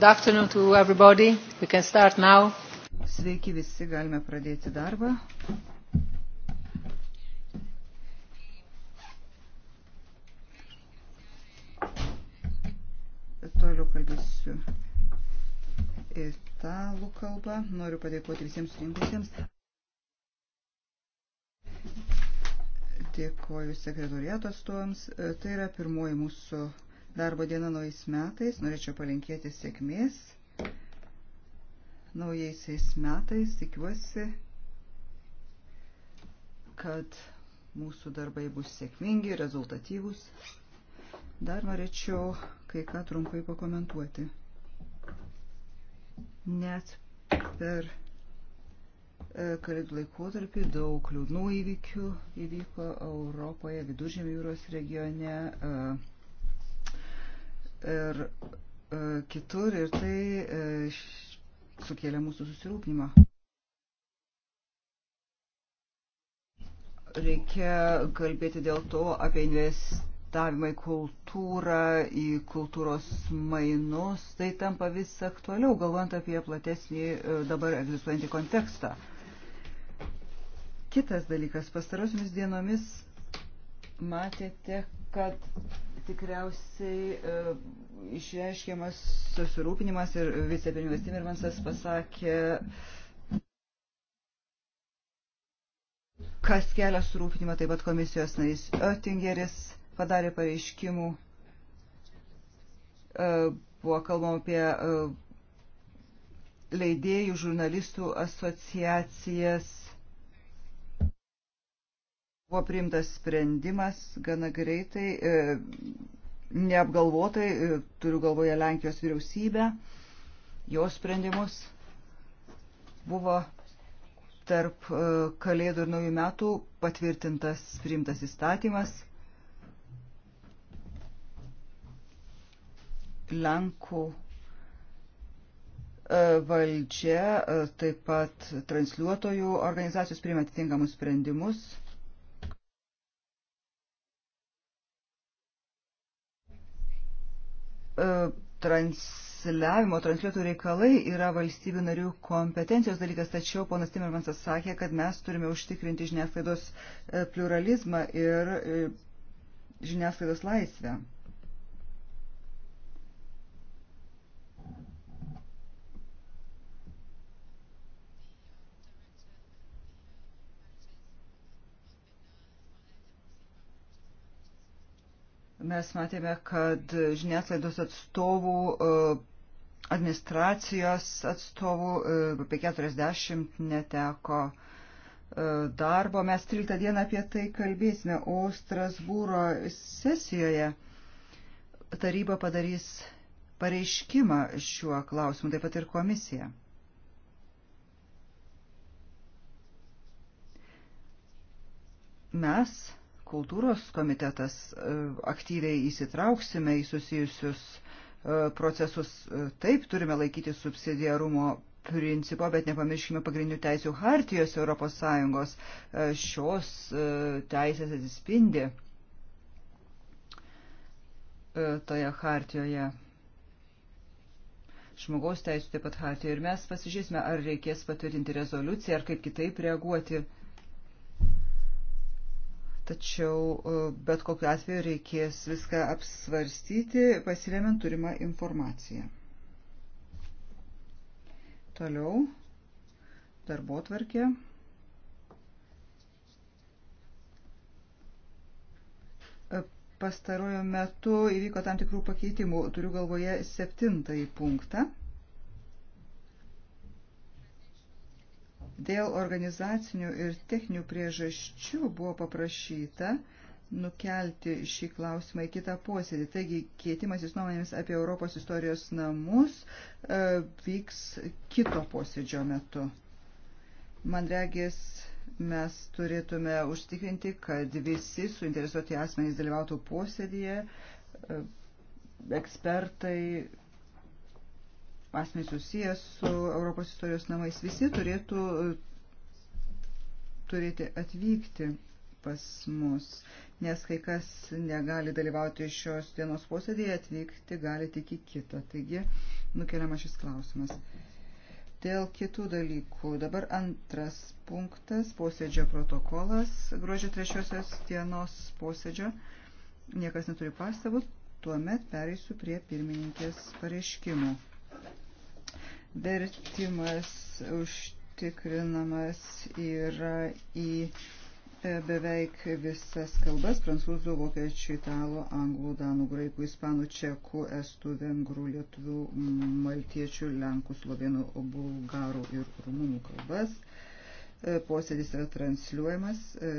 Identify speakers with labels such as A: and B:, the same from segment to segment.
A: Good afternoon to everybody. We can start now. Sveiki visi, galime pradėti darbą. Toliau kalbėsiu italų kalbą. Noriu padėkoti visiems surinkusiems. Dėkoju sekretoriato atstovams. Tai yra pirmoji mūsų darbo diena naujais metais. Norėčiau palinkėti sėkmės naujaisiais metais. Tikiuosi, kad mūsų darbai bus sėkmingi, rezultatyvūs. Dar norėčiau kai ką trumpai pakomentuoti. Net per e, kalėdų laikotarpį daug liūdnų įvykių įvyko Europoje, Viduržėmio jūros regione, e, ir e, kitur ir tai e, sukėlė mūsų susirūpinimą. Reikia kalbėti dėl to apie investavimą į kultūrą, į kultūros mainus. Tai tampa vis aktualiau, galvojant apie platesnį e, dabar egzistuojantį kontekstą. Kitas dalykas, pastarosiomis dienomis matėte, kad tikriausiai e, išreiškiamas susirūpinimas ir vicepirmininkas Timirmansas pasakė, kas kelia surūpinimą, taip pat komisijos narys Oettingeris padarė pareiškimų. E, buvo kalbama apie e, leidėjų žurnalistų asociacijas Buvo priimtas sprendimas gana greitai, e, neapgalvotai, e, turiu galvoje Lenkijos vyriausybę, jos sprendimus. Buvo tarp e, Kalėdų ir Naujų metų patvirtintas, priimtas įstatymas. Lenkų valdžia, taip pat transliuotojų organizacijos priima atitinkamus sprendimus. E, transliavimo, transliuotų reikalai yra valstybių narių kompetencijos dalykas, tačiau ponas Timirmansas sakė, kad mes turime užtikrinti žiniasklaidos e, pluralizmą ir e, žiniasklaidos laisvę. Mes matėme, kad žiniasklaidos atstovų e, administracijos atstovų, e, apie 40 neteko e, darbo. Mes 13 dieną apie tai kalbėsime, o Strasbūro sesijoje taryba padarys pareiškimą šiuo klausimu, taip pat ir komisija. Mes kultūros komitetas e, aktyviai įsitrauksime į susijusius e, procesus. E, taip, turime laikyti subsidiarumo principo, bet nepamirškime pagrindinių teisių hartijos ES. Šios teisės atsispindi toje hartijoje žmogaus teisų taip pat hartijoje. Ir mes pasižiūrėsime, ar reikės patvirtinti rezoliuciją, ar kaip kitaip reaguoti. Tačiau e, bet kokiu atveju reikės viską apsvarstyti, pasiremiant turimą informaciją. Toliau darbo tvarkė. E, Pastarojo metu įvyko tam tikrų pakeitimų, turiu galvoje septintąjį punktą. Dėl organizacinių ir techninių priežasčių buvo paprašyta nukelti šį klausimą į kitą posėdį. Taigi keitimasis nuomonėmis apie Europos istorijos namus e, vyks kito posėdžio metu. Man regis, mes turėtume užtikrinti, kad visi suinteresuoti asmenys dalyvautų posėdėje, e, ekspertai, asmenys susijęs su Europos istorijos namais, visi turėtų turėti atvykti pas mus, nes kai kas negali dalyvauti šios dienos posėdėje, atvykti gali tik į kitą. Taigi nukeliamas šis klausimas. Dėl kitų dalykų. Dabar antras punktas - posėdžio protokolas gruodžio trečiosios dienos posėdžio. Niekas neturi pastabų. Tuomet pereisiu prie pirmininkės pareiškimų. Vertimas užtikrinamas yra į e, beveik visas kalbas - prancūzų, vokiečių, italų, anglų, danų, graikų, ispanų, čekų, estų, vengrų, lietuvių, maltiečių, lenkų, slovenų, bulgarų ir rumunų kalbas. E, posėdis yra transliuojamas e,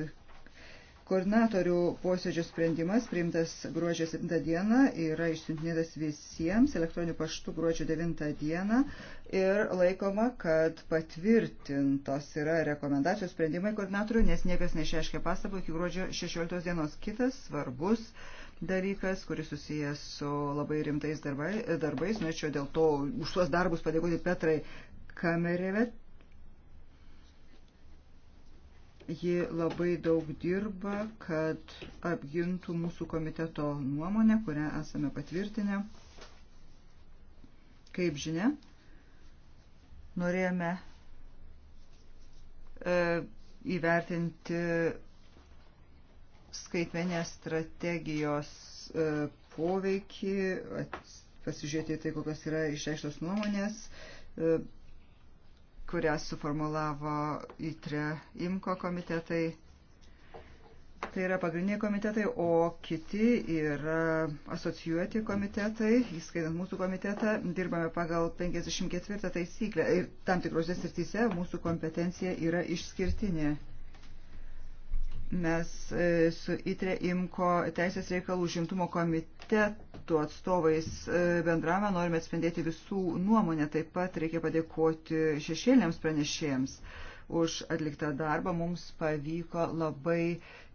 A: Koordinatorių posėdžio sprendimas priimtas gruodžio 7 dieną yra išsiuntinėtas visiems elektroniniu paštu gruodžio 9 dieną ir laikoma, kad patvirtintos yra rekomendacijos sprendimai koordinatorių, nes niekas neišreiškė pastabų iki gruodžio 16 dienos. Kitas svarbus dalykas, kuris susijęs su labai rimtais darbai, darbais, norėčiau dėl to už tuos darbus padėkoti Petrai Kamerevet Ji labai daug dirba, kad apgintų mūsų komiteto nuomonę, kurią esame patvirtinę. Kaip žinia, norėjome e, įvertinti skaitmenės strategijos e, poveikį, pasižiūrėti tai, kokios yra išreikštos nuomonės. E, kurią suformulavo ITRE IMKO komitetai. Tai yra pagrindiniai komitetai, o kiti yra asocijuoti komitetai, įskaitant mūsų komitetą, dirbame pagal 54 taisyklę ir tam tikrose srityse mūsų kompetencija yra išskirtinė mes e, su ITRE IMKO Teisės reikalų žimtumo komitetų atstovais e, bendravime norime atspindėti visų nuomonę. Taip pat reikia padėkoti šešėliniams pranešėjams už atliktą darbą. Mums pavyko labai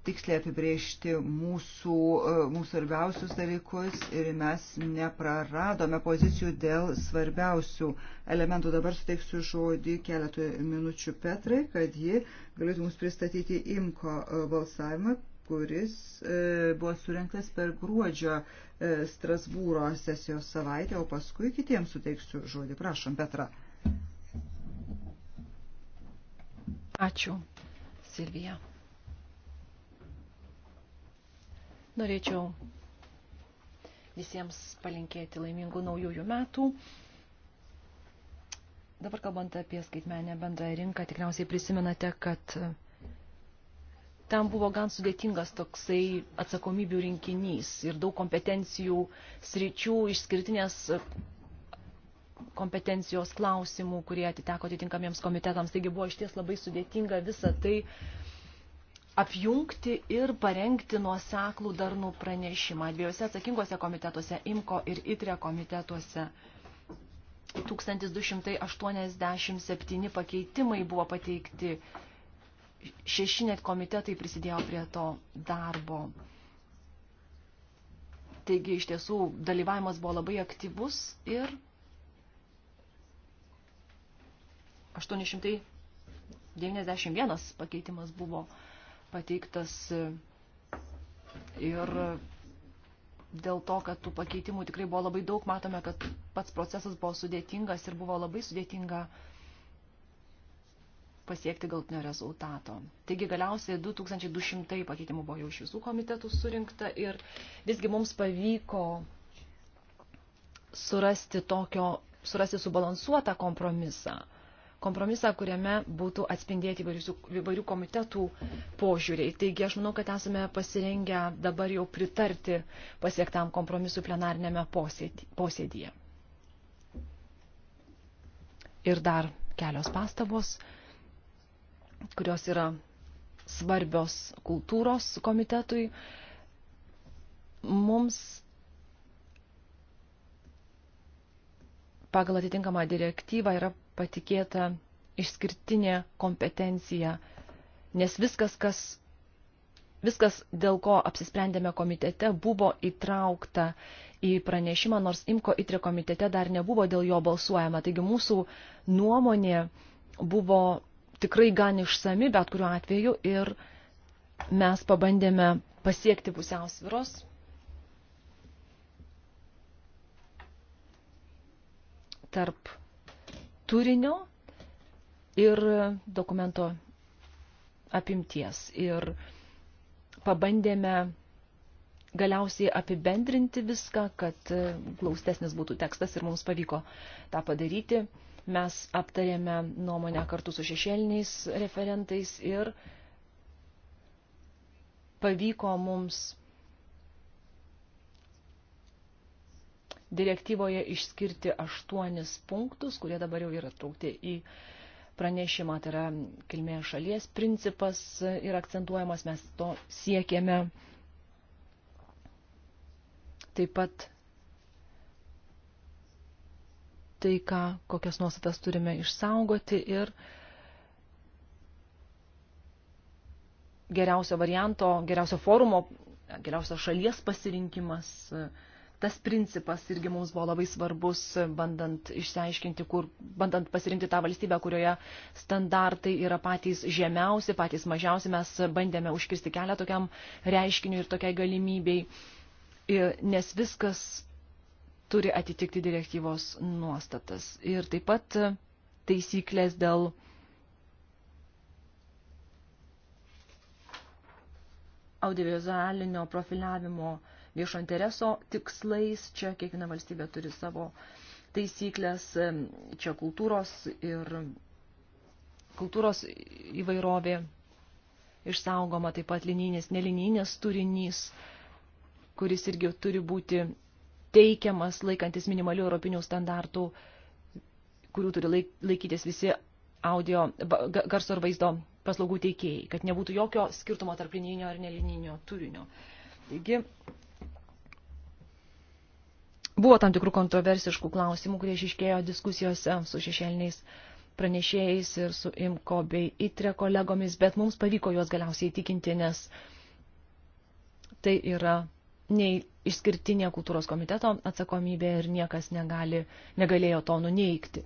A: tiksliai apibriežti mūsų, e, mūsų svarbiausius dalykus ir mes nepraradome pozicijų dėl svarbiausių elementų. Dabar suteiksiu žodį keletų minučių Petrai, kad ji galėtų mums pristatyti imko e, balsavimą, kuris e, buvo surinktas per gruodžio Strasbūro sesijos savaitę, o paskui kitiems suteiksiu žodį. Prašom, Petra.
B: Ačiū, Silvija. Norėčiau visiems palinkėti laimingų naujųjų metų. Dabar kalbant apie skaitmenę bendrą rinką, tikriausiai prisimenate, kad tam buvo gan sudėtingas toksai atsakomybių rinkinys ir daug kompetencijų sričių, išskirtinės kompetencijos klausimų, kurie atiteko atitinkamiems komitetams. Taigi buvo išties labai sudėtinga visą tai uh, apjungti ir parengti nuoseklų darnų pranešimą dviejose atsakingose komitetuose, IMKO ir ITRE komitetuose. 1287 pakeitimai buvo pateikti, šeši net komitetai prisidėjo prie to darbo. Taigi iš tiesų dalyvavimas buvo labai aktyvus ir 891 pakeitimas buvo pateikti pateiktas ir dėl to, kad tų pakeitimų tikrai buvo labai daug, matome, kad pats procesas buvo sudėtingas ir buvo labai sudėtinga pasiekti galtinio rezultato. Taigi galiausiai 2200 pakeitimų buvo jau iš visų komitetų surinkta ir visgi mums pavyko surasti tokio, surasti subalansuotą kompromisą kompromisą, kuriame būtų atspindėti įvairių, įvairių komitetų požiūriai. Taigi aš manau, kad esame pasirengę dabar jau pritarti pasiektam kompromisui plenarnėme posėdyje. Ir dar kelios pastabos, kurios yra svarbios kultūros komitetui. Mums pagal atitinkamą direktyvą yra patikėta išskirtinė kompetencija, nes viskas, kas, viskas dėl ko apsisprendėme komitete, buvo įtraukta į pranešimą, nors imko įtri komitete dar nebuvo dėl jo balsuojama. Taigi mūsų nuomonė buvo tikrai gan išsami, bet kuriuo atveju ir mes pabandėme pasiekti pusiausviros. tarp turinio ir dokumento apimties. Ir pabandėme galiausiai apibendrinti viską, kad e, glaustesnis būtų tekstas ir mums pavyko tą padaryti. Mes aptarėme nuomonę kartu su šešėliniais referentais ir pavyko mums direktyvoje išskirti aštuonis punktus, kurie dabar jau yra traukti į pranešimą, tai yra kilmės šalies principas ir akcentuojamas, mes to siekėme. Taip pat tai, ką, kokias nuostatas turime išsaugoti ir geriausio varianto, geriausio forumo, geriausios šalies pasirinkimas uh, tas principas irgi mums buvo labai svarbus, bandant išsiaiškinti, kur, bandant pasirinkti tą valstybę, kurioje standartai yra patys žemiausi, patys mažiausi. Mes bandėme užkirsti kelią tokiam reiškiniui ir tokiai galimybei, nes viskas turi atitikti direktyvos nuostatas. Ir taip pat taisyklės dėl. audiovizualinio profiliavimo uh, viešo intereso tikslais. Čia kiekviena valstybė turi savo taisyklės, čia kultūros ir kultūros įvairovė išsaugoma, taip pat linijinis, nelinijinis turinys, kuris irgi turi būti teikiamas laikantis minimalių europinių standartų, kurių turi laikytis visi audio, garso ir vaizdo paslaugų teikėjai, kad nebūtų jokio skirtumo tarp linijinio ir nelininio turinio. Taigi, buvo tam tikrų kontroversiškų klausimų, kurie išiškėjo diskusijose su šešėliniais pranešėjais ir su Imko bei Itre kolegomis, bet mums pavyko juos galiausiai įtikinti, nes tai yra nei išskirtinė kultūros komiteto atsakomybė ir niekas negali, negalėjo to nuneikti.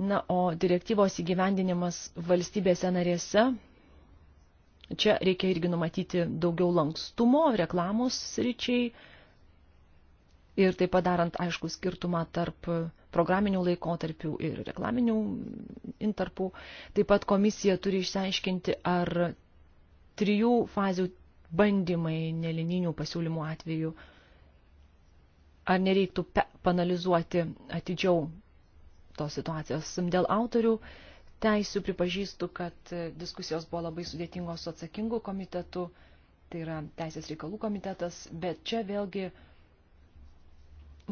B: Na, o direktyvos įgyvendinimas valstybėse narėse, čia reikia irgi numatyti daugiau lankstumo, reklamos sričiai, ir taip padarant aišku skirtumą tarp programinių laikotarpių ir reklaminių mm, intarpų. Taip pat komisija turi išsiaiškinti, ar trijų fazių bandymai nelininių pasiūlymų atveju, ar nereiktų panalizuoti atidžiau tos situacijos. Dėl autorių teisių pripažįstu, kad diskusijos buvo labai sudėtingos su atsakingu komitetu, tai yra Teisės reikalų komitetas, bet čia vėlgi uh,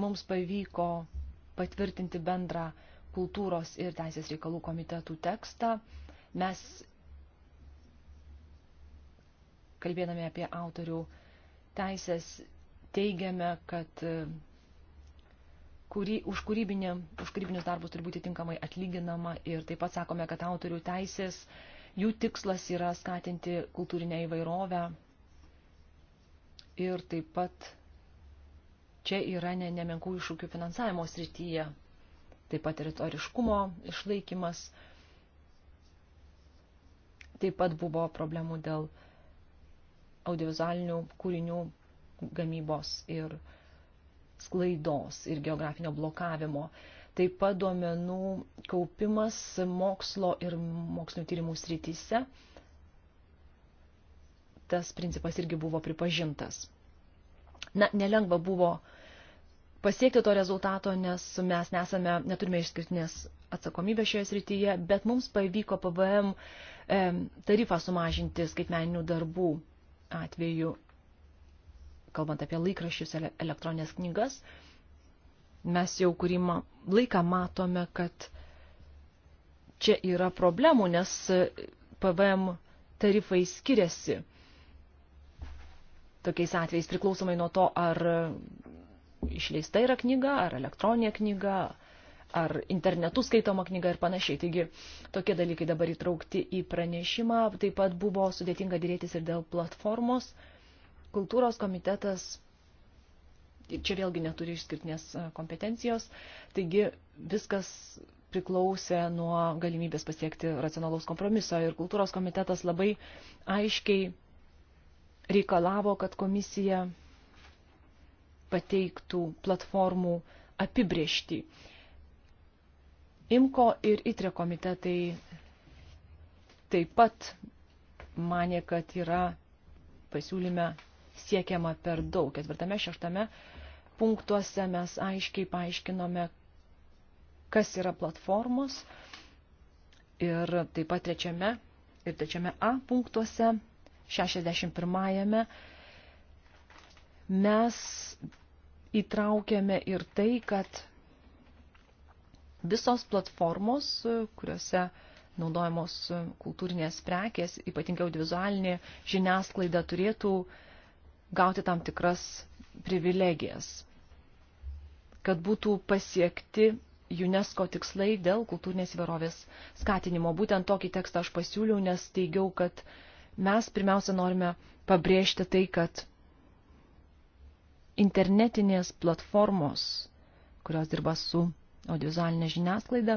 B: mums pavyko patvirtinti bendrą kultūros ir teisės reikalų komitetų tekstą. Mes, kalbėdami apie autorių teisės, teigiame, kad e, kurį, už, kūrybinį, už kūrybinius darbus turi būti tinkamai atlyginama ir taip pat sakome, kad autorių teisės, jų tikslas yra skatinti kultūrinę įvairovę ir taip pat čia yra ne, nemenkų iššūkių finansavimo srityje, taip pat teritoriškumo išlaikymas, taip pat buvo problemų dėl audiovizualinių kūrinių gamybos ir sklaidos ir geografinio blokavimo. Taip pat duomenų kaupimas mokslo ir mokslinio tyrimų srityse. Tas principas irgi buvo pripažintas. Na, nelengva buvo uh, pasiekti to rezultato, nes mes nesame, neturime išskirtinės atsakomybės šioje srityje, bet mums pavyko PVM e, tarifą sumažinti skaitmeninių darbų atveju, kalbant apie laikraščius elektroninės knygas. Mes jau kurį ma laiką matome, kad čia yra problemų, nes PVM tarifai skiriasi tokiais atvejais priklausomai nuo to, ar išleista yra knyga, ar elektroninė knyga, ar internetu skaitoma knyga ir panašiai. Taigi tokie dalykai dabar įtraukti į pranešimą. Taip pat buvo sudėtinga dėrėtis ir dėl platformos. Kultūros komitetas čia vėlgi neturi išskirtinės e, kompetencijos. Taigi viskas priklausė nuo galimybės pasiekti racionalaus kompromiso ir kultūros komitetas labai aiškiai reikalavo, kad komisija pateiktų platformų apibriešti. IMKO ir ITRE komitetai taip pat mane, kad yra pasiūlyme siekiama per daug. Ketvirtame, šeštame punktuose mes aiškiai paaiškinome, kas yra platformos. Ir taip pat trečiame ir trečiame A punktuose, 61 mes įtraukiame ir tai, kad visos platformos, kuriuose naudojamos kultūrinės prekės, ypatingai audiovizualinė žiniasklaida, turėtų gauti tam tikras privilegijas, kad būtų pasiekti UNESCO tikslai dėl kultūrinės įvairovės skatinimo. Būtent tokį tekstą aš pasiūliau, nes teigiau, kad mes pirmiausia norime pabrėžti tai, kad internetinės platformos, kurios dirba su audiovizualinė žiniasklaida,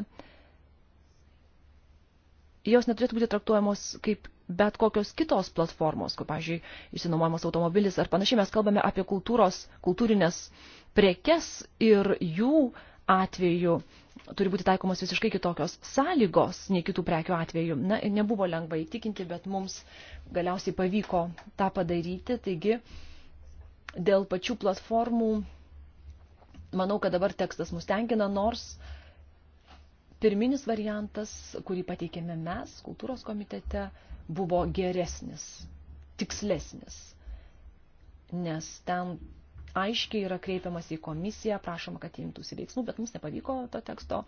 B: jos neturėtų būti traktuojamos kaip bet kokios kitos platformos, kaip, pavyzdžiui, išsinuomojamas automobilis ar panašiai. Mes kalbame apie kultūros, kultūrinės prekes ir jų atveju turi būti taikomos visiškai kitokios sąlygos nei kitų prekių atveju. Na, nebuvo lengva įtikinti, bet mums galiausiai pavyko tą padaryti. Taigi, uh, Dėl pačių platformų, manau, kad dabar tekstas mus tenkina, nors pirminis variantas, kurį pateikėme mes kultūros komitete, buvo geresnis, tikslesnis, nes ten aiškiai yra kreipiamas į komisiją, prašoma, kad imtųsi veiksmų, bet mums nepavyko to teksto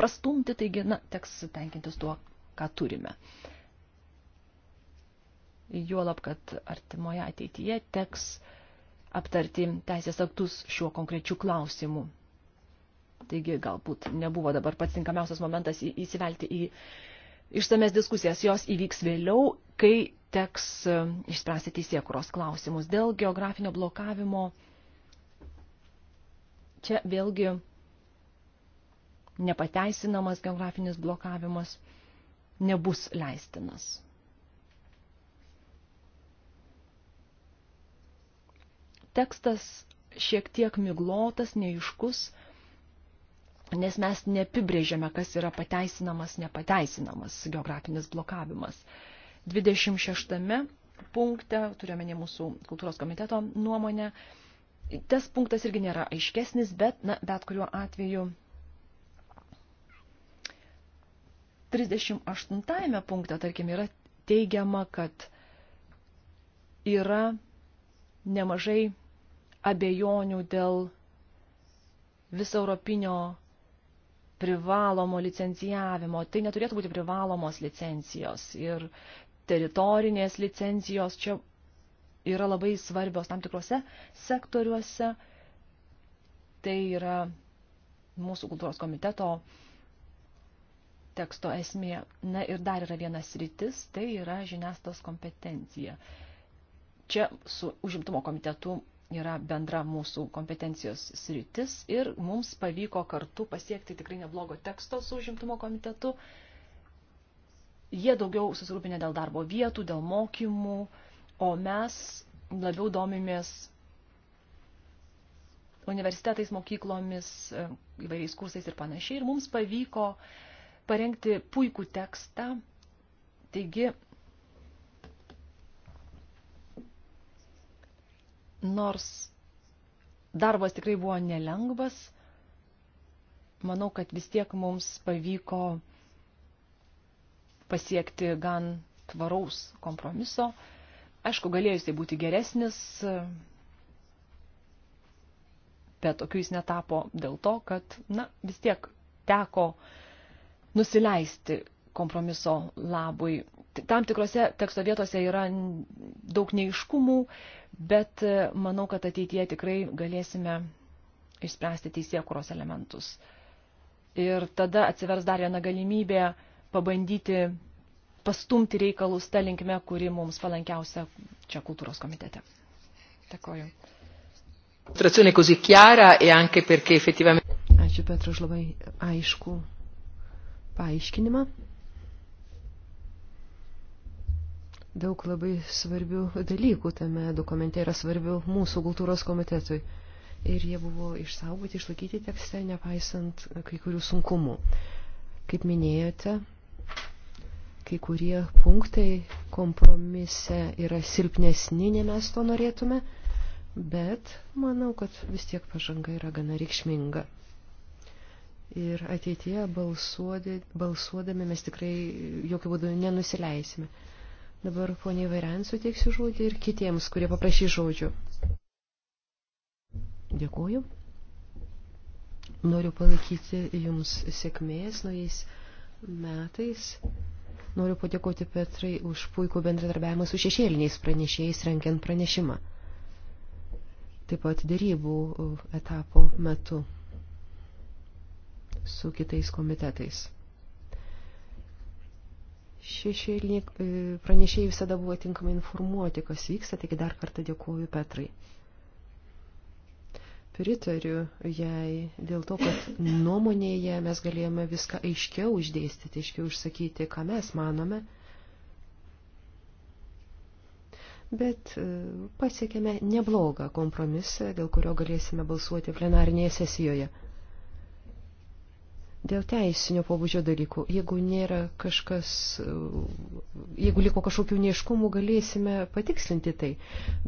B: prastumti, taigi, na, teks tenkintis tuo, ką turime. Juolab, kad artimoje ateityje teks uh, aptarti teisės aktus šiuo konkrečiu klausimu. Taigi galbūt nebuvo dabar pats tinkamiausias momentas įsivelti į išsames diskusijas. Jos įvyks vėliau, kai teks e, išspręsti teisėkuros klausimus. Dėl geografinio blokavimo čia vėlgi nepateisinamas geografinis blokavimas nebus leistinas. tekstas šiek tiek miglotas, neiškus, nes mes neapibrėžiame, kas yra pateisinamas, nepateisinamas geografinis blokavimas. 26 punkte, turiuomenė mūsų kultūros komiteto nuomonę, tas punktas irgi nėra aiškesnis, bet, na, bet kuriuo atveju 38 punkte, tarkim, yra teigiama, kad yra nemažai abejonių dėl visauropinio privalomo licencijavimo. Tai neturėtų būti privalomos licencijos ir teritorinės licencijos čia yra labai svarbios tam tikrose sektoriuose. Tai yra mūsų kultūros komiteto teksto esmė. Na ir dar yra vienas rytis, tai yra žiniasklaidos kompetencija. Čia su užimtumo komitetu yra bendra mūsų kompetencijos sritis ir mums pavyko kartu pasiekti tikrai neblogo teksto su užimtumo komitetu. Jie daugiau susirūpinę dėl darbo vietų, dėl mokymų, o mes labiau domimės universitetais, mokyklomis, e, įvairiais kursais ir panašiai. Ir mums pavyko parengti puikų tekstą. Taigi Nors darbas tikrai buvo nelengvas, manau, kad vis tiek mums pavyko pasiekti gan tvaraus kompromiso. Aišku, galėjo jisai būti geresnis, bet tokiu jis netapo dėl to, kad, na, vis tiek teko nusileisti kompromiso labui. Tam tikrose teksto vietose yra daug neiškumų, bet e, manau, kad ateityje tikrai galėsime išspręsti teisėkuros elementus. Ir tada atsivers dar viena galimybė pabandyti pastumti reikalus tą linkme, kuri mums palankiausia čia kultūros komitete. Dėkoju.
C: E Ačiū Petru už labai aišku paaiškinimą. Daug labai svarbių dalykų tame dokumente yra svarbių mūsų kultūros komitetui. Ir jie buvo išsaugoti, išlaikyti tekste, nepaisant kai kurių sunkumų. Kaip minėjote, kai kurie punktai kompromise yra silpnesni, nei mes to norėtume, bet manau, kad vis tiek pažanga yra gana reikšminga. Ir ateityje balsuodami mes tikrai jokių būdų nenusileisime. Dabar poniai Vairiant suteiksiu žodį ir kitiems, kurie paprašy žodžių. Dėkuoju. Noriu palaikyti jums sėkmės naujais metais. Noriu padėkoti Petrai už puikų bendradarbiavimą su šešėliniais pranešėjais renkiant pranešimą. Taip pat dėrybų uh, etapo metu su kitais komitetais šešėliniai e, pranešėjai visada buvo tinkamai informuoti, kas vyksta, taigi dar kartą dėkuoju Petrai. Pritariu jai dėl to, kad nuomonėje mes galėjome viską aiškiau uždėstyti, aiškiau užsakyti, ką mes manome. Bet e, pasiekėme neblogą kompromisą, dėl kurio galėsime balsuoti plenarinėje sesijoje. Dėl teisinio pobūdžio dalykų, jeigu nėra kažkas, jeigu liko kažkokių neiškumų, galėsime patikslinti tai.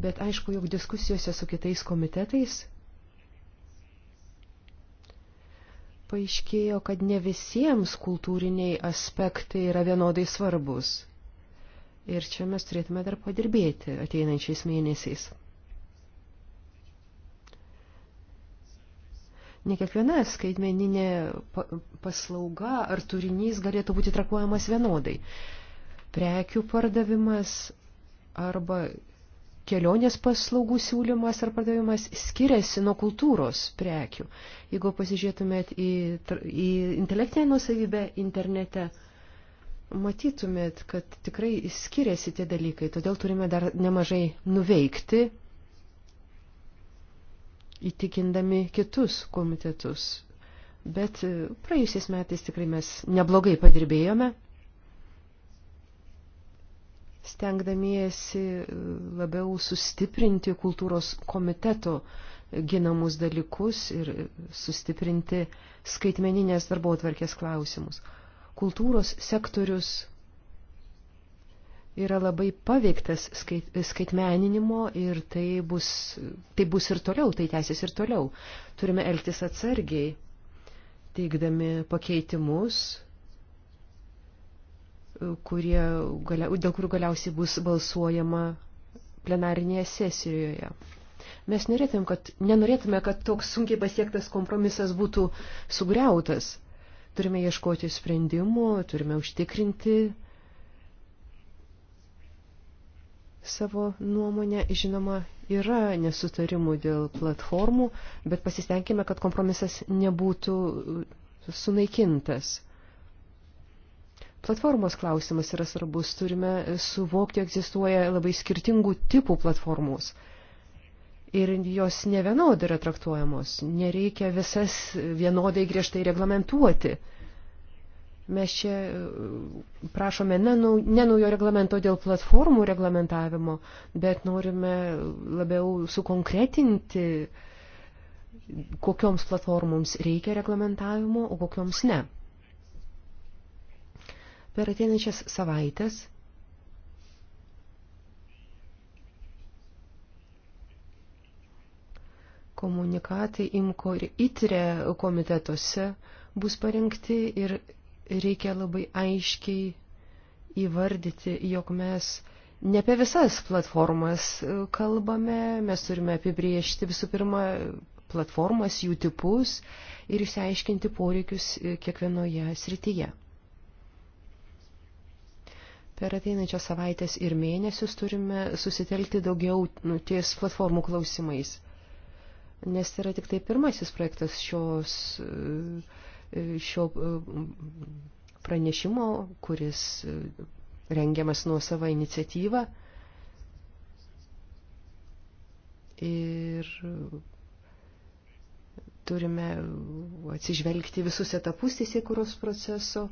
C: Bet aišku, jog diskusijose su kitais komitetais paaiškėjo, kad ne visiems kultūriniai aspektai yra vienodai svarbus. Ir čia mes turėtume dar padirbėti ateinančiais mėnesiais. ne kiekviena skaitmeninė paslauga ar turinys galėtų būti trakuojamas vienodai. Prekių pardavimas arba kelionės paslaugų siūlymas ar pardavimas skiriasi nuo kultūros prekių. Jeigu pasižiūrėtumėt į, į intelektinę nusavybę internete, matytumėt, kad tikrai skiriasi tie dalykai, todėl turime dar nemažai nuveikti įtikindami kitus komitetus. Bet e, praėjusiais metais tikrai mes neblogai padirbėjome, stengdamiesi e, labiau sustiprinti kultūros komiteto ginamus dalykus ir e, sustiprinti skaitmeninės darbo atvarkės klausimus. Kultūros sektorius yra labai paveiktas skait, skaitmeninimo ir tai bus, tai bus ir toliau, tai tęsis ir toliau. Turime elgtis atsargiai, teikdami pakeitimus, kurie, dėl kurių galiausiai bus balsuojama plenarinėje sesijoje. Mes norėtume, kad, nenorėtume, kad toks sunkiai pasiektas kompromisas būtų sugriautas. Turime ieškoti sprendimų, turime užtikrinti savo nuomonę. Žinoma, yra nesutarimų dėl platformų, bet pasistengime, kad kompromisas nebūtų sunaikintas. Platformos klausimas yra svarbus. Turime suvokti, egzistuoja labai skirtingų tipų platformos. Ir jos nevienodai yra traktuojamos. Nereikia visas vienodai griežtai reglamentuoti. Mes čia e, prašome ne, ne naujo reglamento dėl platformų reglamentavimo, bet norime labiau sukonkretinti, kokioms platformoms reikia reglamentavimo, o kokioms ne. Per ateinančias savaitės komunikatai imko ir itre komitetuose bus parengti ir reikia labai aiškiai įvardyti, jog mes ne apie visas platformas e, kalbame, mes turime apibriežti visų pirma platformas, jų tipus ir išsiaiškinti poreikius e, kiekvienoje srityje. Per ateinančią savaitės ir mėnesius turime susitelkti daugiau nu, ties platformų klausimais, nes yra tik tai pirmasis projektas šios uh, šio e, pranešimo, kuris e, rengiamas nuo savo iniciatyvą. Ir turime atsižvelgti visus etapus teisėkuros proceso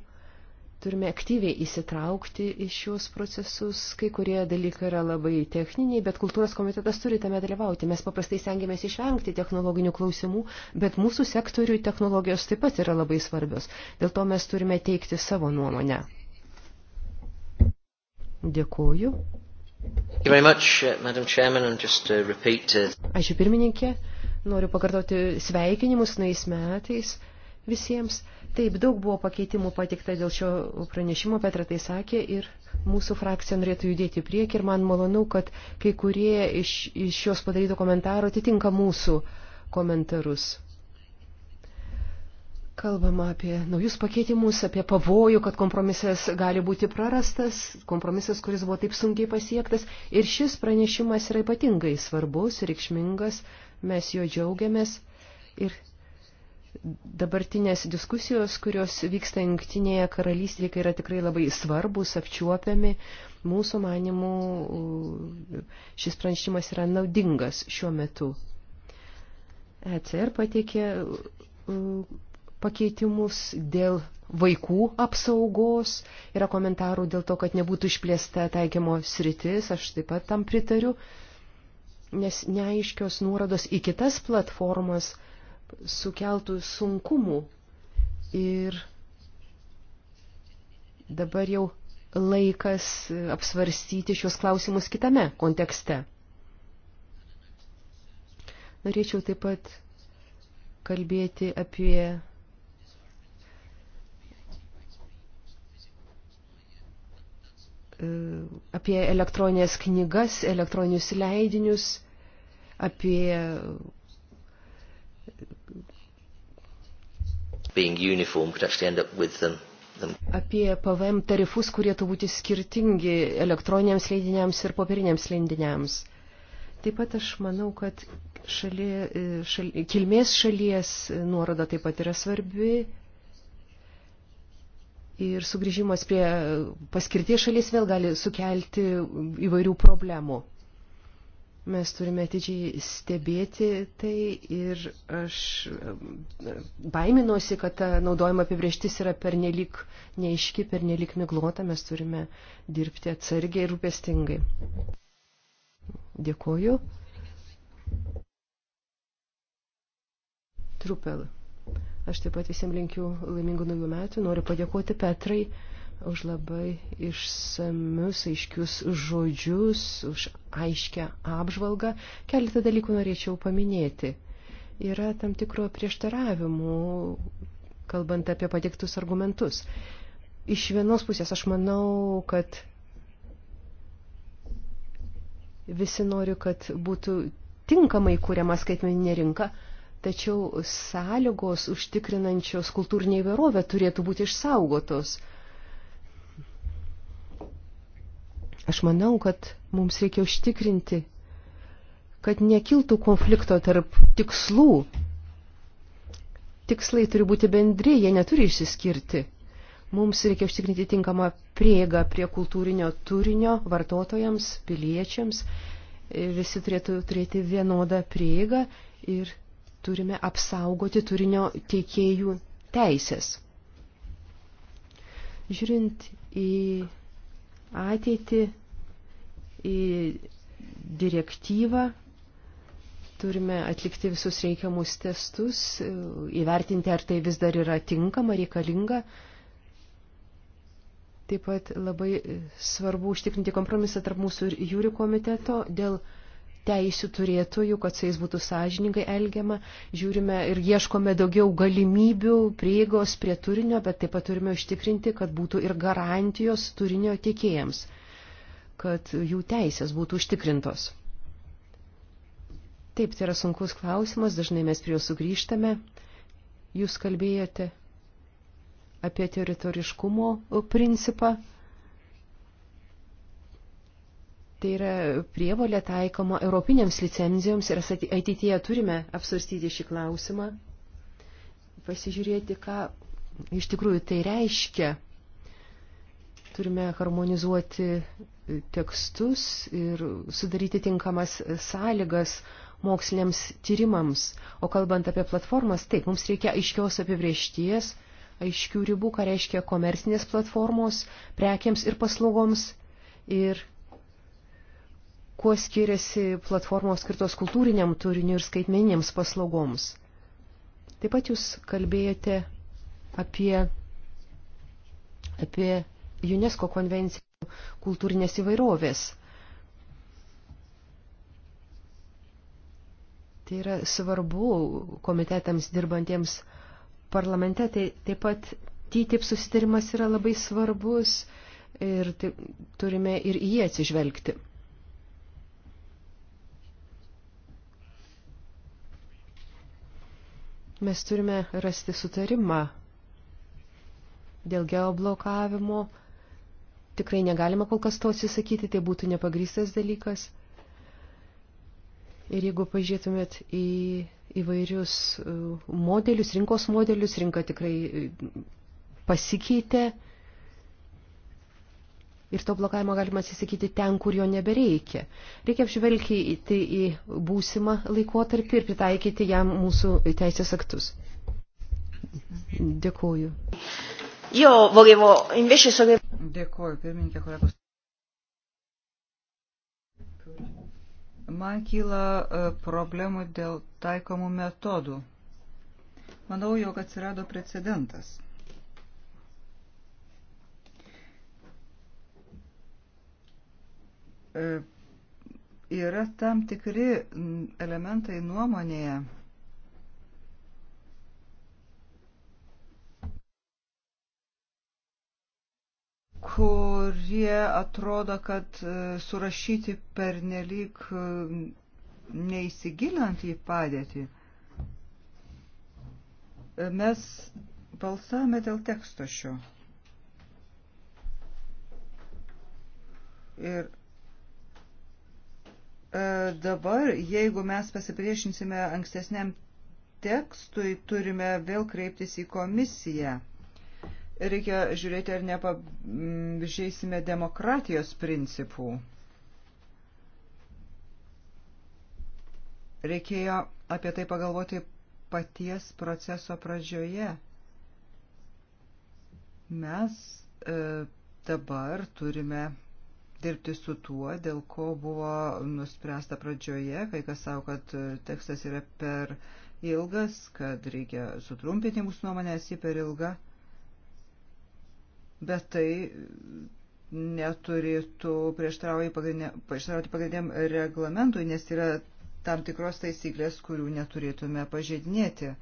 C: Turime aktyviai įsitraukti į šios procesus. Kai kurie dalykai yra labai techniniai, bet kultūros komitetas turi tame dalyvauti. Mes paprastai stengiamės išvengti technologinių klausimų, bet mūsų sektoriui technologijos taip pat yra labai svarbios. Dėl to mes turime teikti savo nuomonę. Dėkuoju.
B: Uh, uh, uh, Ačiū
C: pirmininkė. Noriu pakartoti sveikinimus nais metais visiems. Taip, daug buvo pakeitimų patikta dėl šio pranešimo, Petra tai sakė, ir mūsų frakcija norėtų judėti į priekį ir man malonu, kad kai kurie iš, iš šios padarytų komentarų atitinka mūsų komentarus. Kalbama apie naujus pakeitimus, apie pavojų, kad kompromisas gali būti prarastas, kompromisas, kuris buvo taip sunkiai pasiektas. Ir šis pranešimas yra ypatingai svarbus, reikšmingas, mes jo džiaugiamės. Ir dabartinės diskusijos, kurios vyksta jungtinėje karalystėje, yra tikrai labai svarbus, apčiuopiami. Mūsų manimų šis pranešimas yra naudingas šiuo metu. ECR pateikė pakeitimus dėl vaikų apsaugos, yra komentarų dėl to, kad nebūtų išplėsta taikymo sritis, aš taip pat tam pritariu, nes neaiškios nuorodos į kitas platformas – sukeltų sunkumų ir dabar jau laikas apsvarstyti šios klausimus kitame kontekste. Norėčiau taip pat kalbėti apie apie elektroninės knygas, elektroninius leidinius, apie
B: being uniform could actually end up with them. them.
C: Apie PVM tarifus, kurie turėtų būti skirtingi elektroniniams leidiniams ir popieriniams leidiniams. Taip pat aš manau, kad šalie, e, šal, kilmės šalies nuoroda taip pat yra svarbi. Ir sugrįžimas prie paskirties šalies vėl gali sukelti įvairių problemų. Mes turime atidžiai stebėti tai ir aš e, baiminosi, kad ta naudojama apibrieštis yra pernelik neiški, pernelik miglota, mes turime dirbti atsargiai ir rūpestingai. Dėkoju. Trupel. Aš taip pat visiems linkiu laimingų naujų metų, noriu padėkoti Petrai už labai išsamius, aiškius žodžius, už aiškę apžvalgą. Keletą dalykų norėčiau paminėti. Yra tam tikro prieštaravimų, kalbant apie patiktus argumentus. Iš vienos pusės aš manau, kad visi nori, kad būtų tinkamai kuriama skaitmeninė rinka, tačiau sąlygos užtikrinančios kultūrinė įvairovė turėtų būti išsaugotos – Aš manau, kad mums reikia užtikrinti, kad nekiltų konflikto tarp tikslų. Tikslai turi būti bendri, jie neturi išsiskirti. Mums reikia užtikrinti tinkamą prieigą prie kultūrinio turinio vartotojams, piliečiams. Visi turėtų turėti vienodą prieigą ir turime apsaugoti turinio teikėjų teisės. Žiūrint į ateitį, į direktyvą. Turime atlikti visus reikiamus testus, įvertinti, ar tai vis dar yra tinkama, reikalinga. Taip pat labai svarbu užtikrinti kompromisą tarp mūsų ir jūrių komiteto dėl teisių turėtojų, kad su jais būtų sąžiningai elgiama. Žiūrime ir ieškome daugiau galimybių, prieigos prie turinio, bet taip pat turime užtikrinti, kad būtų ir garantijos turinio tiekėjams, kad jų teisės būtų užtikrintos. Taip, tai yra sunkus klausimas, dažnai mes prie jo sugrįžtame. Jūs kalbėjote apie teritoriškumo principą Tai yra prievolė taikoma europinėms licenzijoms ir ateityje turime apsvarstyti šį klausimą, pasižiūrėti, ką iš tikrųjų tai reiškia. Turime harmonizuoti tekstus ir sudaryti tinkamas sąlygas moksliniams tyrimams. O kalbant apie platformas, taip, mums reikia aiškios apibriešties, aiškių ribų, ką reiškia komersinės platformos, prekiams ir paslaugoms ir kuo skiriasi platformos skirtos kultūriniam turiniu ir skaitmeniniams paslaugoms. Taip pat jūs kalbėjote apie, apie UNESCO konvenciją kultūrinės įvairovės. Tai yra svarbu komitetams dirbantiems parlamente, tai taip pat TTIP susitarimas yra labai svarbus ir tai, turime ir į jį atsižvelgti. Mes turime rasti sutarimą dėl geoblokavimo. Tikrai negalima kol kas to atsisakyti, tai būtų nepagrystas dalykas. Ir jeigu pažiūrėtumėt į įvairius uh, modelius, rinkos modelius, rinka tikrai uh, pasikeitė Ir to blokavimo galima atsisakyti ten, kur jo nebereikia. Reikia apžvelgti į būsimą laikotarpį ir pritaikyti jam mūsų teisės aktus. Dėkuoju.
A: Jo, volevo, invece sono... Dėkuoju, pirmininkė, kolegos. Man kyla e, problemų dėl taikomų metodų. Manau, jog atsirado precedentas. E, yra tam tikri elementai nuomonėje. kurie atrodo, kad e, surašyti per nelik e, neįsigilant į padėtį. Mes balsavome dėl teksto šio. Ir E, dabar, jeigu mes pasipriešinsime ankstesniam tekstui, turime vėl kreiptis į komisiją. Reikia žiūrėti, ar nepažeisime demokratijos principų. Reikėjo apie tai pagalvoti paties proceso pradžioje. Mes e, dabar turime dirbti su tuo, dėl ko buvo nuspręsta pradžioje. Kai kas savo, kad tekstas yra per ilgas, kad reikia sutrumpinti mūsų nuomonės į per ilgą. Bet tai neturėtų prieštarauti pagrindiniam reglamentui, nes yra tam tikros taisyklės, kurių neturėtume pažeidinėti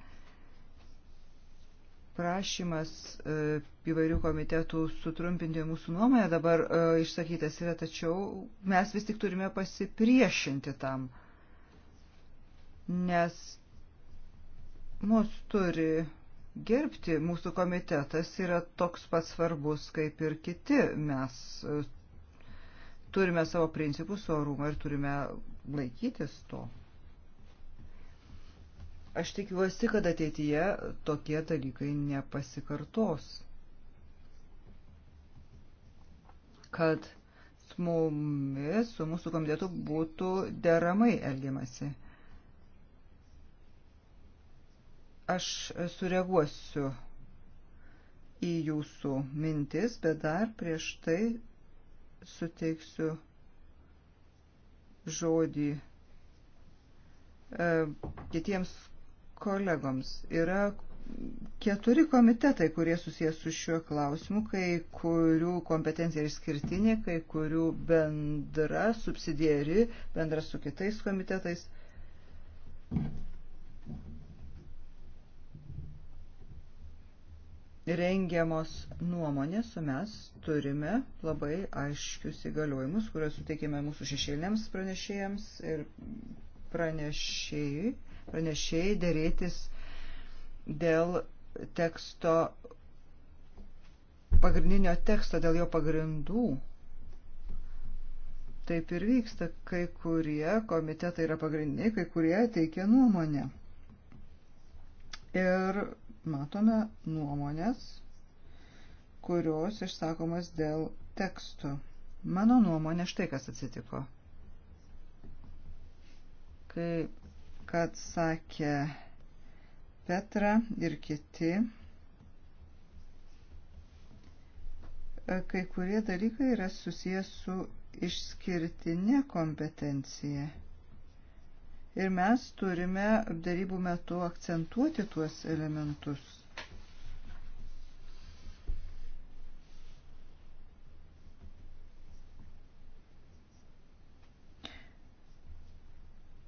A: prašymas e, įvairių komitetų sutrumpinti mūsų nuomonę dabar e, išsakytas yra, tačiau mes vis tik turime pasipriešinti tam, nes mus turi gerbti, mūsų komitetas yra toks pats svarbus kaip ir kiti, mes e, turime savo principus, orumą ir turime laikytis to. Aš tikiuosi, kad ateityje tokie dalykai nepasikartos. Kad su mumis, su mūsų komitetu būtų deramai elgiamasi. Aš sureaguosiu į jūsų mintis, bet dar prieš tai suteiksiu žodį e, kitiems kolegoms. Yra keturi komitetai, kurie susijęs su šiuo klausimu, kai kurių kompetencija yra išskirtinė, kai kurių bendra, subsidieri, bendra su kitais komitetais. Rengiamos nuomonės, o mes turime labai aiškius įgaliojimus, kuriuos suteikėme mūsų šešėliniams pranešėjams ir pranešėjai pranešėjai dėrėtis dėl teksto, pagrindinio teksto, dėl jo pagrindų. Taip ir vyksta, kai kurie komitetai yra pagrindiniai, kai kurie teikia nuomonę. Ir matome nuomonės, kurios išsakomas dėl teksto. Mano nuomonė štai kas atsitiko. Kai kad sakė Petra ir kiti. Kai kurie dalykai yra susijęs su išskirtinė kompetencija. Ir mes turime darybų metu akcentuoti tuos elementus.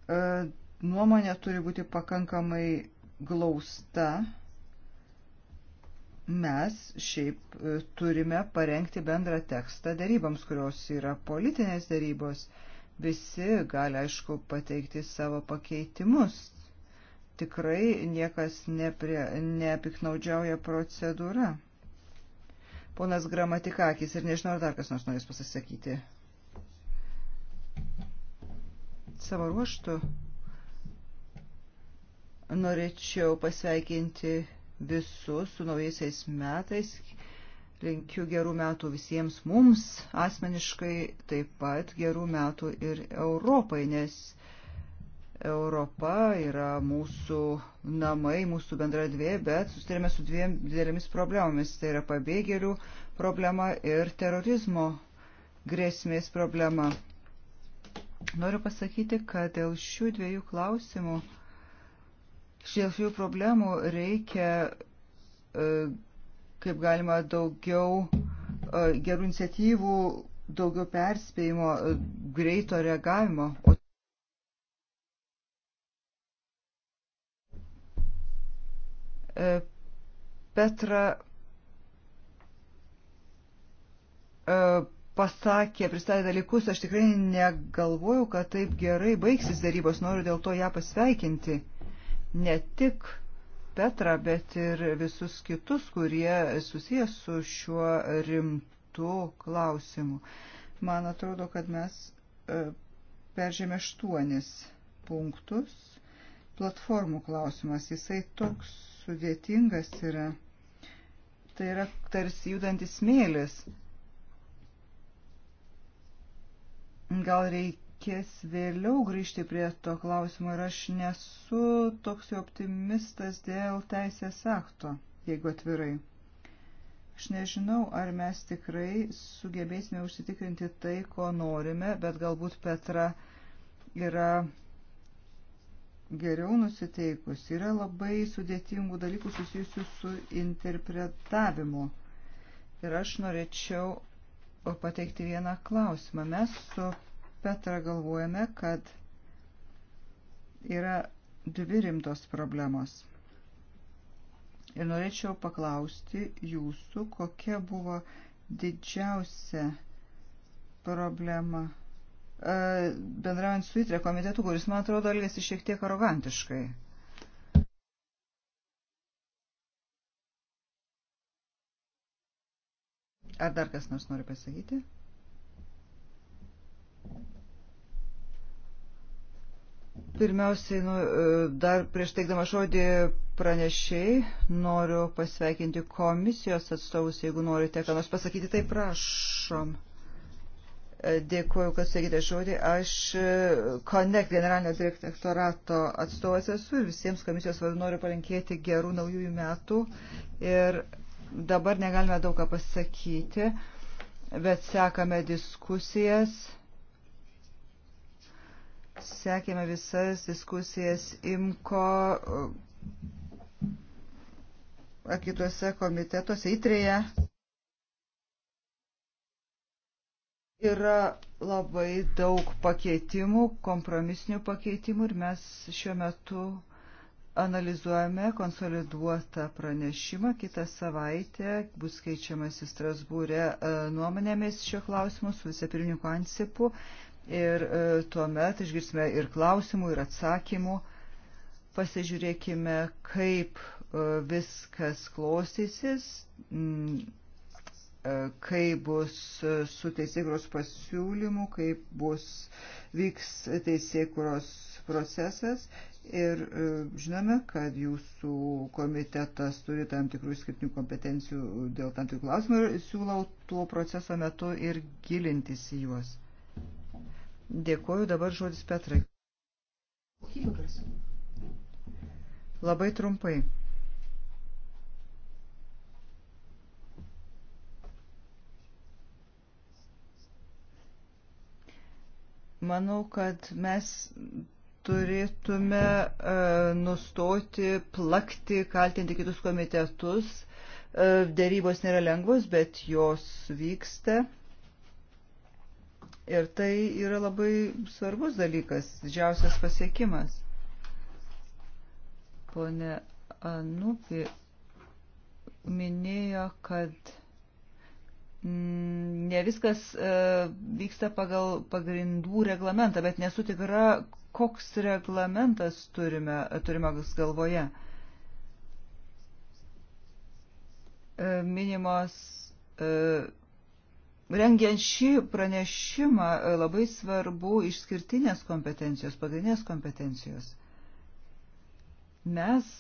A: Uh, nuomonė turi būti pakankamai glausta. Mes šiaip e, turime parengti bendrą tekstą darybams, kurios yra politinės darybos. Visi gali, aišku, pateikti savo pakeitimus. Tikrai niekas neprie, nepiknaudžiauja procedūra. Ponas Gramatikakis ir nežinau, ar dar kas nors norės pasisakyti. Savo ruoštų Norėčiau pasveikinti visus su naujaisiais metais. Linkiu gerų metų visiems mums asmeniškai, taip pat gerų metų ir Europai, nes Europa yra mūsų namai, mūsų bendradvė, bet susitarėme su dviem didelėmis problemomis. Tai yra pabėgėlių problema ir terorizmo grėsmės problema. Noriu pasakyti, kad dėl šių dviejų klausimų šių problemų reikia e, kaip galima daugiau e, gerų iniciatyvų, daugiau perspėjimo, e, greito reagavimo. Petra pasakė, pristatė dalykus, aš tikrai negalvojau, kad taip gerai baigsis darybos, noriu dėl to ją pasveikinti ne tik Petrą, bet ir visus kitus, kurie susijęs su šiuo rimtu klausimu. Man atrodo, kad mes e, peržėmė aštuonis punktus. Platformų klausimas, jisai toks sudėtingas yra. Tai yra tarsi judantis mėlis. Gal reikia reikės vėliau grįžti prie to klausimo ir aš nesu toks jau optimistas dėl teisės akto, jeigu atvirai. Aš nežinau, ar mes tikrai sugebėsime užsitikrinti tai, ko norime, bet galbūt Petra yra geriau nusiteikus. Yra labai sudėtingų dalykų susijusių su interpretavimu. Ir aš norėčiau pateikti vieną klausimą. Mes su Petra galvojame, kad yra dvi rimtos problemos. Ir norėčiau paklausti jūsų, kokia buvo didžiausia problema e, bendraujant su ITRE komitetu, kuris, man atrodo, elgėsi šiek tiek arogantiškai. Ar dar kas nors nori pasakyti? Pirmiausiai, nu, e, dar prieš teikdama žodį pranešiai, noriu pasveikinti komisijos atstovus, jeigu norite ką nors pasakyti, tai prašom. E, dėkuoju, kad sakėte žodį. Aš e, Connect generalinio direktorato atstovas esu ir visiems komisijos vadų noriu palinkėti gerų naujųjų metų. Ir dabar negalime daug ką pasakyti, bet sekame diskusijas sekėme visas diskusijas IMKO kituose komitetuose įtrėje. Yra labai daug pakeitimų, kompromisinių pakeitimų ir mes šiuo metu analizuojame konsoliduotą pranešimą. Kitą savaitę bus keičiamasi Strasbūrė nuomonėmis šiuo klausimu su vicepirmininku Ansipu ir e, tuomet išgirsime ir klausimų, ir atsakymų. Pasižiūrėkime, kaip e, viskas klostysis, e, kaip bus su teisėkuros pasiūlymu, kaip bus vyks teisėkuros procesas. Ir žinome, kad jūsų komitetas turi tam tikrų skirtinių kompetencijų dėl tam tikrų klausimų ir siūlau tuo proceso metu ir gilintis į juos. Dėkuoju dabar žodis Petrai. Labai trumpai. Manau, kad mes turėtume uh, nustoti plakti, kaltinti kitus komitetus. Uh, dėrybos nėra lengvos, bet jos vyksta. Ir tai yra labai svarbus dalykas, didžiausias pasiekimas. Pone Anupi minėjo, kad mm, ne viskas e, vyksta pagal pagrindų reglamentą, bet nesu tikra, koks reglamentas turime, turime galvoje. E, minimos e, Rengiant šį pranešimą e, labai svarbu išskirtinės kompetencijos, pagrindinės kompetencijos. Mes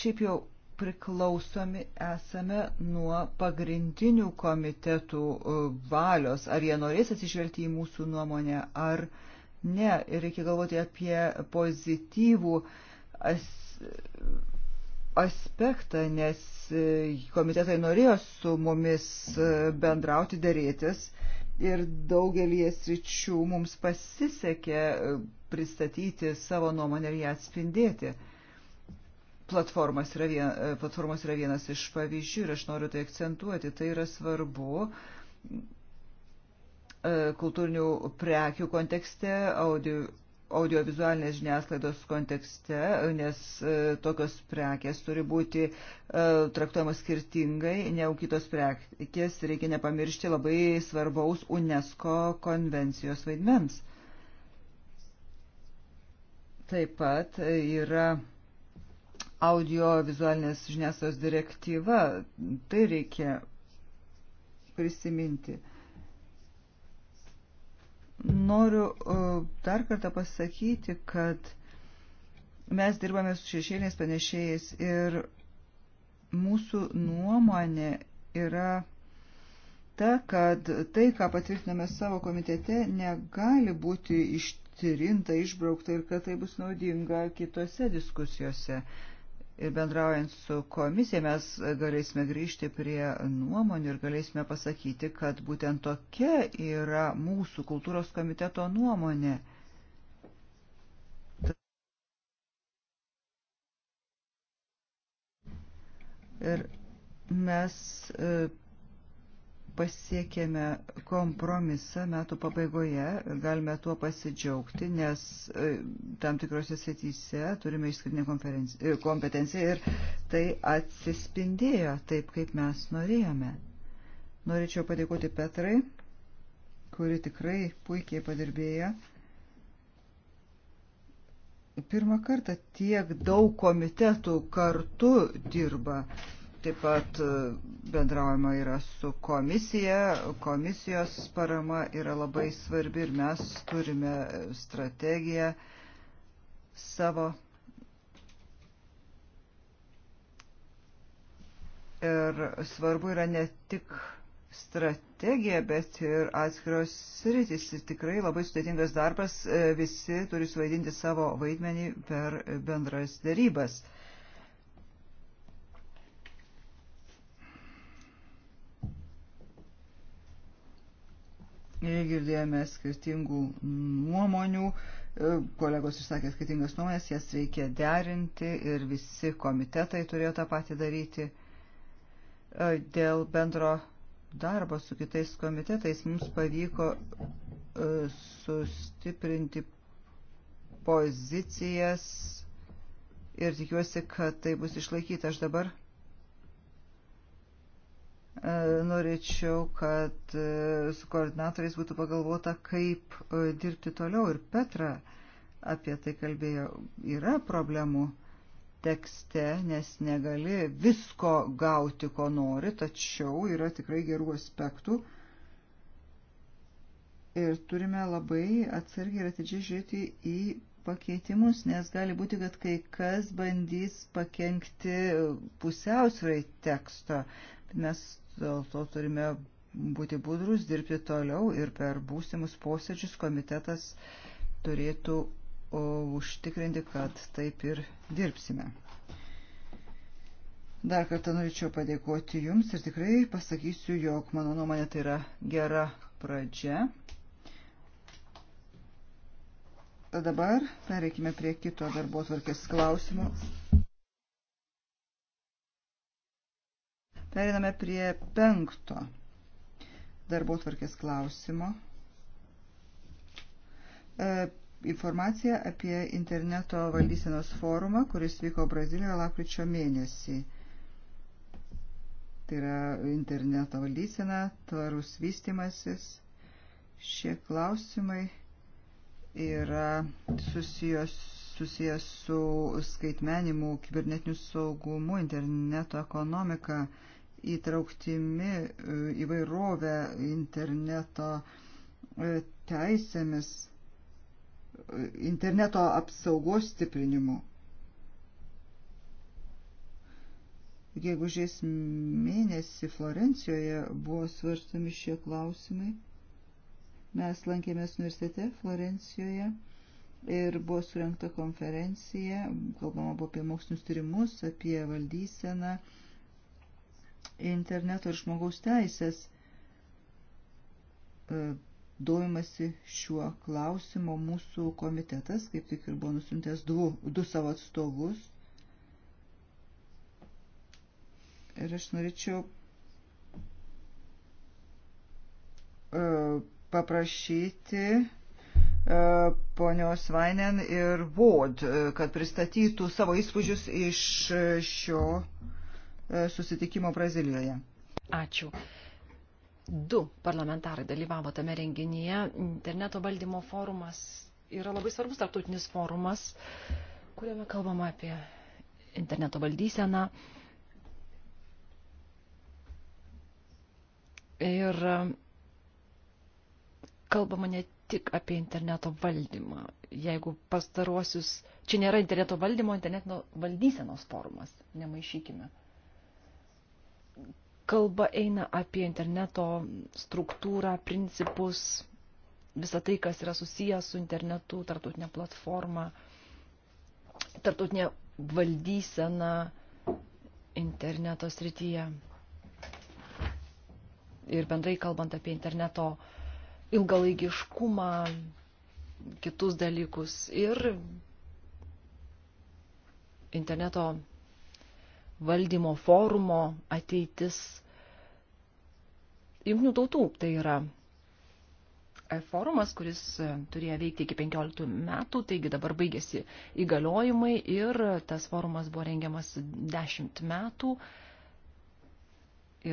A: šiaip jau priklausomi esame nuo pagrindinių komitetų e, valios, ar jie norės atsižvelgti į mūsų nuomonę ar ne. Ir reikia galvoti apie pozityvų as, aspektą, nes e, komitetai norėjo su mumis e, bendrauti, dėrėtis ir daugelį sričių mums pasisekė e, pristatyti savo nuomonę ir ją atspindėti. Platformos yra, vien, platformos yra vienas iš pavyzdžių ir aš noriu tai akcentuoti. Tai yra svarbu kultūrinių prekių kontekste, audio audiovizualinės žiniasklaidos kontekste, nes e, tokios prekės turi būti e, traktuojamos skirtingai, negu kitos prekės. Reikia nepamiršti labai svarbaus UNESCO konvencijos vaidmens. Taip pat yra audiovizualinės žiniasklaidos direktyva. Tai reikia prisiminti. Noriu e, dar kartą pasakyti, kad mes dirbame su šešėliniais panešėjais ir mūsų nuomonė yra ta, kad tai, ką patvirtiname savo komitete, negali būti ištirinta, išbraukta ir kad tai bus naudinga kitose diskusijose ir bendraujant su komisija mes galėsime grįžti prie nuomonių ir galėsime pasakyti, kad būtent tokia yra mūsų kultūros komiteto nuomonė. Ir mes e, pasiekėme kompromisą metų pabaigoje, galime tuo pasidžiaugti, nes e, tam tikrose srityse turime išskirtinę e, kompetenciją ir tai atsispindėjo taip, kaip mes norėjome. Norėčiau padėkoti Petrai, kuri tikrai puikiai padirbėjo. Pirmą kartą tiek daug komitetų kartu dirba Taip pat e, bendraujama yra su komisija, komisijos parama yra labai svarbi ir mes turime e, strategiją savo. Ir svarbu yra ne tik strategija, bet ir atskiros sritis. Tikrai labai sudėtingas darbas, e, visi turi suvaidinti savo vaidmenį per bendras darybas. girdėjome skirtingų nuomonių, e, kolegos išsakė skirtingas nuomonės, jas reikia derinti ir visi komitetai turėjo tą patį daryti. E, dėl bendro darbo su kitais komitetais mums pavyko e, sustiprinti pozicijas ir tikiuosi, kad tai bus išlaikyta. Aš dabar E, norėčiau, kad e, su koordinatoriais būtų pagalvota, kaip e, dirbti toliau. Ir Petra apie tai kalbėjo, yra problemų tekste, nes negali visko gauti, ko nori, tačiau yra tikrai gerų aspektų. Ir turime labai atsargiai ir atidžiai žiūrėti į pakeitimus, nes gali būti, kad kai kas bandys pakengti pusiausvrai teksto. Mes Dėl to turime būti budrus, dirbti toliau ir per būsimus posėdžius komitetas turėtų užtikrinti, kad taip ir dirbsime. Dar kartą norėčiau padėkoti Jums ir tikrai pasakysiu, jog mano nuomonė tai yra gera pradžia. Dabar pereikime prie kito darbo tvarkės klausimų. Periname prie penkto darbo tvarkės klausimo. E, informacija apie interneto valdysenos forumą, kuris vyko Brazilijoje lapkričio mėnesį. Tai yra interneto valdysena, tvarus vystimasis. Šie klausimai yra susijęs, susijęs su skaitmenimu, kibernetiniu saugumu, interneto ekonomika. E, įtrauktimi e, įvairovę interneto e, teisėmis, e, interneto apsaugos stiprinimu. Gegužės mėnesį Florencijoje buvo svarstami šie klausimai. Mes lankėmės universitete Florencijoje ir buvo surinkta konferencija, kalbama buvo apie mokslinius tyrimus, apie valdyseną, interneto ir žmogaus teisės. E, domimasi šiuo klausimu mūsų komitetas, kaip tik ir buvo nusintęs du, du savo atstovus. Ir aš norėčiau e, paprašyti e, ponios Vainen ir Vod, kad pristatytų savo įspūdžius iš šio E, susitikimo Brazilijoje. Ačiū. Du parlamentarai
B: dalyvavo tame renginyje. Interneto valdymo forumas yra labai svarbus tarptautinis forumas, kuriame kalbama apie interneto valdyseną. Ir kalbama ne tik apie interneto valdymą. Jeigu pastaruosius, čia nėra interneto valdymo, interneto valdysenos forumas, nemaišykime kalba eina apie interneto struktūrą, principus, visą tai, kas yra susijęs su internetu, tartutinė platforma, tartutinė valdysena interneto srityje. Ir bendrai kalbant apie interneto ilgalaigiškumą, kitus dalykus ir interneto valdymo forumo ateitis jungtinių tautų. Tai yra e, forumas, kuris e, turėjo veikti iki 15 metų, taigi dabar baigėsi įgaliojimai ir tas forumas buvo rengiamas 10 metų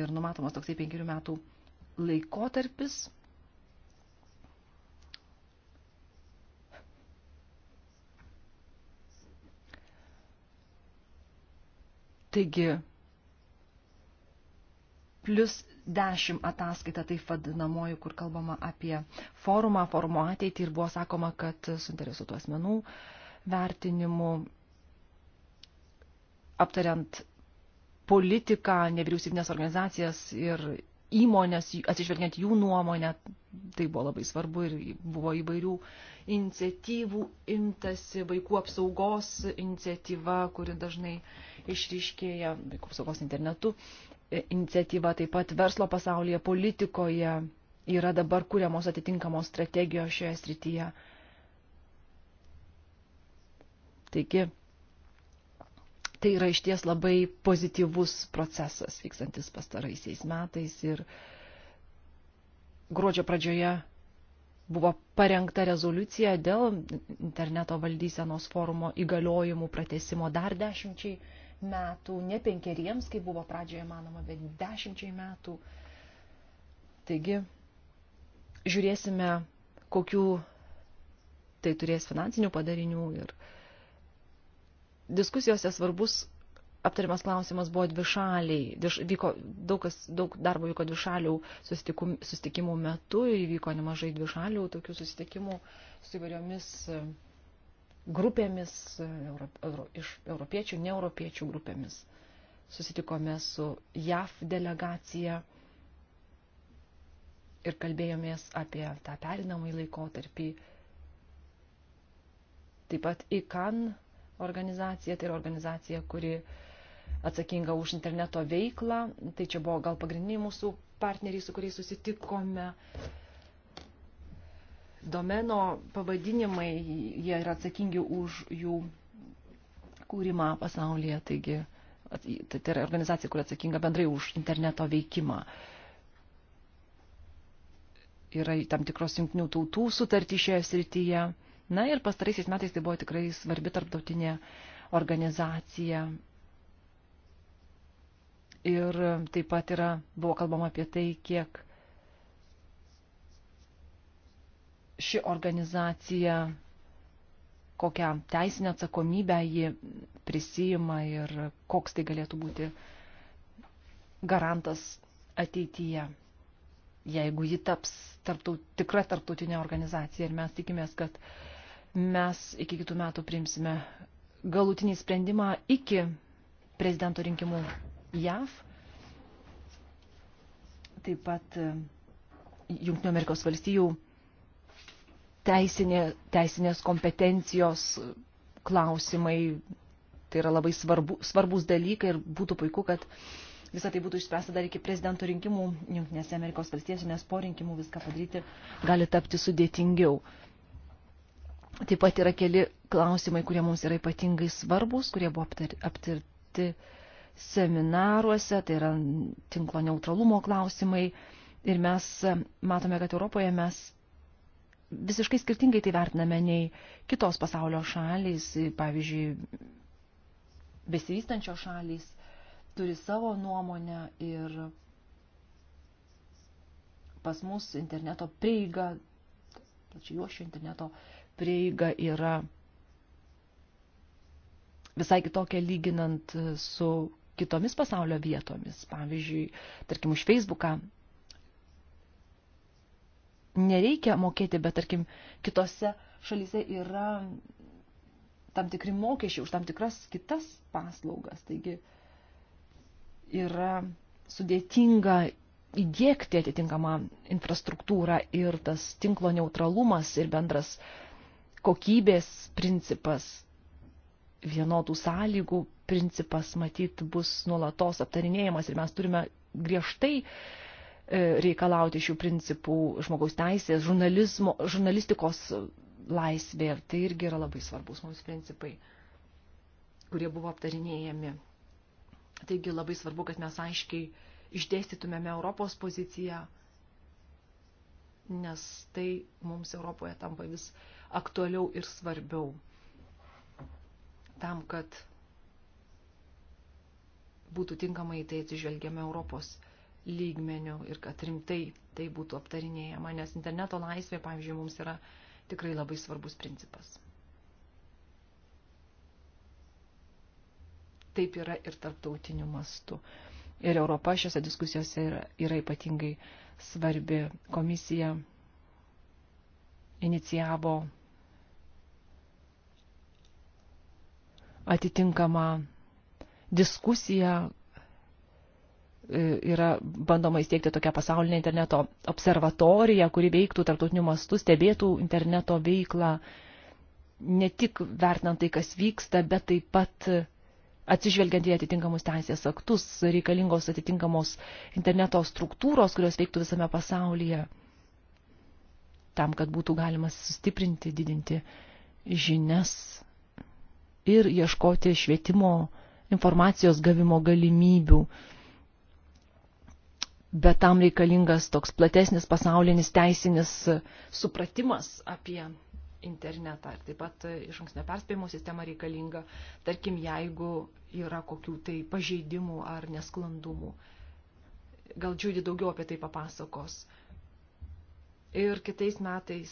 B: ir numatomas toksai 5 metų laikotarpis Taigi, plus 10 ataskaita, taip vadinamoji, kur kalbama apie forumą, forumo ateitį ir buvo sakoma, kad suinteresuotų asmenų vertinimų aptariant politiką, nevyriausybinės organizacijas ir įmonės, atsižvelgiant jų nuomonę, tai buvo labai svarbu ir buvo įvairių iniciatyvų imtasi, vaikų apsaugos iniciatyva, kuri dažnai išryškėja, vaikų apsaugos internetu, e, iniciatyva taip pat verslo pasaulyje, politikoje yra dabar kūriamos atitinkamos strategijos šioje srityje. Taigi, tai yra išties labai pozityvus procesas vykstantis pastaraisiais metais ir gruodžio pradžioje buvo parengta rezoliucija dėl interneto valdysenos forumo įgaliojimų pratesimo dar dešimčiai metų, ne penkeriems, kaip buvo pradžioje manoma, bet dešimčiai metų. Taigi, žiūrėsime, kokių tai turės finansinių padarinių ir uh, diskusijose svarbus aptariamas klausimas buvo dvišaliai. Diš, vyko, daug, kas, daug darbo vyko dvišalių susitikimų metu, įvyko nemažai dvišalių tokių susitikimų su įvairiomis e, grupėmis e, euro, euro, iš europiečių, neeuropiečių grupėmis. Susitikome su JAF delegacija ir kalbėjomės apie tą perinamąjį laikotarpį. Taip pat ICAN organizacija, tai yra organizacija, kuri atsakinga už interneto veiklą, tai čia buvo gal pagrindiniai mūsų partneriai, su kuriais susitikome. Domeno pavadinimai, jie yra atsakingi už jų kūrimą pasaulyje, taigi tai, tai yra organizacija, kuri atsakinga bendrai už interneto veikimą yra tam tikros jungtinių tautų sutartys šioje srityje. Na ir pastaraisiais metais tai buvo tikrai svarbi tarptautinė organizacija. Ir taip pat yra, buvo kalbama apie tai, kiek ši organizacija, kokią teisinę atsakomybę ji prisijima ir koks tai galėtų būti garantas ateityje, jeigu ji taps tarptaut, tikra tarptautinė organizacija. Ir mes tikimės, kad uh, Mes iki kitų metų priimsime galutinį sprendimą iki prezidento rinkimų JAV. Taip pat e, Junktinio Amerikos valstijų teisinė, teisinės kompetencijos klausimai, tai yra labai svarbu, svarbus dalykai ir būtų puiku, kad visą tai būtų išspręsta dar iki prezidento rinkimų Junktinėse Amerikos valstijose, nes po rinkimų viską padaryti gali tapti sudėtingiau. Uh, Taip pat yra keli klausimai, kurie mums yra ypatingai svarbus, kurie buvo aptirti seminaruose, tai yra tinklo neutralumo klausimai. Ir mes matome, kad Europoje mes visiškai skirtingai tai vertiname nei kitos pasaulio šalys, pavyzdžiui, besivystančios šalys turi savo nuomonę ir pas mus interneto prieiga, plačiai juošio interneto prieiga yra visai kitokia lyginant su kitomis pasaulio vietomis. Pavyzdžiui, tarkim, už Facebooką nereikia mokėti, bet, tarkim, kitose šalyse yra tam tikri mokesčiai už tam tikras kitas paslaugas. Taigi yra sudėtinga įdėkti atitinkamą infrastruktūrą ir tas tinklo neutralumas ir bendras uh, kokybės principas, vienodų sąlygų principas, matyt, bus nuolatos aptarinėjamas ir mes turime griežtai e, reikalauti šių principų žmogaus teisės, žurnalistikos laisvė. Tai irgi yra labai svarbus mums principai, kurie buvo aptarinėjami. Taigi labai svarbu, kad mes aiškiai išdėstytumėme Europos poziciją, nes tai mums Europoje tampa vis uh, aktualiau ir svarbiau. Tam, kad būtų tinkamai tai atsižvelgiama Europos lygmenių ir kad rimtai tai būtų aptarinėjama, nes interneto laisvė, pavyzdžiui, mums yra tikrai labai svarbus principas. Taip yra ir tarptautiniu mastu. Ir Europa šiose diskusijose yra, yra ypatingai svarbi. Komisija inicijavo atitinkamą diskusiją e, yra bandoma įsteigti tokią pasaulinę interneto observatoriją, kuri veiktų tarptautiniu mastu, stebėtų interneto veiklą, ne tik vertinant tai, kas vyksta, bet taip pat atsižvelgiant į atitinkamus teisės aktus, reikalingos atitinkamos interneto struktūros, kurios veiktų visame pasaulyje, tam, kad būtų galima sustiprinti, didinti žinias ir ieškoti švietimo informacijos gavimo galimybių. Bet tam reikalingas toks platesnis pasaulinis teisinis supratimas apie internetą. Ir taip pat iš anksnio perspėjimo sistema reikalinga, tarkim, jeigu yra kokių tai pažeidimų ar nesklandumų. Gal Džiūdi daugiau apie tai papasakos. Ir kitais metais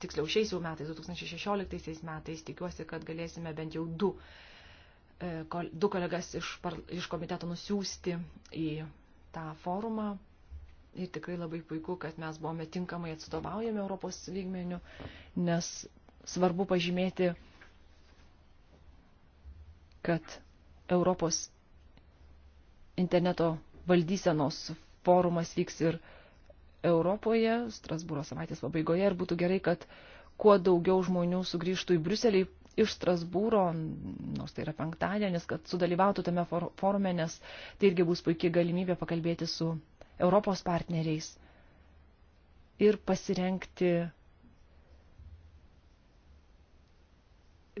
B: tiksliau šiais jau metais, 2016 metais, tikiuosi, kad galėsime bent jau du, e, du kolegas iš, par, iš komiteto nusiųsti į tą forumą. Ir tikrai labai puiku, kad mes buvome tinkamai atstovaujami Europos lygmeniu, nes svarbu pažymėti, kad Europos interneto valdysenos forumas vyks ir Europoje, Strasbūro savaitės pabaigoje ir būtų gerai, kad kuo daugiau žmonių sugrįžtų į Briuselį iš Strasbūro, nors tai yra penktadienis, kad sudalyvautų tame forume, nes tai irgi bus puikiai galimybė pakalbėti su Europos partneriais ir pasirenkti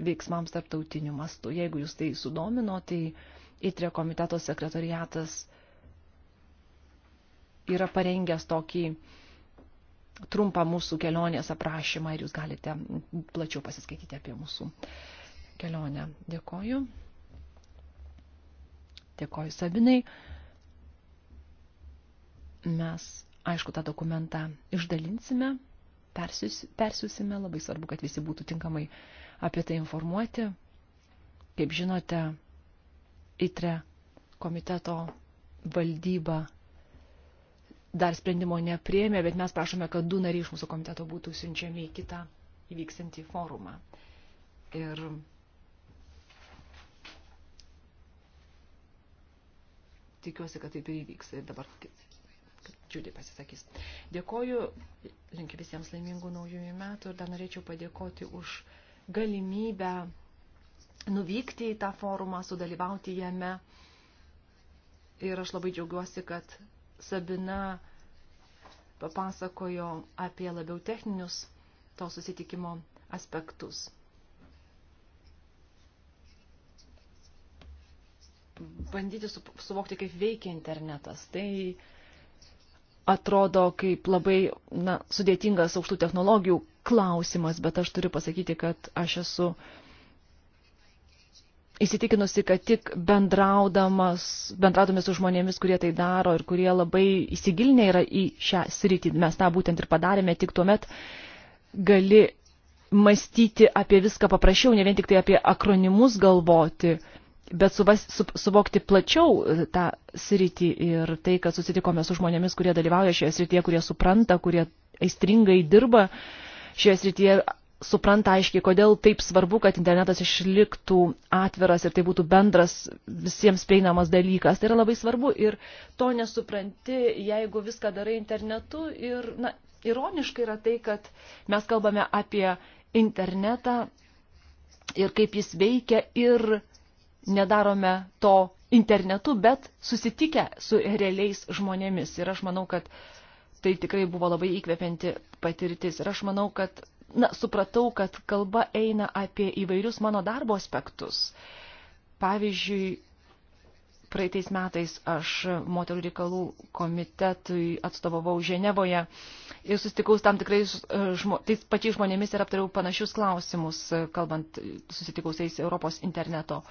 B: veiksmams tarptautiniu mastu. Jeigu jūs tai sudomino, tai įtrė e komiteto sekretariatas yra parengęs tokį trumpą mūsų kelionės aprašymą ir jūs galite plačiau pasiskaityti apie mūsų kelionę. Dėkoju. Dėkoju Sabinai. Mes, aišku, tą dokumentą išdalinsime, persiusime. Labai svarbu, kad visi būtų tinkamai apie tai informuoti. Kaip žinote, ITRE komiteto valdyba dar sprendimo nepriemė, bet mes prašome, kad du nariai iš mūsų komiteto būtų siunčiami į kitą įvyksantį forumą. Ir tikiuosi, kad taip ir įvyks. Ir dabar Džiudį pasisakys. Dėkoju, linkiu visiems laimingų naujųjų metų ir dar norėčiau padėkoti už galimybę nuvykti į tą forumą, sudalyvauti jame. Ir aš labai džiaugiuosi, kad Sabina papasakojo apie labiau techninius to susitikimo aspektus. Bandyti su, suvokti, kaip veikia internetas. Tai atrodo kaip labai na, sudėtingas aukštų technologijų klausimas, bet aš turiu pasakyti, kad aš esu uh, įsitikinusi, kad tik bendraudamas, bendraudami su žmonėmis, kurie tai daro ir kurie labai įsigilinę yra į šią sritį, mes tą būtent ir padarėme, tik tuomet gali mąstyti apie viską paprasčiau, ne vien tik tai apie akronimus galvoti, bet suvas, su, suvokti plačiau tą sritį ir tai, kad susitikome su žmonėmis, kurie dalyvauja šioje srityje, kurie supranta, kurie aistringai dirba šioje srityje supranta aiškiai, kodėl taip svarbu, kad internetas išliktų atviras ir tai būtų bendras visiems prieinamas dalykas. Tai yra labai svarbu ir to nesupranti, jeigu viską darai internetu. Ir na, ironiškai yra tai, kad mes kalbame apie internetą ir kaip jis veikia ir nedarome to internetu, bet susitikę su realiais žmonėmis. Ir aš manau, kad tai tikrai buvo labai įkvepianti patirtis. Ir aš manau, kad na, supratau, kad kalba eina apie įvairius mano darbo aspektus. Pavyzdžiui, praeitais metais aš moterų reikalų komitetui atstovavau Ženevoje ir susitikau tam tikrais e, žmo, tais pačiais žmonėmis ir aptariau panašius klausimus, e, kalbant susitikusiais Europos interneto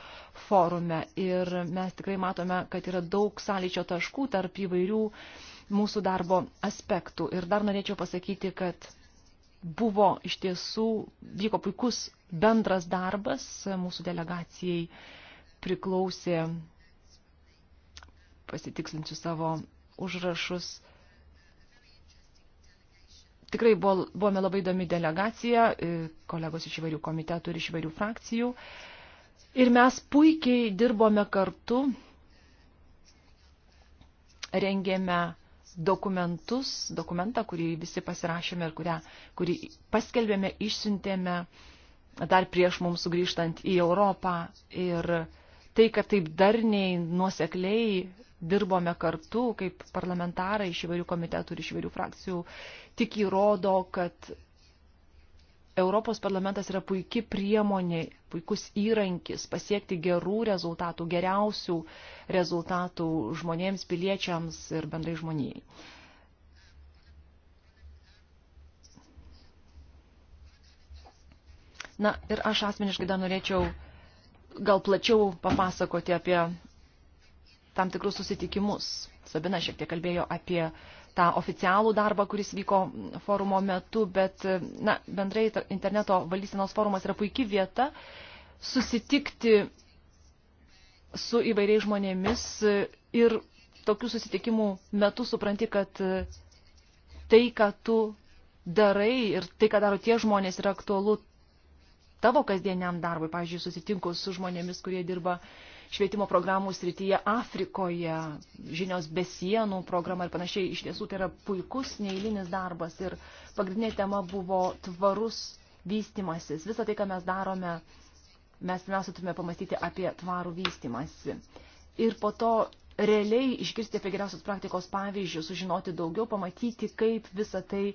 B: forume. Ir mes tikrai matome, kad yra daug sąlyčio taškų tarp įvairių mūsų darbo aspektų. Ir dar norėčiau pasakyti, kad buvo iš tiesų, vyko puikus bendras darbas, mūsų delegacijai priklausė, pasitikslinsiu savo užrašus. Tikrai buvo, buvome labai įdomi delegacija, kolegos iš įvairių komitetų ir iš įvairių frakcijų. Ir mes puikiai dirbome kartu, rengėme dokumentus, dokumentą, kurį visi pasirašėme ir kurią, kurį paskelbėme, išsiuntėme dar prieš mums sugrįžtant į Europą. Ir tai, kad taip darniai, nuosekliai dirbome kartu, kaip parlamentarai iš įvairių komitetų ir iš įvairių frakcijų, tik įrodo, kad Europos parlamentas yra puikia priemonė, puikus įrankis pasiekti gerų rezultatų, geriausių rezultatų žmonėms, piliečiams ir bendrai žmonijai. Na ir aš asmeniškai dar norėčiau gal plačiau papasakoti apie tam tikrus susitikimus. Sabina šiek tiek kalbėjo apie tą oficialų darbą, kuris vyko forumo metu, bet na, bendrai interneto valdysenos forumas yra puikia vieta susitikti su įvairiais žmonėmis ir tokių susitikimų metu supranti, kad tai, ką tu darai ir tai, ką daro tie žmonės, yra aktualu tavo kasdieniam darbui. Pavyzdžiui, susitinku su žmonėmis, kurie dirba uh, švietimo programų srityje Afrikoje, žinios be sienų programa ir panašiai. Iš tiesų tai yra puikus, neįlinis darbas ir pagrindinė tema buvo tvarus vystimasis. Visą tai, ką mes darome, mes pirmiausia turime pamastyti apie tvarų vystimasi. Ir po to realiai išgirsti apie geriausios praktikos pavyzdžius, sužinoti daugiau, pamatyti, kaip visa tai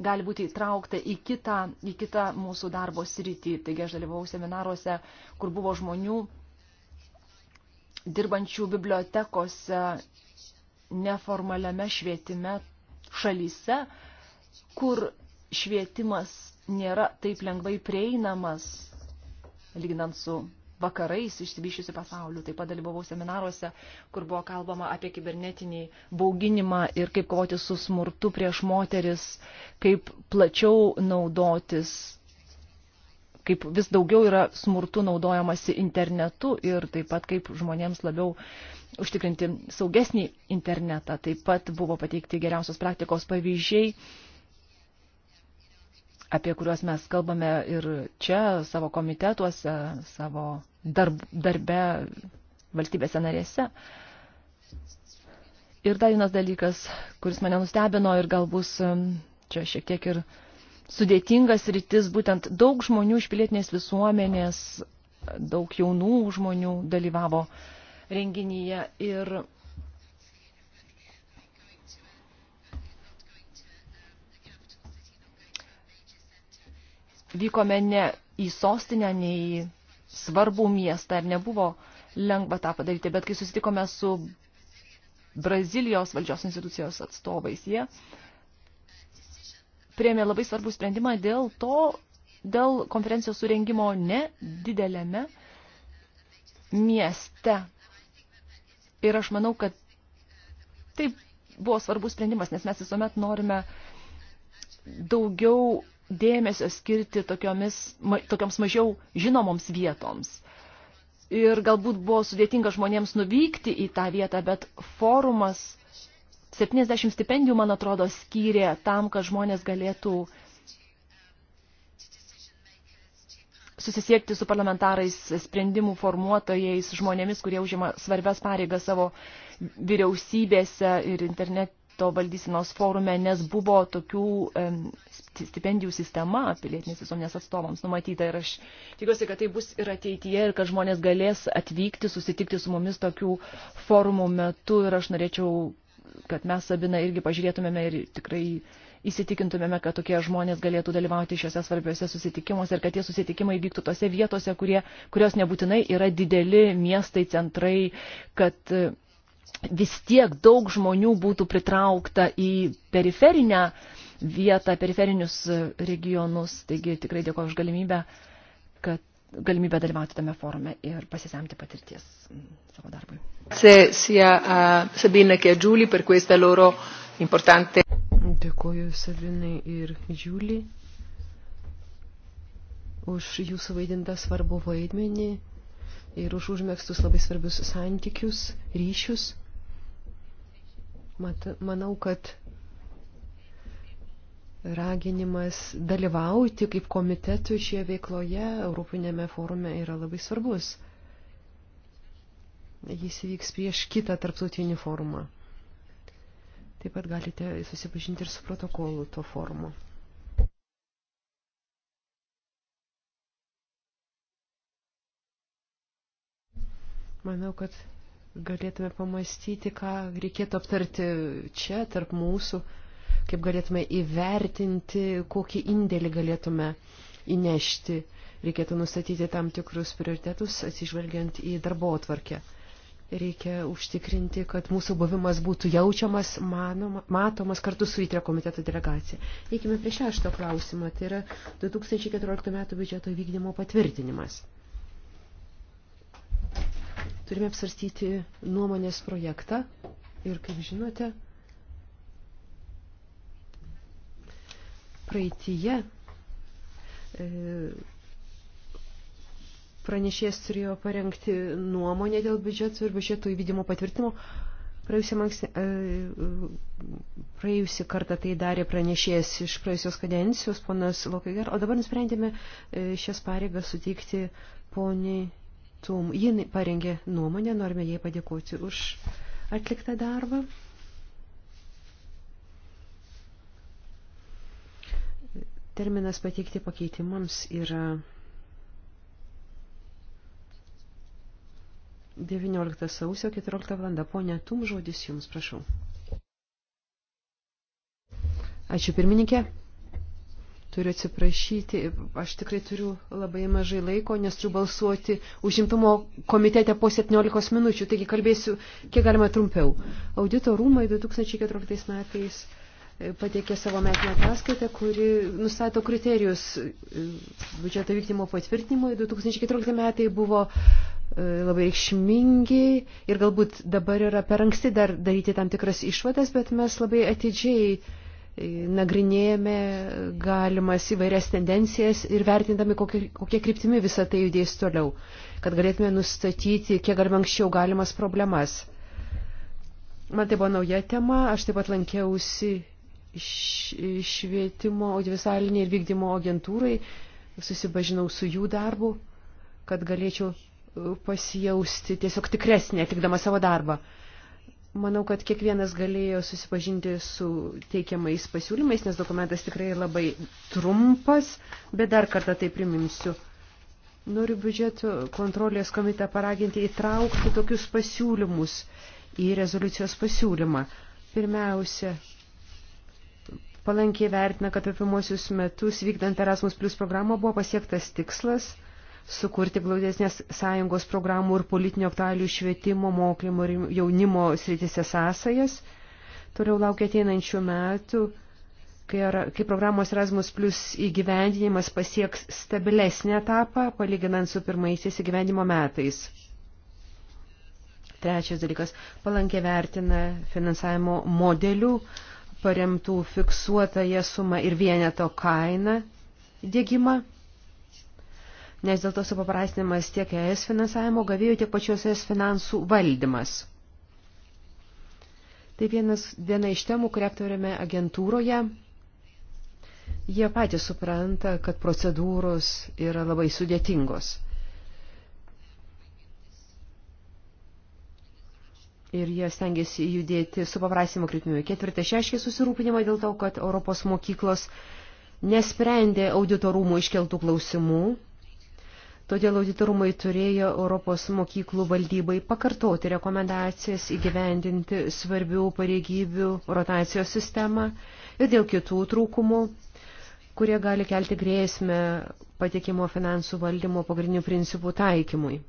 B: gali būti įtraukta į kitą, į kitą mūsų darbo sritį. Taigi aš dalyvau seminaruose, kur buvo žmonių dirbančių bibliotekose, neformaliame švietime šalyse, kur švietimas nėra taip lengvai prieinamas, lyginant su vakarais išsivyščiusiu pasauliu. Taip pat dalyvavau seminaruose, kur buvo kalbama apie kibernetinį bauginimą ir kaip kovoti su smurtu prieš moteris, kaip plačiau naudotis kaip vis daugiau yra smurtų naudojamasi internetu ir taip pat kaip žmonėms labiau užtikrinti saugesnį internetą. Taip pat buvo pateikti geriausios praktikos pavyzdžiai, apie kuriuos mes kalbame ir čia, savo komitetuose, savo darb, darbe valstybėse narėse. Ir dar vienas dalykas, kuris mane nustebino ir gal bus um, čia šiek tiek ir uh, sudėtingas rytis, būtent daug žmonių iš pilietinės visuomenės, daug jaunų žmonių dalyvavo renginyje ir vykome ne į sostinę, ne į svarbų miestą ir nebuvo lengva tą padaryti, bet kai susitikome su Brazilijos valdžios institucijos atstovais, jie priėmė labai svarbų sprendimą dėl to, dėl konferencijos surengimo ne didelėme mieste. Ir aš manau, kad taip buvo svarbus sprendimas, nes mes visuomet norime daugiau dėmesio skirti tokiomis, ma, tokioms mažiau žinomoms vietoms. Ir galbūt buvo sudėtinga žmonėms nuvykti į tą vietą, bet forumas 70 stipendijų, man atrodo, skyrė tam, kad žmonės galėtų susisiekti su parlamentarais, sprendimų formuotojais, žmonėmis, kurie užima svarbias pareigas savo vyriausybėse ir interneto valdysinos forume, nes buvo tokių stipendijų sistema pilietinės visuomenės atstovams numatyta ir aš tikiuosi, kad tai bus ir ateityje ir kad žmonės galės atvykti, susitikti su mumis tokių forumų metu ir aš norėčiau kad mes Sabina irgi pažiūrėtumėme ir tikrai įsitikintumėme, kad tokie žmonės galėtų dalyvauti šiuose svarbiuose susitikimuose ir kad tie susitikimai vyktų tose vietose, kurie, kurios nebūtinai yra dideli miestai, centrai, kad e, vis tiek daug žmonių būtų pritraukta į periferinę vietą, periferinius e, regionus. Taigi tikrai dėkoju už galimybę, kad galimybę dalyvauti tame forume ir pasisemti patirties mm, savo darbui.
C: Dėkuoju Sabinai ir Žiūlį už jūsų vaidintą svarbų vaidmenį ir už užmėgstus labai svarbius santykius, ryšius. Mat, manau, kad raginimas dalyvauti kaip komitetų šie veikloje Europinėme forume yra labai svarbus. Jis vyks prieš kitą tarptautinį forumą. Taip pat galite susipažinti ir su protokolu to forumo. Manau, kad galėtume pamastyti, ką reikėtų aptarti čia tarp mūsų kaip galėtume įvertinti, kokį indėlį galėtume įnešti. Reikėtų nustatyti tam tikrus prioritetus, atsižvelgiant į darbo atvarkę. Reikia užtikrinti, kad mūsų buvimas būtų jaučiamas, manoma, matomas kartu su įtrio komiteto delegacija. Eikime prie šešto klausimą, tai yra 2014 metų biudžeto vykdymo patvirtinimas. Turime apsarstyti nuomonės projektą ir, kaip žinote, praeityje e, pranešėjas turėjo parengti nuomonę dėl biudžeto ir biudžeto įvykdymo patvirtimo. Praėjusią, manksne, e, praėjusią kartą tai darė pranešėjas iš praėjusios kadencijos, ponas Lokaigar, o dabar nusprendėme e, šias pareigas suteikti poniai Tum. Ji parengė nuomonę, norime jai padėkoti už atliktą darbą. Terminas pateikti pakeitimams yra 19 sausio 14 valanda. Pone Tum, žodis jums, prašau. Ačiū pirmininkė. Turiu atsiprašyti, aš tikrai turiu labai mažai laiko, nes turiu balsuoti užimtumo komitete po 17 minučių, taigi kalbėsiu kiek galima trumpiau. Audito rūmai 2014 metais pateikė savo metinę ataskaitą, kuri nustato kriterijus e, biudžeto vykdymo patvirtinimui. 2014 metai buvo e, labai reikšmingi ir galbūt dabar yra per anksti dar daryti tam tikras išvadas, bet mes labai atidžiai e, nagrinėjame galimas įvairias tendencijas ir vertindami, kokie, kokie kryptimi visą tai judės toliau, kad galėtume nustatyti, kiek galima anksčiau galimas problemas. Man tai buvo nauja tema, aš taip pat lankiausi švietimo audiovizualinė ir vykdymo agentūrai, susipažinau su jų darbu, kad galėčiau e, pasijausti tiesiog tikresnė, atlikdama savo darbą. Manau, kad kiekvienas galėjo susipažinti su teikiamais pasiūlymais, nes dokumentas tikrai labai trumpas, bet dar kartą tai priminsiu. Noriu biudžeto kontrolės komitę paraginti įtraukti tokius pasiūlymus į rezoliucijos pasiūlymą. Pirmiausia, palankiai vertina, kad apie mūsius metus vykdant Erasmus Plus programą buvo pasiektas tikslas sukurti glaudesnės sąjungos programų ir politinio aktualių švietimo, mokymo ir jaunimo sritise sąsajas. Toliau laukia ateinančių metų, kai, kai programos Erasmus Plus įgyvendinimas pasieks stabilesnį etapą, palyginant su pirmaisiais įgyvendimo metais. Trečias dalykas – palankė vertina finansavimo modelių paremtų fiksuotąją sumą ir vieneto kainą dėgymą, nes dėl to supaprastinimas tiek ES finansavimo gavėjo tiek pačios ES finansų valdymas. Tai vienas, viena iš temų, kurią turime agentūroje. Jie patys supranta, kad procedūros yra labai sudėtingos. ir jie stengiasi judėti su paprasimo kritimiu. Ketvirta šeškė susirūpinimą dėl to, kad Europos mokyklos nesprendė auditorumų iškeltų klausimų, todėl auditorumai turėjo Europos mokyklų valdybai pakartoti rekomendacijas įgyvendinti svarbių pareigybių rotacijos sistemą ir dėl kitų trūkumų kurie gali kelti grėsmę patikimo finansų valdymo pagrindinių principų taikymui.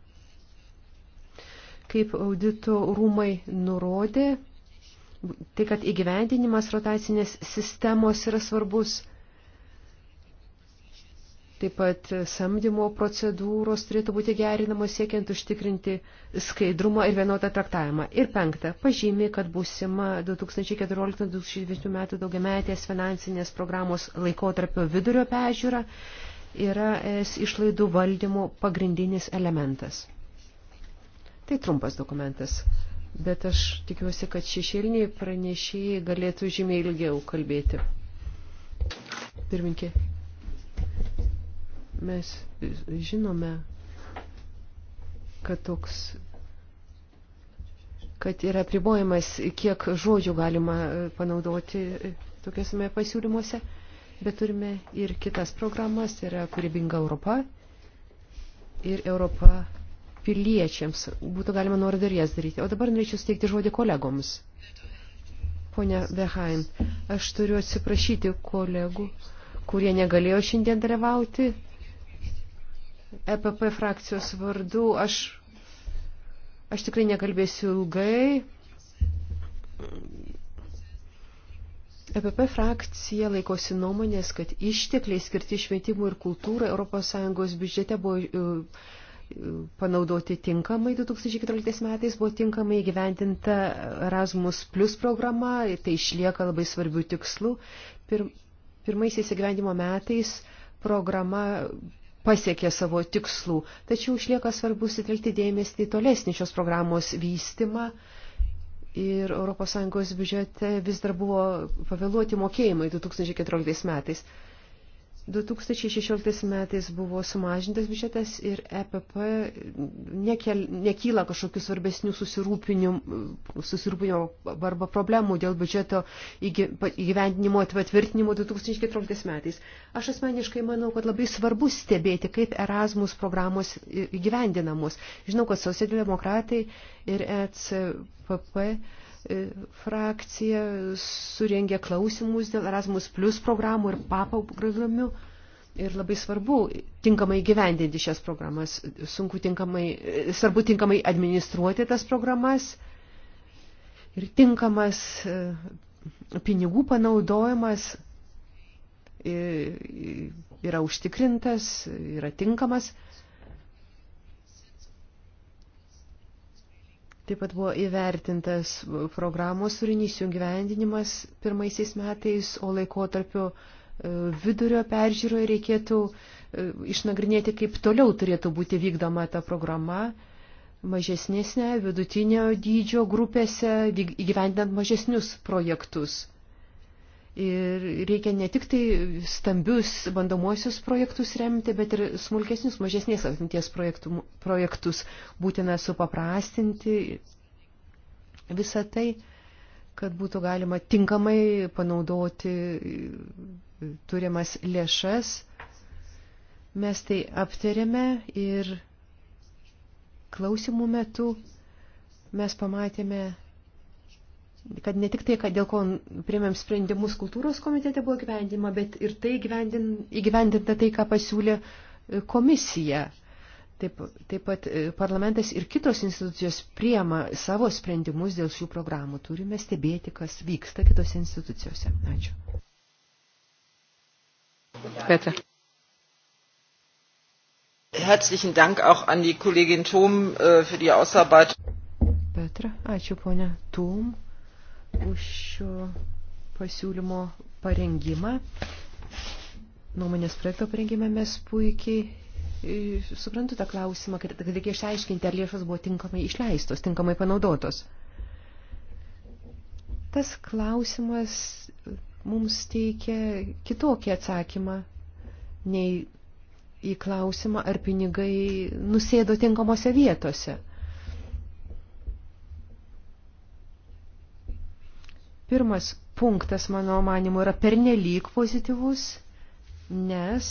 C: Kaip audito rūmai nurodė, tai kad įgyvendinimas rotacinės sistemos yra svarbus, taip pat samdymo procedūros turėtų būti gerinamos siekiant užtikrinti skaidrumą ir vienodą traktavimą. Ir penkta, pažymė, kad būsima 2014-2020 metų daugiametės finansinės programos laikotarpio vidurio pežiūra yra es išlaidų valdymo pagrindinis elementas. Tai trumpas dokumentas. Bet aš tikiuosi, kad šešėliniai pranešėjai galėtų žymiai ilgiau kalbėti. Pirminkė, mes žinome, kad toks kad yra pribojimas, kiek žodžių galima panaudoti tokiasime pasiūlymuose, bet turime ir kitas programas, tai yra kūrybinga Europa ir Europa piliečiams. Būtų galima nori dar jas daryti. O dabar norėčiau steigti žodį kolegoms. Pone Behain, aš turiu atsiprašyti kolegų, kurie negalėjo šiandien dalyvauti. EPP frakcijos vardu aš, aš tikrai nekalbėsiu ilgai. EPP frakcija laikosi nuomonės, kad ištekliai skirti švietimui ir kultūrai ES biudžete buvo panaudoti tinkamai 2014 metais, buvo tinkamai įgyventinta Erasmus Plus programa, tai išlieka labai svarbių tikslų. Pir, pirmaisiais įgyvendimo metais programa pasiekė savo tikslų, tačiau išlieka svarbu sitelkti dėmesį į tolesnį šios programos vystimą ir ES biudžete vis dar buvo pavėluoti mokėjimai 2014 metais. 2016 metais buvo sumažintas biudžetas ir EPP nekel, nekyla kažkokių svarbesnių susirūpinimo arba problemų dėl biudžeto įgyvendinimo atvirtinimo 2014 metais. Aš asmeniškai manau, kad labai svarbu stebėti, kaip Erasmus programos įgyvendinamos. Žinau, kad socialdemokratai ir ECPP E, frakcija surengė klausimus dėl Erasmus Plus programų ir PAPA programų. Ir labai svarbu tinkamai gyvendinti šias programas, sunku tinkamai, e, svarbu tinkamai administruoti tas programas ir tinkamas e, pinigų panaudojimas yra užtikrintas, yra tinkamas. Taip pat buvo įvertintas programos turinys jų gyvendinimas pirmaisiais metais, o laikotarpio e, vidurio peržiūroje reikėtų e, išnagrinėti, kaip toliau turėtų būti vykdoma ta programa mažesnėse, vidutinio dydžio grupėse, įgyvendinant mažesnius projektus. Ir reikia ne tik tai stambius bandomuosius projektus remti, bet ir smulkesnius, mažesnės apimties projektus būtina supaprastinti visą tai, kad būtų galima tinkamai panaudoti turimas lėšas. Mes tai aptarėme ir klausimų metu mes pamatėme kad ne tik tai, kad dėl ko priėmėm sprendimus kultūros komitete buvo gyvendima, bet ir tai įgyvendinta tai, ką pasiūlė e, komisija. Taip, taip pat e, parlamentas ir kitos institucijos priema savo sprendimus dėl šių programų. Turime stebėti, kas vyksta kitose institucijose. Ačiū.
A: Petra. Herzlichen Dank auch an die Kollegin Thom äh, für die Ausarbeitung.
C: Petra, ačiū ponia Thom už šio pasiūlymo parengimą. Nuomonės projekto parengime mes puikiai e, suprantu tą klausimą, kad, kad reikia išaiškinti, ar lėšos buvo tinkamai išleistos, tinkamai panaudotos. Tas klausimas mums teikia kitokį atsakymą nei į klausimą, ar pinigai nusėdo tinkamose vietose. Pirmas punktas, mano manimo, yra pernelyg pozityvus, nes,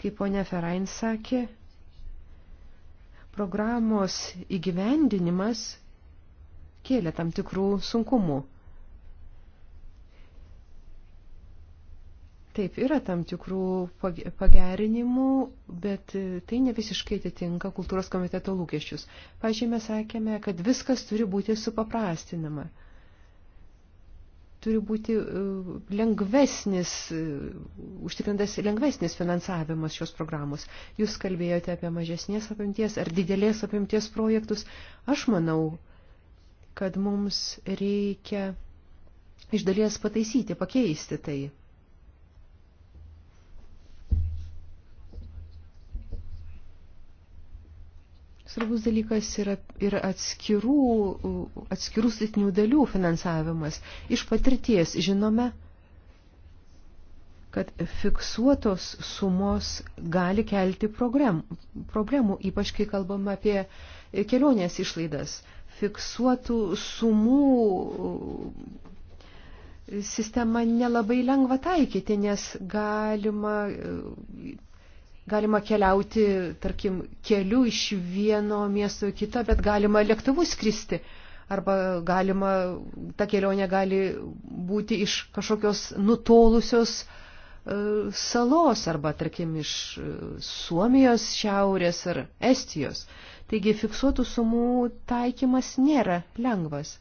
C: kaip ponia Ferain sakė, programos įgyvendinimas kėlė tam tikrų sunkumų. Taip, yra tam tikrų pagerinimų, bet tai ne visiškai atitinka kultūros komiteto lūkesčius. Pavyzdžiui, mes sakėme, kad viskas turi būti supaprastinama turi būti e, lengvesnis, e, užtikrintas lengvesnis finansavimas šios programos. Jūs kalbėjote apie mažesnės apimties ar didelės apimties projektus. Aš manau, kad mums reikia iš dalies pataisyti, pakeisti tai. Svarbus dalykas yra ir atskirų, atskirų slitinių dalių finansavimas. Iš patirties žinome, kad fiksuotos sumos gali kelti program, problemų, ypač kai kalbam apie kelionės išlaidas. Fiksuotų sumų sistema nelabai lengva taikyti, nes galima galima keliauti, tarkim, keliu iš vieno miesto į kitą, bet galima lėktuvu skristi. Arba galima, ta kelionė gali būti iš kažkokios nutolusios e, salos arba, tarkim, iš e, Suomijos šiaurės ar Estijos. Taigi fiksuotų sumų taikymas nėra lengvas.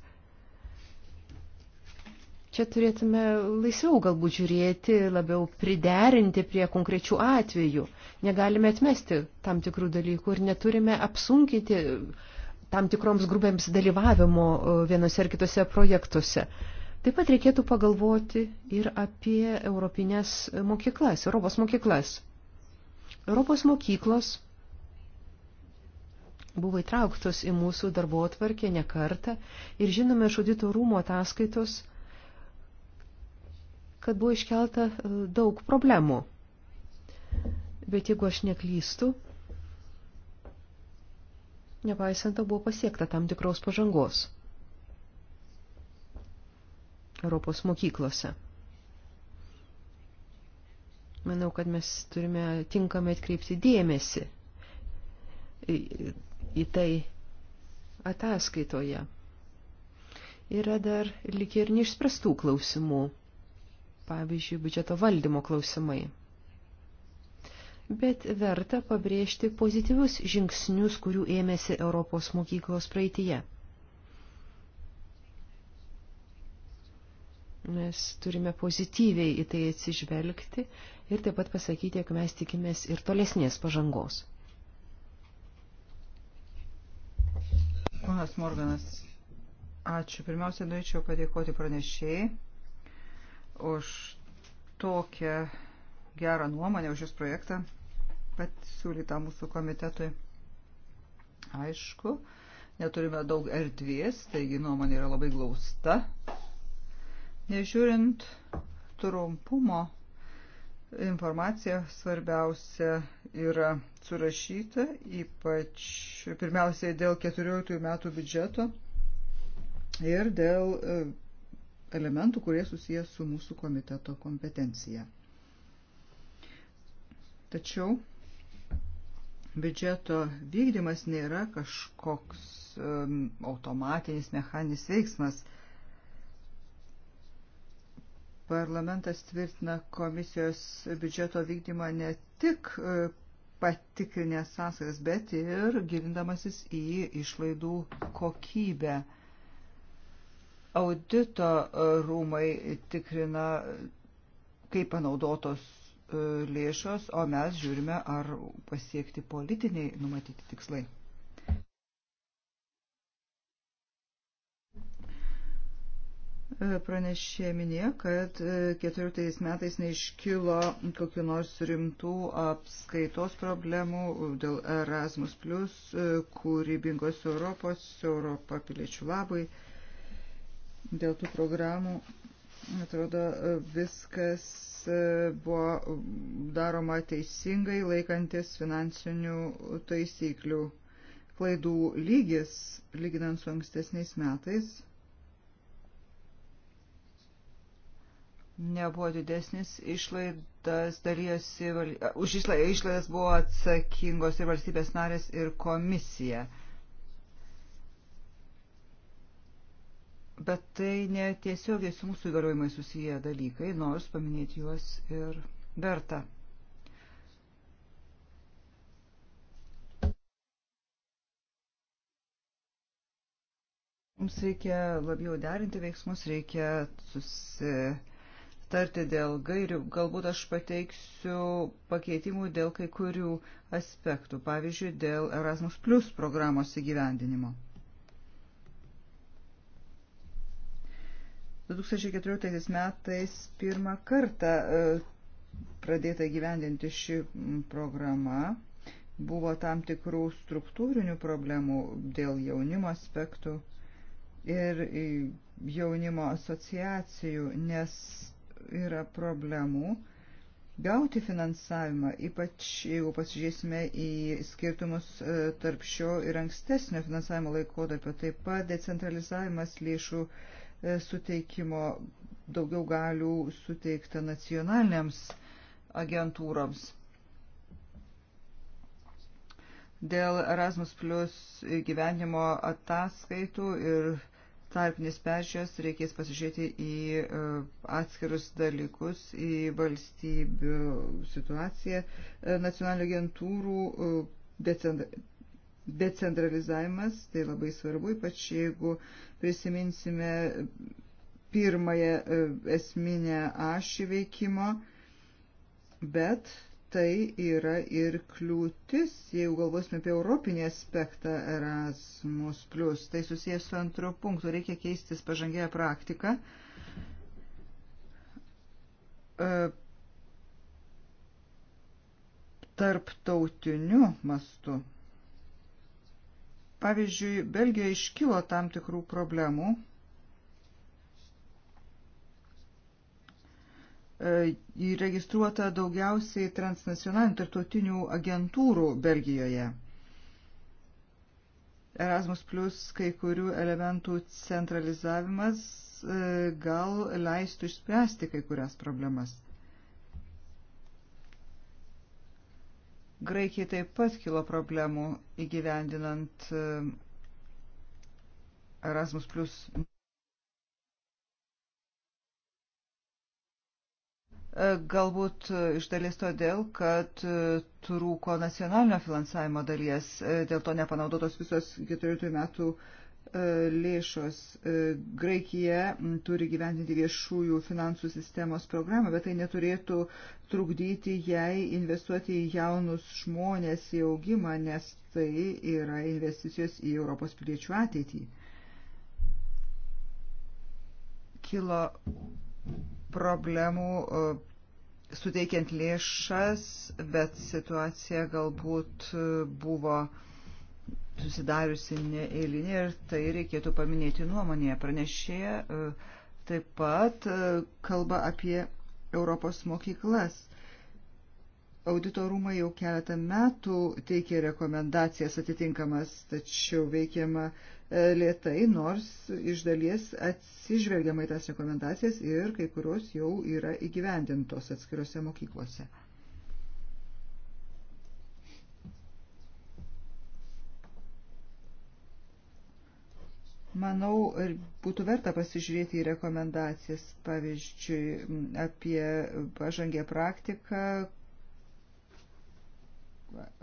C: Čia turėtume laisviau galbūt žiūrėti, labiau priderinti prie konkrečių atvejų. Negalime atmesti tam tikrų dalykų ir neturime apsunkinti tam tikroms grupėms dalyvavimo vienose ar kitose projektuose. Taip pat reikėtų pagalvoti ir apie europinės mokyklas, Europos mokyklas. Europos mokyklos buvo įtrauktos į mūsų darbo atvarkę ne kartą ir žinome iš audito rūmo ataskaitos, kad buvo iškelta e, daug problemų. Bet jeigu aš neklystu, nepaisant to buvo pasiekta tam tikros pažangos Europos mokyklose. Manau, kad mes turime tinkamai atkreipti dėmesį į, į tai ataskaitoje. Yra dar lik ir neišspręstų klausimų pavyzdžiui, biudžeto valdymo klausimai. Bet verta pabrėžti pozityvius žingsnius, kurių ėmėsi Europos mokyklos praeitie. Mes turime pozityviai į tai atsižvelgti ir taip pat pasakyti, jog mes tikimės ir tolesnės pažangos.
A: Ponas Morganas, ačiū. Pirmiausia, norėčiau padėkoti pranešėjai už tokią gerą nuomonę, už jūs projektą pasiūlytą mūsų komitetui. Aišku, neturime daug erdvės, taigi nuomonė yra labai glausta. Nežiūrint trumpumo, informacija svarbiausia yra surašyta, ypač pirmiausiai dėl 14 metų biudžeto ir dėl e, elementų, kurie susijęs su mūsų komiteto kompetencija. Tačiau biudžeto vykdymas nėra kažkoks um, automatinis, mechaninis veiksmas. Parlamentas tvirtina komisijos biudžeto vykdymą ne tik e, patikrinę sąsajas, bet ir gilindamasis į išlaidų kokybę. Audito e, rūmai tikrina, kaip panaudotos e, lėšos, o mes žiūrime, ar pasiekti politiniai numatyti tikslai. E, pranešė minė, kad 14 metais neiškilo kokiu nors rimtų apskaitos problemų dėl Erasmus, kūrybingos Europos, Europą piliečių labai dėl tų programų. Atrodo, viskas e, buvo daroma teisingai, laikantis finansinių taisyklių. Klaidų lygis, lyginant su ankstesniais metais, nebuvo didesnis, išlaidas dalyjosi, už išlaidas buvo atsakingos ir valstybės narės, ir komisija. Uh, Bet tai netiesiogiai su mūsų įgaliojimai susiję dalykai, nors paminėti juos ir verta. Mums reikia labiau derinti veiksmus, reikia susitarti dėl gairių. Galbūt aš pateiksiu pakeitimų dėl kai kurių aspektų, pavyzdžiui, dėl Erasmus Plus programos įgyvendinimo. 2014 metais pirmą kartą e, pradėta gyvendinti ši programa. Buvo tam tikrų struktūrinių problemų dėl jaunimo aspektų ir e, jaunimo asociacijų, nes yra problemų gauti finansavimą, ypač jeigu pasižiūrėsime į skirtumus e, tarp šio ir ankstesnio finansavimo laikotarpio, taip pat decentralizavimas lėšų uh, E, suteikimo, daugiau galių suteikta nacionaliniams agentūroms. Dėl Erasmus Plus gyvenimo ataskaitų ir tarpinės peržiūros reikės pasižiūrėti į e, atskirus dalykus, į valstybių situaciją, e, nacionalinių agentūrų decentralizavimas, tai labai svarbu, ypač jeigu prisiminsime pirmąją e, esminę ašį veikimo, bet tai yra ir kliūtis, jeigu galvosime apie europinį aspektą Erasmus, tai susijęs su antru punktu, reikia keistis pažangėją praktiką. E, tarptautiniu mastu Pavyzdžiui, Belgija iškilo tam tikrų problemų. E, įregistruota daugiausiai transnacionalinių tarptautinių agentūrų Belgijoje. Erasmus plus kai kurių elementų centralizavimas e, gal leistų išspręsti kai kurias problemas. Graikijai taip pat kilo problemų įgyvendinant e, Erasmus. E, galbūt e, iš dalies todėl, kad trūko nacionalinio finansavimo dalies, dėl to nepanaudotos visos 14 metų uh, E, lėšos. E, Graikija turi gyventinti viešųjų finansų sistemos programą, bet tai neturėtų trukdyti jai investuoti į jaunus žmonės, į augimą, nes tai yra investicijos į Europos piliečių ateitį. Kilo problemų e, suteikiant lėšas, bet situacija galbūt buvo uh, susidariusi neeilinė ir tai reikėtų paminėti nuomonėje. Pranešėja e, taip pat e, kalba apie Europos mokyklas. Auditorumai jau keletą metų teikia rekomendacijas atitinkamas, tačiau veikiama e, lietai, nors iš dalies atsižvelgiama į tas rekomendacijas ir kai kurios jau yra įgyvendintos atskiriuose mokyklose. Manau, būtų verta pasižiūrėti į rekomendacijas, pavyzdžiui, apie pažangę praktiką,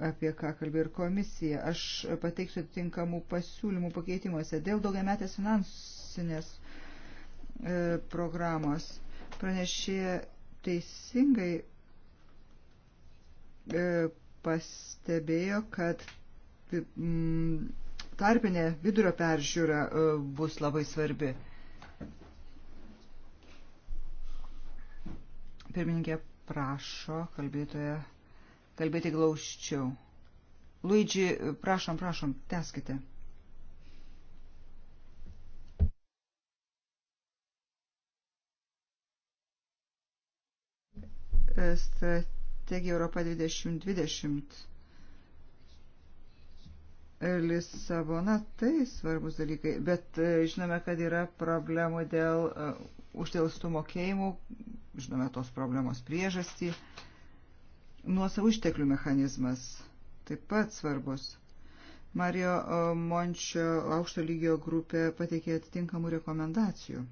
A: apie ką kalbė ir komisija. Aš pateiksiu tinkamų pasiūlymų pakeitimuose dėl daugiametės finansinės e, programos. Pranešė teisingai e, pastebėjo, kad tarpinė vidurio peržiūra e, bus labai svarbi. Pirmininkė prašo kalbėtoje kalbėti glaučiau. Luigi, prašom, prašom, teskite. Strategija Europa 2020 Lisabona, tai svarbus dalykai, bet e, žinome, kad yra problemų dėl e, uždėlstų mokėjimų, žinome tos problemos priežastį, nuosavų išteklių mechanizmas taip pat svarbus. Mario e, Mončio aukšto lygio grupė pateikė atitinkamų rekomendacijų.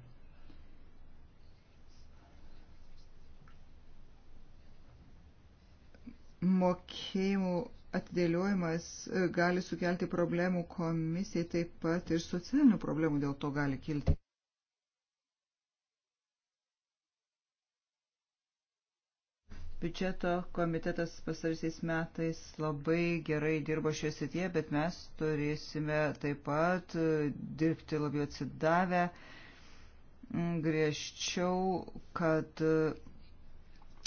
A: Mokėjimų atidėliojimas e, gali sukelti problemų komisijai, taip pat ir socialinių problemų dėl to gali kilti. Biudžeto komitetas pasarsiais metais labai gerai dirbo šioje srityje, bet mes turėsime taip pat e, dirbti labiau atsidavę mm, griežčiau, kad e,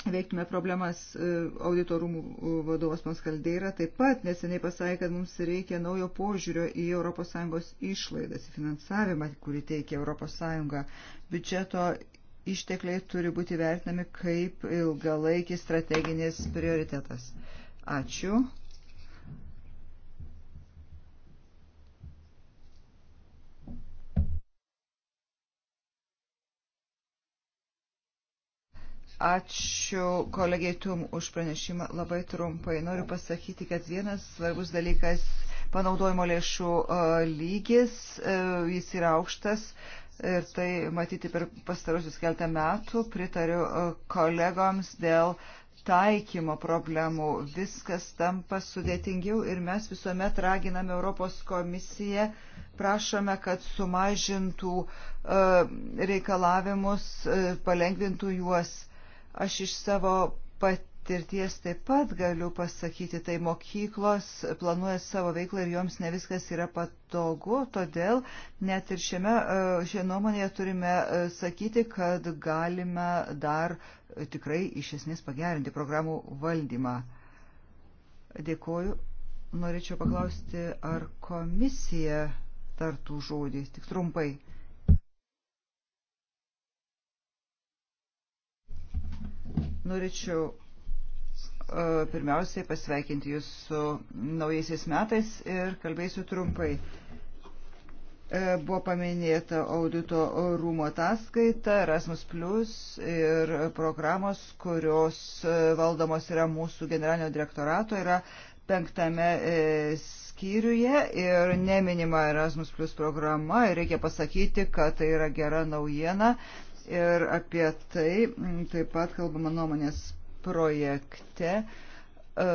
A: veiktume problemas e, auditorumų e, vadovas Monskaldeira taip pat neseniai pasakė, kad mums reikia naujo požiūrio į ES išlaidas, į finansavimą, kurį teikia ES. Biudžeto ištekliai turi būti vertinami kaip ilgalaikis strateginis prioritetas. Ačiū. Ačiū kolegiai Tum už pranešimą. Labai trumpai noriu pasakyti, kad vienas svarbus dalykas - panaudojimo lėšų e, lygis, e, jis yra aukštas. Ir tai matyti per pastarusius keltą metų pritariu e, kolegoms dėl taikymo problemų. Viskas tampa sudėtingiau ir mes visuomet raginame Europos komisiją prašome, kad sumažintų reikalavimus, palengvintų juos. Aš iš savo patirties taip pat galiu pasakyti, tai mokyklos planuoja savo veiklą ir joms ne viskas yra patogu, todėl net ir šiame, e, šią nuomonėje turime e, sakyti, kad galime dar e, tikrai iš esmės pagerinti programų valdymą. Dėkuoju. Norėčiau paklausti, ar komisija tartų žodį, tik trumpai. Norėčiau e, pirmiausiai pasveikinti Jūs su naujaisiais metais ir kalbėsiu trumpai. E, buvo paminėta audito rūmo ataskaita, Erasmus Plus ir programos, kurios e, valdomos yra mūsų generalinio direktorato, yra penktame skyriuje ir neminima Erasmus Plus programa ir reikia pasakyti, kad tai yra gera naujiena ir apie tai mm, taip pat kalbama nuomonės projekte. E,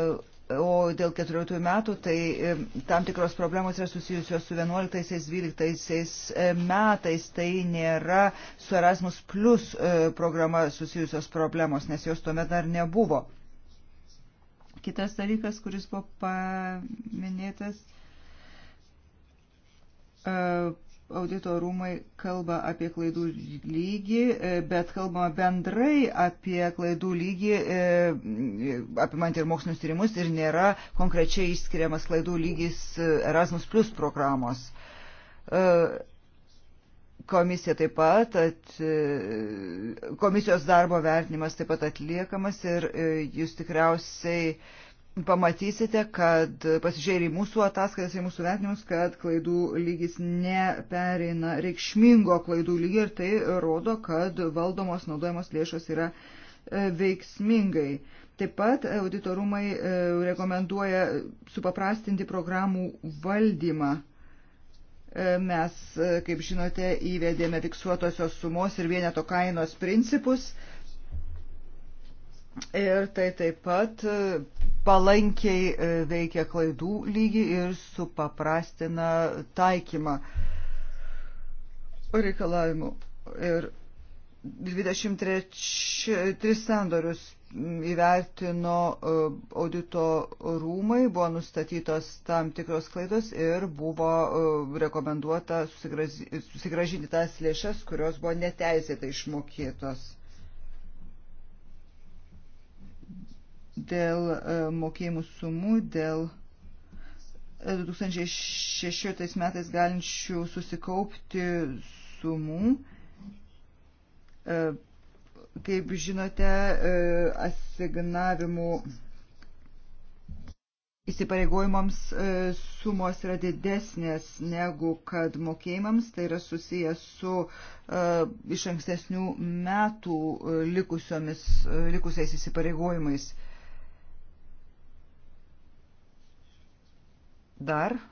A: o dėl 14 metų, tai e, tam tikros problemos yra susijusios su 11-12 e, metais, tai nėra su Erasmus Plus programa susijusios problemos, nes jos tuomet dar nebuvo. Kitas dalykas, kuris buvo paminėtas, audito rūmai kalba apie klaidų lygį, e, bet kalbama bendrai apie klaidų lygį, e, apimant ir mokslinius tyrimus, ir nėra konkrečiai išskiriamas klaidų lygis Erasmus Plus programos. E, komisija taip pat, at, komisijos darbo vertinimas taip pat atliekamas ir jūs tikriausiai uh, pamatysite, kad pasižiūrėjai į mūsų ataskaitas, į mūsų vertinimus, kad klaidų lygis nepereina reikšmingo klaidų lygį ir tai rodo, kad valdomos naudojamos lėšos yra e, veiksmingai. Taip pat auditorumai e, rekomenduoja supaprastinti programų valdymą. E, mes, kaip žinote, įvedėme fiksuotosios sumos ir vieneto kainos principus. Ir tai taip pat palankiai e, veikia klaidų lygį ir supaprastina taikymą reikalavimų. Ir 23 sandorius įvertino e, audito rūmai, buvo nustatytos tam tikros klaidos ir buvo e, rekomenduota susigražinti tas lėšas, kurios buvo neteisėtai išmokėtos. dėl e, mokėjimų sumų, dėl 2016 e, metais galinčių susikaupti sumų. E, kaip žinote, asignavimų įsipareigojimams sumos yra didesnės negu kad mokėjimams, tai yra susijęs su iš ankstesnių metų likusiais įsipareigojimais. Dar e,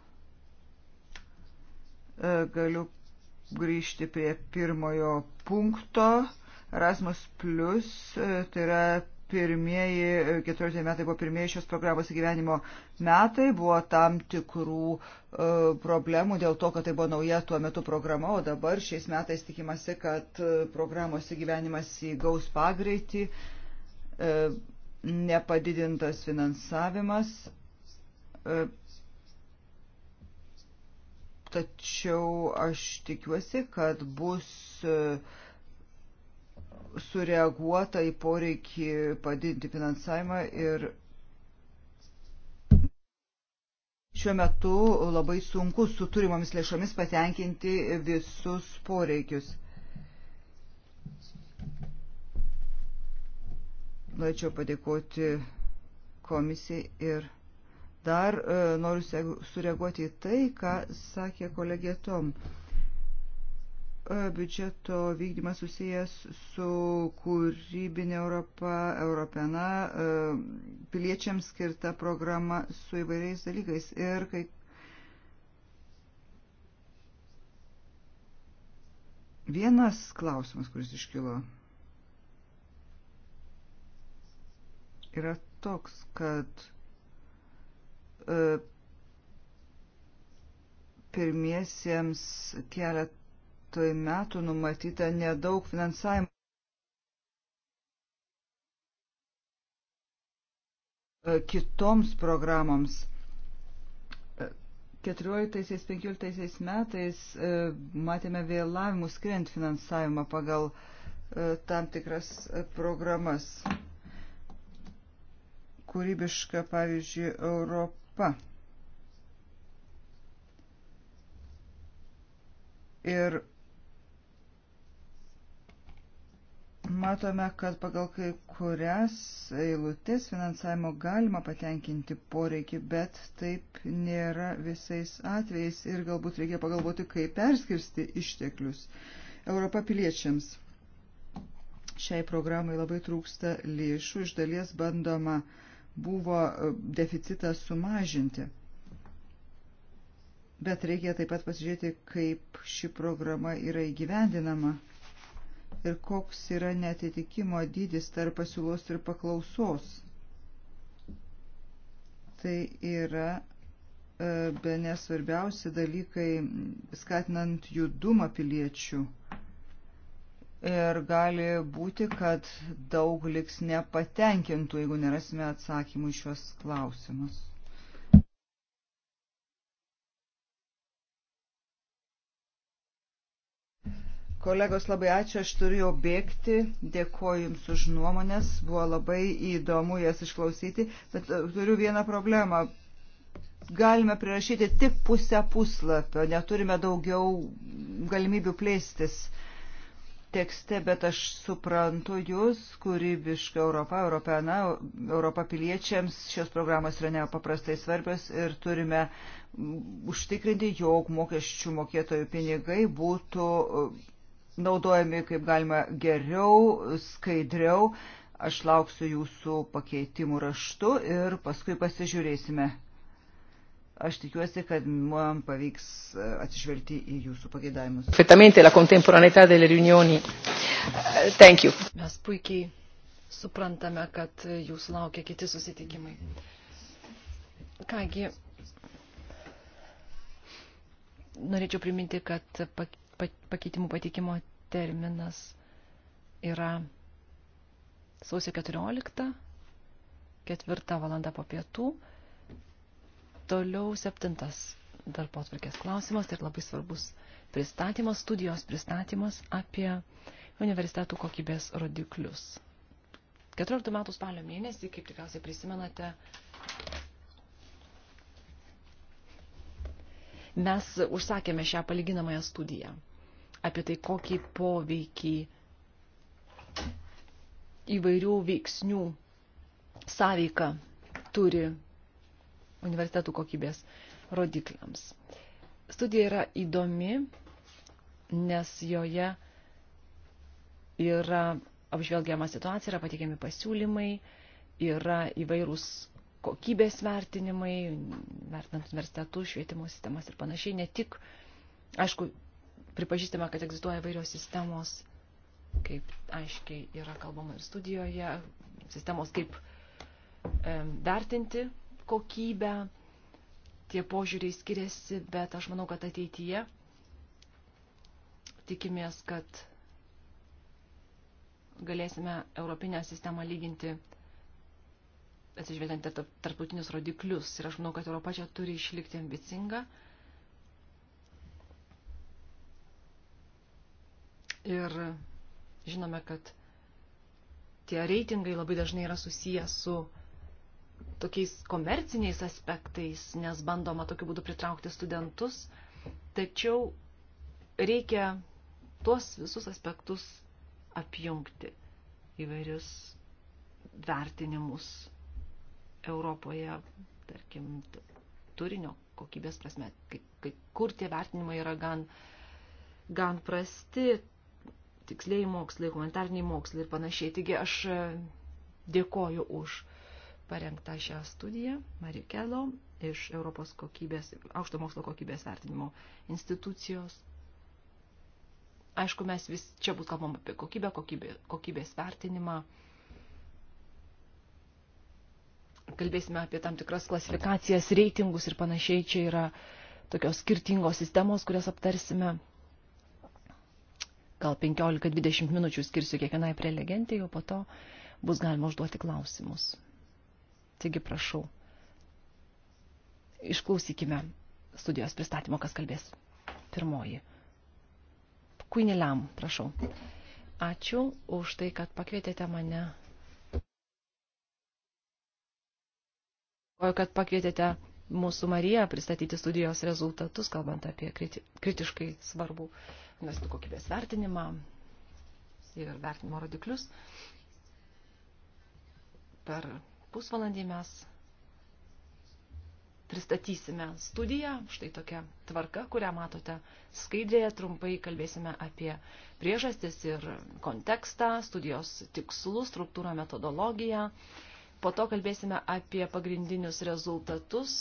A: galiu grįžti prie pirmojo punkto. Erasmus Plus, e, tai yra pirmieji, 14 e, metai buvo pirmieji šios programos įgyvenimo metai, buvo tam tikrų e, problemų dėl to, kad tai buvo nauja tuo metu programa, o dabar šiais metais tikimasi, kad programos įgyvenimas įgaus pagreitį, e, nepadidintas finansavimas. E, tačiau aš tikiuosi, kad bus e, sureaguota į poreikį padidinti finansavimą ir šiuo metu labai sunku su turimomis lėšomis patenkinti visus poreikius. Norėčiau padėkoti komisijai ir Dar e, noriu sureaguoti į tai, ką sakė kolegė Tom. E, biudžeto vykdymas susijęs su kūrybinė Europa, Europena, e, piliečiams skirta programa su įvairiais dalykais. Ir kai vienas klausimas, kuris iškilo, yra toks, kad E, pirmiesiems keletoj metų numatyta nedaug finansavimo. E, kitoms programoms. 14-15 e, metais matėme vėlavimų skiriant finansavimą pagal tam tikras programas. Kūrybiška, pavyzdžiui, Europa Europa. Ir matome, kad pagal kai kurias eilutės finansavimo galima patenkinti poreikį, bet taip nėra visais atvejais ir galbūt reikia pagalvoti, kaip perskirsti išteklius Europą piliečiams. Šiai programai labai trūksta lėšų, iš dalies bandoma uh, buvo e, deficitą sumažinti. Bet reikia taip pat pasižiūrėti, kaip ši programa yra įgyvendinama ir koks yra netitikimo dydis tarp pasiūlos ir paklausos. Tai yra e, be nesvarbiausi dalykai skatinant judumą piliečių ir gali būti, kad daug liks nepatenkintų, jeigu nerasime atsakymų į šios klausimus. Kolegos, labai ačiū, aš turiu jau bėgti. Dėkoju Jums už nuomonės, buvo labai įdomu jas išklausyti, bet e, turiu vieną problemą. Galime prirašyti tik pusę puslapio, neturime daugiau galimybių plėstis. Uh, tekste, bet aš suprantu jūs, kūrybiška Europa, Europena, Europa piliečiams šios programos yra nepaprastai svarbios ir turime mm, užtikrinti, jog mokesčių mokėtojų pinigai būtų mm, naudojami kaip galima geriau, skaidriau. Aš lauksiu jūsų pakeitimų raštu ir paskui pasižiūrėsime, Aš tikiuosi, kad man pavyks e, atsižvelgti į jūsų pageidavimus. Perfettamente la
C: contemporaneità delle riunioni.
B: Thank you. Mes puikiai suprantame, kad jūsų laukia kiti susitikimai. Kągi, norėčiau priminti, kad pakeitimų patikimo terminas yra sausio 14, 4 valanda po pietų. Toliau septintas darbo atvarkės klausimas, tai labai svarbus pristatymas, studijos pristatymas apie universitetų kokybės rodiklius. 14 metų spalio mėnesį, kaip tikriausiai prisimenate, mes užsakėme šią palyginamąją studiją apie tai, kokį poveikį įvairių veiksnių sąveika turi universitetų kokybės rodikliams. Studija yra įdomi, nes joje yra apžvelgiama situacija, yra pateikiami pasiūlymai, yra įvairūs kokybės vertinimai, vertinant universitetus, švietimo sistemas ir panašiai. Ne tik, aišku, pripažįstame, kad egzistuoja įvairios sistemos, kaip aiškiai yra kalbama ir studijoje, sistemos kaip e, vertinti kokybę. Tie požiūriai skiriasi, bet aš manau, kad ateityje tikimės, kad galėsime Europinę sistemą lyginti atsižvelgiant tarptautinius rodiklius. Ir aš manau, kad Europa čia turi išlikti ambicinga. Ir žinome, kad tie reitingai labai dažnai yra susiję su tokiais komerciniais aspektais, nes bandoma tokiu būdu pritraukti studentus. Tačiau reikia tuos visus aspektus apjungti įvairius vertinimus Europoje, tarkim, turinio kokybės prasme, kai, kai kur tie vertinimai yra gan, gan prasti, tiksliai mokslai, humanitariniai mokslai ir panašiai. Taigi aš dėkoju už uh, parengta šią studiją Marikelo iš Europos kokybės, aukšto mokslo kokybės vertinimo institucijos. Aišku, mes vis čia bus kalbam apie kokybę, kokybė, kokybės vertinimą. Kalbėsime apie tam tikras klasifikacijas, reitingus ir panašiai. Čia yra tokios skirtingos sistemos, kurias aptarsime. Gal 15-20 minučių skirsiu kiekvienai prelegentei, o po to bus galima užduoti klausimus. Taigi prašau, išklausykime studijos pristatymo, kas kalbės. Pirmoji. Kuiniliam, prašau. Ačiū už tai, kad pakvietėte mane. Dėkoju, kad pakvietėte mūsų Mariją pristatyti studijos rezultatus, kalbant apie kriti kritiškai svarbų investų kokybės vertinimą ir vertinimo rodiklius per pusvalandį mes pristatysime studiją, štai tokia tvarka, kurią matote skaidrėje, trumpai kalbėsime apie priežastis ir kontekstą, studijos tikslus, struktūrą, metodologiją. Po to kalbėsime apie pagrindinius rezultatus,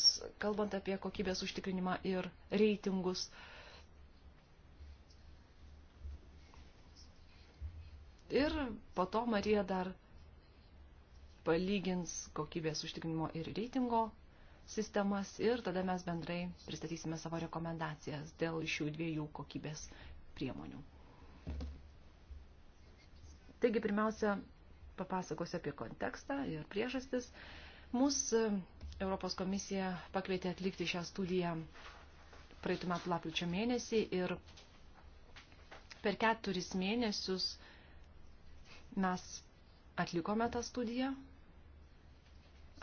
B: kalbant apie kokybės užtikrinimą ir reitingus. Ir po to Marija dar palygins kokybės užtikrinimo ir reitingo sistemas ir tada mes bendrai pristatysime savo rekomendacijas dėl šių dviejų kokybės priemonių. Taigi pirmiausia, papasakosiu apie kontekstą ir priežastis. Mūsų e, Europos komisija pakvietė atlikti šią studiją praeitų metų lapkričio mėnesį ir per keturis mėnesius mes atlikome tą studiją,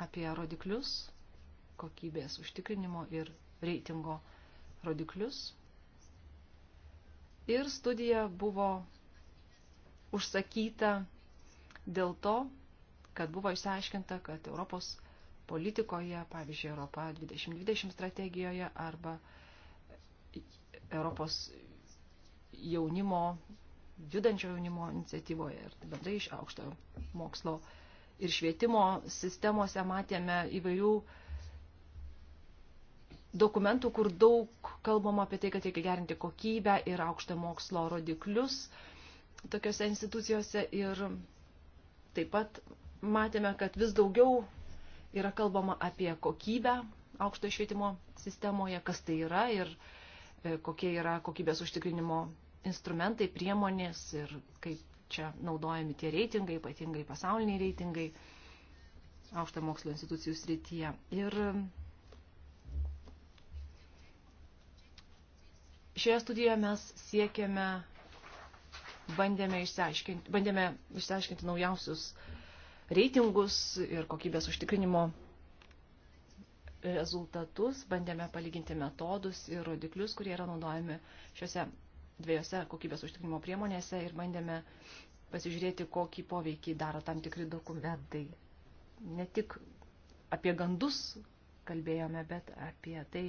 B: apie rodiklius, kokybės užtikrinimo ir reitingo rodiklius. Ir studija buvo užsakyta dėl to, kad buvo išsiaiškinta, kad Europos politikoje, pavyzdžiui, Europa 2020 strategijoje arba Europos jaunimo, judančio jaunimo iniciatyvoje ir bendrai iš aukšto mokslo ir švietimo sistemose matėme įvairių dokumentų, kur daug kalbama apie tai, kad reikia gerinti kokybę ir aukštą mokslo rodiklius tokiose institucijose. Ir taip pat matėme, kad vis daugiau yra kalbama apie kokybę aukšto švietimo sistemoje, kas tai yra ir e, kokie yra kokybės užtikrinimo instrumentai, priemonės ir kaip čia naudojami tie reitingai, ypatingai pasauliniai reitingai aukšto mokslo institucijų srityje. Ir šioje studijoje mes siekėme, bandėme išsiaiškinti, bandėme išsiaiškinti naujausius reitingus ir kokybės užtikrinimo rezultatus, bandėme palyginti metodus ir rodiklius, kurie yra naudojami šiuose dviejose kokybės užtikrinimo priemonėse ir bandėme pasižiūrėti, kokį poveikį daro tam tikri dokumentai. Ne tik apie gandus kalbėjome, bet apie tai,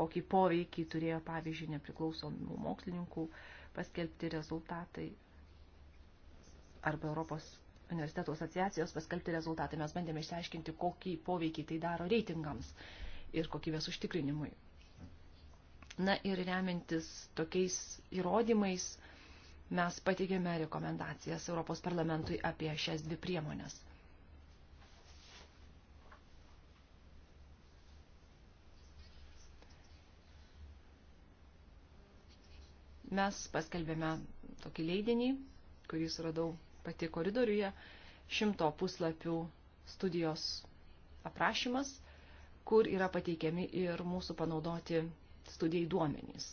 B: kokį poveikį turėjo, pavyzdžiui, nepriklausomų mokslininkų paskelbti rezultatai arba Europos universitetų asociacijos paskelbti rezultatai. Mes bandėme išsiaiškinti, kokį poveikį tai daro reitingams ir kokybės užtikrinimui. Na ir remiantis tokiais įrodymais mes pateikėme rekomendacijas Europos parlamentui apie šias dvi priemonės. Mes paskelbėme tokį leidinį, kurį suradau pati koridoriuje, šimto puslapių studijos aprašymas, kur yra pateikiami ir mūsų panaudoti studijai duomenys.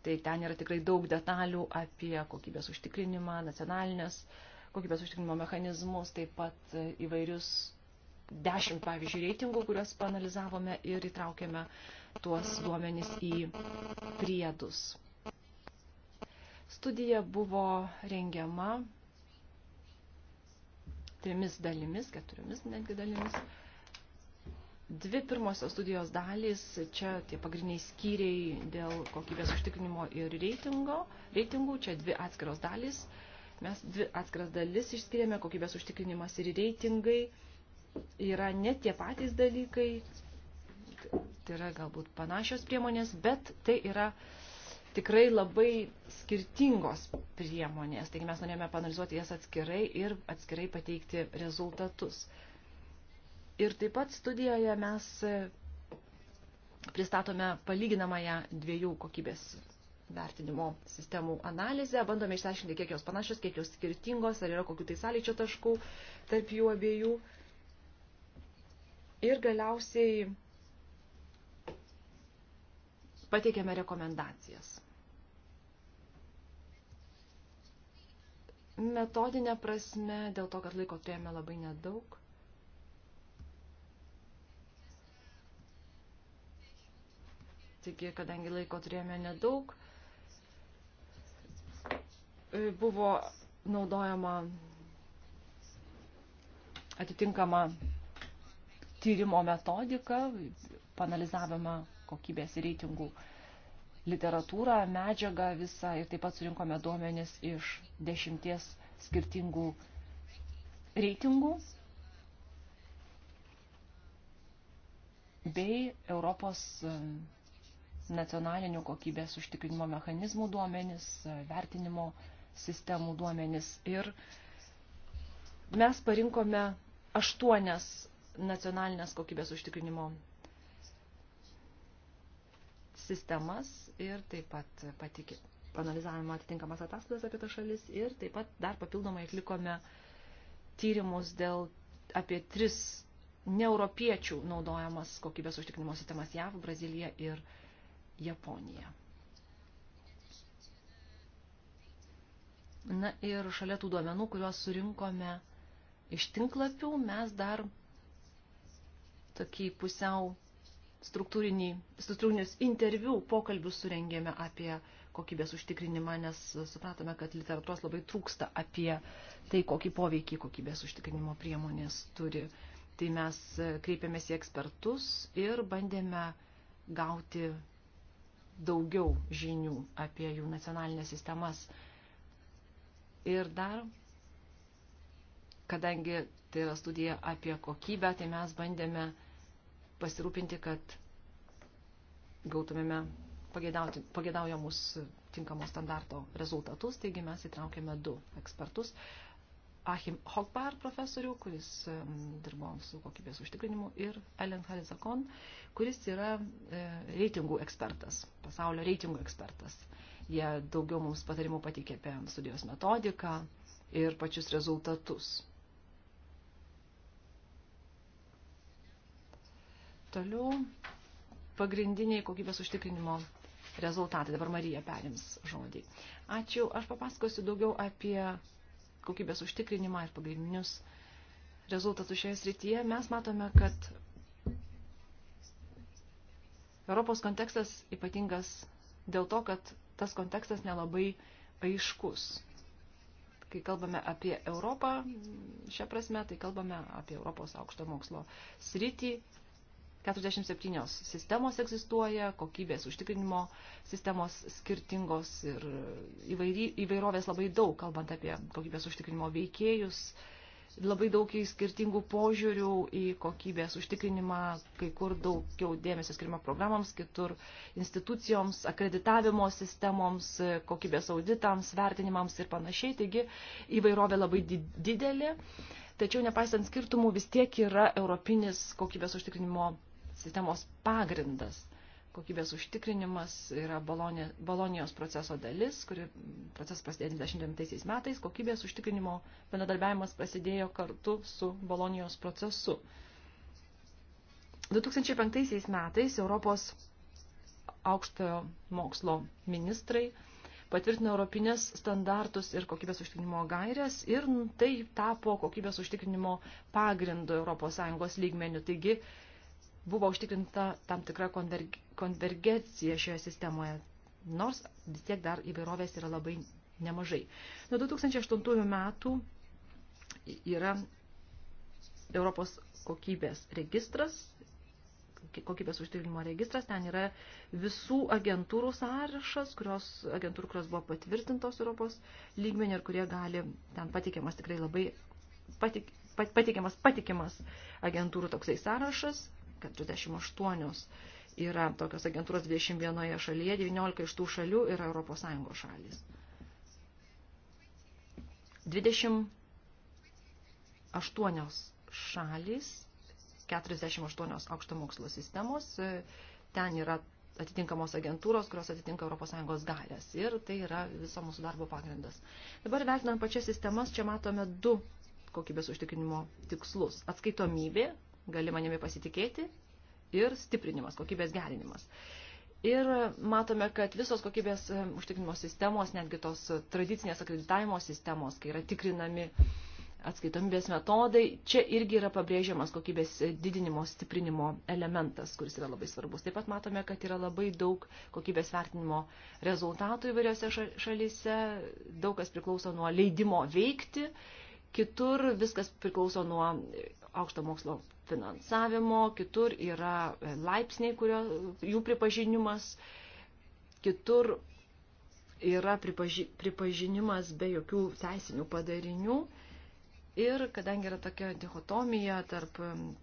B: Tai ten yra tikrai daug detalių apie kokybės užtikrinimą, nacionalinės kokybės užtikrinimo mechanizmus, taip pat įvairius dešimt, pavyzdžiui, reitingų, kuriuos panalizavome ir įtraukėme tuos duomenys į priedus. Studija buvo rengiama trimis dalimis, keturiomis netgi dalimis. Dvi pirmosios studijos dalys, čia tie pagrindiniai skyriai dėl kokybės užtikrinimo ir reitingo, reitingų, čia dvi atskiros dalys. Mes dvi atskiras dalis išskiriame, kokybės užtikrinimas ir reitingai yra ne tie patys dalykai, tai yra galbūt panašios priemonės, bet tai yra tikrai labai skirtingos priemonės. Taigi mes norėjome panalizuoti jas atskirai ir atskirai pateikti rezultatus. Ir taip pat studijoje mes e, pristatome palyginamąją dviejų kokybės vertinimo sistemų analizę, bandome išsiaiškinti, kiek jos panašios, kiek jos skirtingos, ar yra kokių tai sąlyčio taškų tarp jų abiejų. Ir galiausiai pateikėme rekomendacijas. Metodinė prasme, dėl to, kad laiko turėjome labai nedaug, Taigi, kadangi laiko turėjome nedaug, e, buvo naudojama atitinkama tyrimo metodika, panalizavome kokybės ir reitingų literatūrą, medžiagą visą ir taip pat surinkome duomenis iš dešimties skirtingų reitingų bei Europos e, nacionalinių kokybės užtikrinimo mechanizmų duomenis, vertinimo sistemų duomenis. Ir mes parinkome aštuonias nacionalinės kokybės užtikrinimo sistemas ir taip pat patikė, panalizavimo atitinkamas ataskaitas apie tas šalis ir taip pat dar papildomai atlikome tyrimus dėl apie tris neeuropiečių naudojamas kokybės užtikrinimo sistemas JAV, Brazilija ir Brazilija Japonija. Na ir šalia tų duomenų, kuriuos surinkome iš tinklapių, mes dar tokį pusiau struktūrinius interviu pokalbius surengėme apie kokybės užtikrinimą, nes supratome, kad literatūros labai trūksta apie tai, kokį poveikį kokybės užtikrinimo priemonės turi. Tai mes kreipėmės į ekspertus ir bandėme gauti daugiau žinių apie jų nacionalinės sistemas. Ir dar, kadangi tai yra studija apie kokybę, tai mes bandėme pasirūpinti, kad gautumėme pagėdaujamus tinkamo standarto rezultatus, taigi mes įtraukėme du ekspertus Achim Hogbar profesorių, kuris dirbo su kokybės užtikrinimu, ir Ellen Halizakon, kuris yra e, reitingų ekspertas, pasaulio reitingų ekspertas. Jie daugiau mums patarimų pateikė apie studijos metodiką ir pačius rezultatus. Toliau pagrindiniai kokybės užtikrinimo rezultatai. Dabar Marija perims žodį. Ačiū. Aš papasakosiu daugiau apie kokybės užtikrinimą ir pagrindinius rezultatus šioje srityje, mes matome, kad Europos kontekstas ypatingas dėl to, kad tas kontekstas nelabai aiškus. Kai kalbame apie Europą, šią prasme, tai kalbame apie Europos aukšto mokslo sritį, 47 sistemos egzistuoja, kokybės užtikrinimo sistemos skirtingos ir įvairi, įvairovės labai daug, kalbant apie kokybės užtikrinimo veikėjus, labai daug į skirtingų požiūrių į kokybės užtikrinimą, kai kur daugiau dėmesio skirima programams, kitur institucijoms, akreditavimo sistemoms, kokybės auditams, vertinimams ir panašiai. Taigi įvairovė labai didelė, tačiau nepaisant skirtumų vis tiek yra europinis kokybės užtikrinimo sistemos pagrindas. Kokybės užtikrinimas yra Bolonė, Bolonijos proceso dalis, kuri procesas prasidėjo 29 metais. Kokybės užtikrinimo bendradarbiavimas prasidėjo kartu su Bolonijos procesu. 2005 metais Europos aukštojo mokslo ministrai patvirtino europinės standartus ir kokybės užtikrinimo gairias ir tai tapo kokybės užtikrinimo pagrindu ES lygmeniu. Taigi buvo užtikrinta tam tikra konverg konvergencija šioje sistemoje, nors vis tiek dar įvairovės yra labai nemažai. Nuo 2008 metų yra Europos kokybės registras, kokybės užtikrinimo registras, ten yra visų agentūrų sąrašas, kurios, agentūrų, kurios buvo patvirtintos Europos lygmenį ir kurie gali, ten patikiamas tikrai labai patik, pat, patikiamas, patikimas agentūrų toksai sąrašas, 48 yra tokios agentūros 21 šalyje, 19 iš tų šalių yra ES šalis. 28 šalis, 48 aukšto mokslo sistemos, ten yra atitinkamos agentūros, kurios atitinka ES galės. Ir tai yra viso mūsų darbo pagrindas. Dabar vertinant pačias sistemas, čia matome du kokybės užtikrinimo tikslus. Atskaitomybė, gali manimi pasitikėti ir stiprinimas, kokybės gerinimas. Ir matome, kad visos kokybės e, užtikrinimo sistemos, netgi tos tradicinės akreditavimo sistemos, kai yra tikrinami atskaitomybės metodai, čia irgi yra pabrėžiamas kokybės didinimo, stiprinimo elementas, kuris yra labai svarbus. Taip pat matome, kad yra labai daug kokybės vertinimo rezultatų įvairiose šalyse, daug kas priklauso nuo leidimo veikti, kitur viskas priklauso nuo aukšto mokslo finansavimo, kitur yra e, laipsniai, kurio, jų pripažinimas, kitur yra pripaži, pripažinimas be jokių teisinių padarinių. Ir kadangi yra tokia dichotomija tarp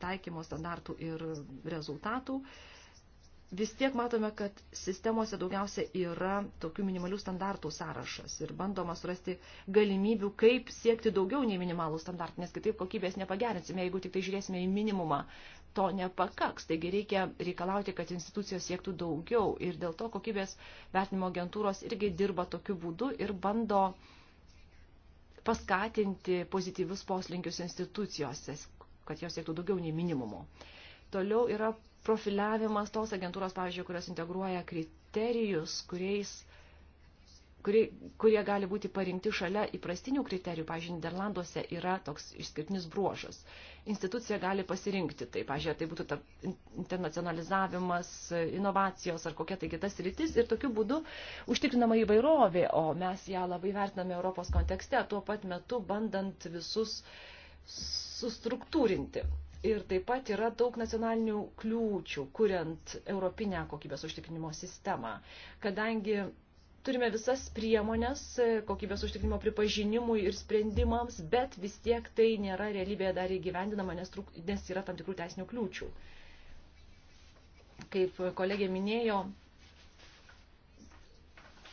B: taikymo standartų ir rezultatų, uh, vis tiek matome, kad sistemose daugiausia yra tokių minimalių standartų sąrašas ir bandoma surasti galimybių, kaip siekti daugiau nei minimalų standartų, nes kitaip kokybės nepagerinsime, jeigu tik tai žiūrėsime į minimumą, to nepakaks. Taigi reikia reikalauti, kad institucijos siektų daugiau ir dėl to kokybės vertinimo agentūros irgi dirba tokiu būdu ir bando paskatinti pozityvius poslinkius institucijose, kad jos siektų daugiau nei minimumo. Toliau yra profiliavimas tos agentūros, pavyzdžiui, kurios integruoja kriterijus, kuriais, kurie, kurie gali būti parinkti šalia įprastinių kriterijų. Pavyzdžiui, Niderlanduose yra toks išskirtinis bruožas. Institucija gali pasirinkti, tai, pavyzdžiui, tai būtų ta internacionalizavimas, inovacijos ar kokia tai kitas rytis ir tokiu būdu užtikrinama įvairovė, o mes ją labai vertiname Europos kontekste, tuo pat metu bandant visus sustruktūrinti Ir taip pat yra daug nacionalinių kliūčių, kuriant Europinę kokybės užtikrinimo sistemą, kadangi turime visas priemonės e, kokybės užtikrinimo pripažinimui ir sprendimams, bet vis tiek tai nėra realybėje dar įgyvendinama, nes, truk, nes yra tam tikrų teisinių kliūčių. Kaip kolegė minėjo,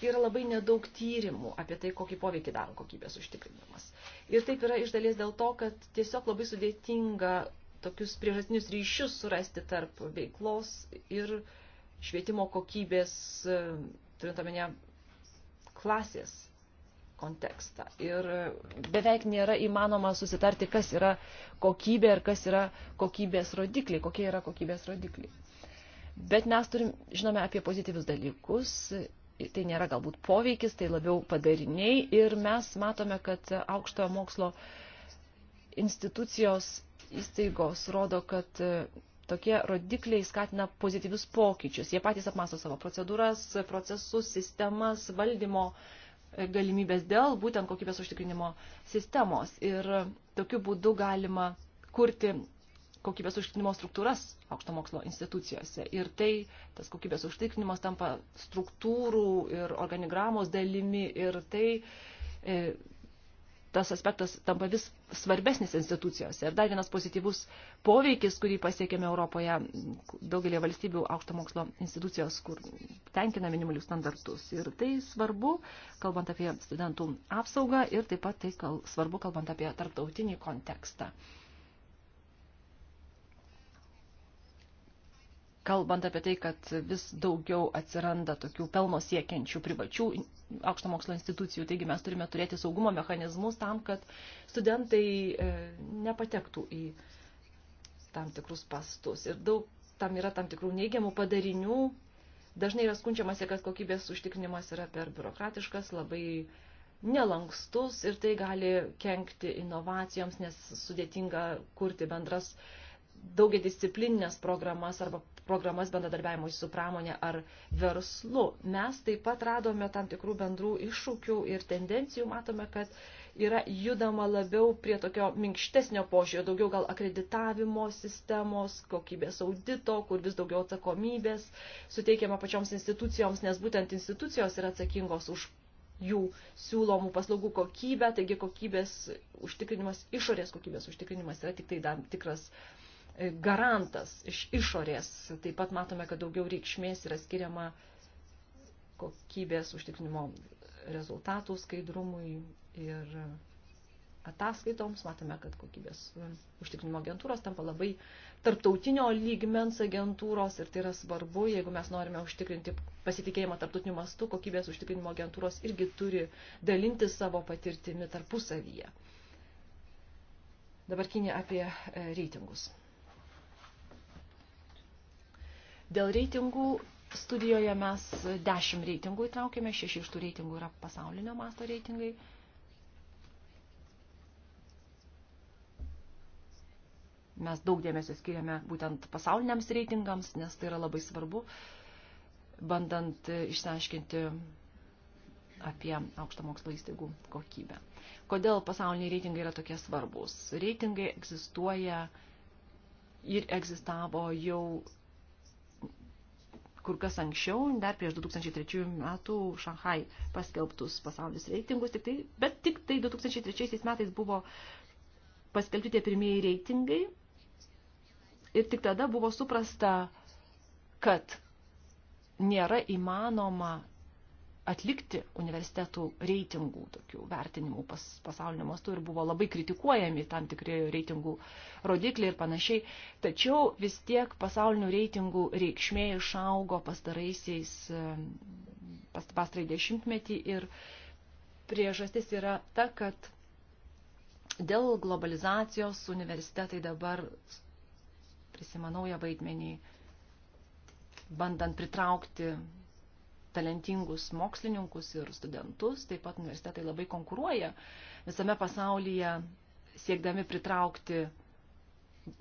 B: yra labai nedaug tyrimų apie tai, kokį poveikį daro kokybės užtikrinimas. Ir taip yra iš dalies dėl to, kad tiesiog labai sudėtinga tokius priežastinius ryšius surasti tarp veiklos ir švietimo kokybės, e, turint omenyje, klasės kontekstą. Ir beveik nėra įmanoma susitarti, kas yra kokybė ir kas yra kokybės rodikliai, kokie yra kokybės rodikliai. Bet mes turim, žinome apie pozityvius dalykus, tai nėra galbūt poveikis, tai labiau padariniai ir mes matome, kad aukštojo mokslo institucijos įstaigos rodo, kad e, tokie rodikliai skatina pozityvius pokyčius. Jie patys apmasto savo procedūras, procesus, sistemas, valdymo e, galimybės dėl būtent kokybės užtikrinimo sistemos. Ir tokiu būdu galima kurti kokybės užtikrinimo struktūras aukšto mokslo institucijose. Ir tai, tas kokybės užtikrinimas tampa struktūrų ir organigramos dalimi ir tai e, tas aspektas tampa vis svarbesnis institucijose. Ir dar vienas pozityvus poveikis, kurį pasiekėme Europoje daugelį valstybių aukšto mokslo institucijos, kur tenkina minimalius standartus. Ir tai svarbu, kalbant apie studentų apsaugą ir taip pat tai kal, svarbu, kalbant apie tarptautinį kontekstą. kalbant apie tai, kad vis daugiau atsiranda tokių pelno siekiančių privačių aukšto mokslo institucijų, taigi mes turime turėti saugumo mechanizmus tam, kad studentai e, nepatektų į tam tikrus pastus. Ir daug tam yra tam tikrų neigiamų padarinių. Dažnai yra skunčiamasi, kad kokybės užtikrinimas yra per biurokratiškas, labai nelankstus ir tai gali kenkti inovacijoms, nes sudėtinga kurti bendras uh, daugia disciplininės programas arba programas bendradarbiavimui su pramonė ar verslu. Mes taip pat radome tam tikrų bendrų iššūkių ir tendencijų, matome, kad yra judama labiau prie tokio minkštesnio požiūrio, daugiau gal akreditavimo sistemos, kokybės audito, kur vis daugiau atsakomybės suteikiama pačioms institucijoms, nes būtent institucijos yra atsakingos už jų siūlomų paslaugų kokybę, taigi kokybės užtikrinimas, išorės kokybės užtikrinimas yra tik tai tam tikras uh, garantas iš išorės. Taip pat matome, kad daugiau reikšmės yra skiriama kokybės užtikrinimo rezultatų skaidrumui ir ataskaitoms. Matome, kad kokybės užtikrinimo agentūros tampa labai tarptautinio lygmens agentūros ir tai yra svarbu, jeigu mes norime užtikrinti pasitikėjimą tarptautiniu mastu, kokybės užtikrinimo agentūros irgi turi dalinti savo patirtimi tarpusavyje. Dabar kinė apie reitingus. Dėl reitingų studijoje mes 10 reitingų įtraukėme, 6 iš tų reitingų yra pasaulinio masto reitingai. Mes daug dėmesio skiriame būtent pasauliniams reitingams, nes tai yra labai svarbu, bandant išsiaiškinti apie aukštą mokslo įstaigų kokybę. Kodėl pasauliniai reitingai yra tokie svarbus? Reitingai egzistuoja ir egzistavo jau kur kas anksčiau, dar prieš 2003 metų Šanhai paskelbtus pasaulius reitingus, tik tai, bet tik tai 2003 metais buvo paskelbti tie pirmieji reitingai ir tik tada buvo suprasta, kad nėra įmanoma atlikti universitetų reitingų, tokių vertinimų pas, pasaulinio mastu ir buvo labai kritikuojami tam tikri reitingų rodikliai ir panašiai. Tačiau vis tiek pasaulinių reitingų reikšmė išaugo pastaraisiais pas, pastarai dešimtmetį ir priežastis yra ta, kad dėl globalizacijos universitetai dabar prisima naują vaidmenį, bandant pritraukti talentingus mokslininkus ir studentus, taip pat universitetai labai konkuruoja visame pasaulyje siekdami pritraukti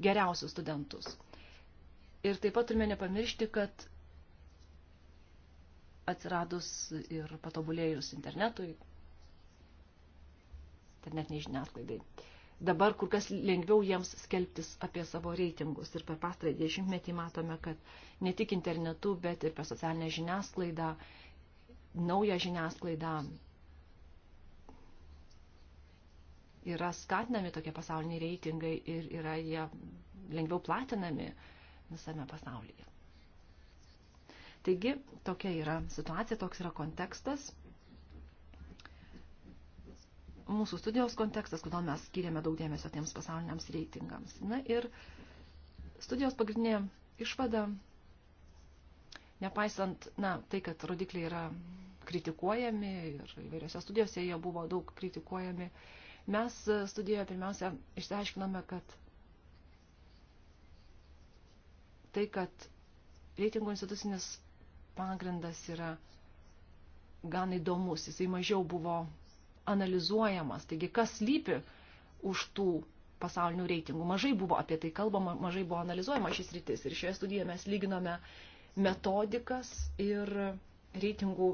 B: geriausius studentus. Ir taip pat turime nepamiršti, kad atsiradus ir patobulėjus internetui, internetiniai žiniasklaidai, dabar kur kas lengviau jiems skelbtis apie savo reitingus. Ir per pastarąjį dešimtmetį matome, kad ne tik internetu, bet ir per socialinę žiniasklaidą, naują žiniasklaidą yra skatinami tokie pasauliniai reitingai ir yra jie lengviau platinami visame pasaulyje. Taigi, tokia yra situacija, toks yra kontekstas mūsų studijos kontekstas, kodėl mes skiriame daug dėmesio tiems pasauliniams reitingams. Na ir studijos pagrindinė išvada, nepaisant, na, tai, kad rodikliai yra kritikuojami ir įvairiose studijose jie buvo daug kritikuojami, mes studijoje pirmiausia išsiaiškiname, kad tai, kad reitingų institucinis pagrindas yra gan įdomus, jisai mažiau buvo analizuojamas. Taigi, kas lypi už tų pasaulinių reitingų. Mažai buvo apie tai kalbama, mažai buvo analizuojama šis rytis. Ir šioje studijoje mes lyginome metodikas ir reitingų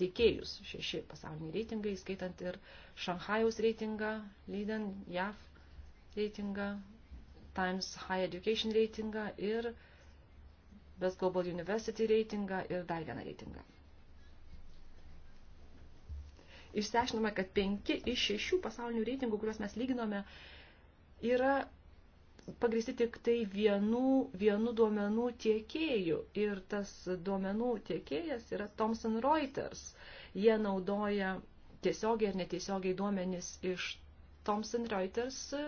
B: teikėjus. Šeši pasauliniai reitingai, skaitant ir Šanhajaus reitingą, Leiden, JAV reitingą, Times High Education reitingą ir Best Global University reitingą ir dar vieną reitingą išsiaiškinome, kad penki iš šešių pasaulinių reitingų, kuriuos mes lyginome, yra pagristi tik tai vienu, vienu duomenų tiekėju. Ir tas duomenų tiekėjas yra Thomson Reuters. Jie naudoja tiesiogiai ir netiesiogiai duomenis iš Thomson Reuters e,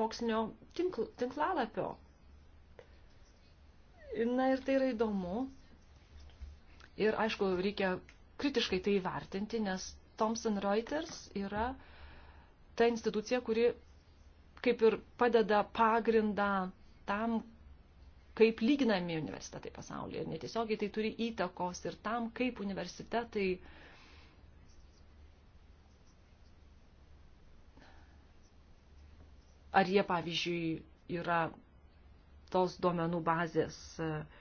B: mokslinio tinkl, tinklalapio. Na ir tai yra įdomu. Ir aišku, reikia kritiškai tai vertinti, nes Thomson Reuters yra ta institucija, kuri kaip ir padeda pagrindą tam, kaip lyginami universitetai pasaulyje. Ir netiesiogiai tai turi įtakos ir tam, kaip universitetai ar jie, pavyzdžiui, yra tos duomenų bazės uh,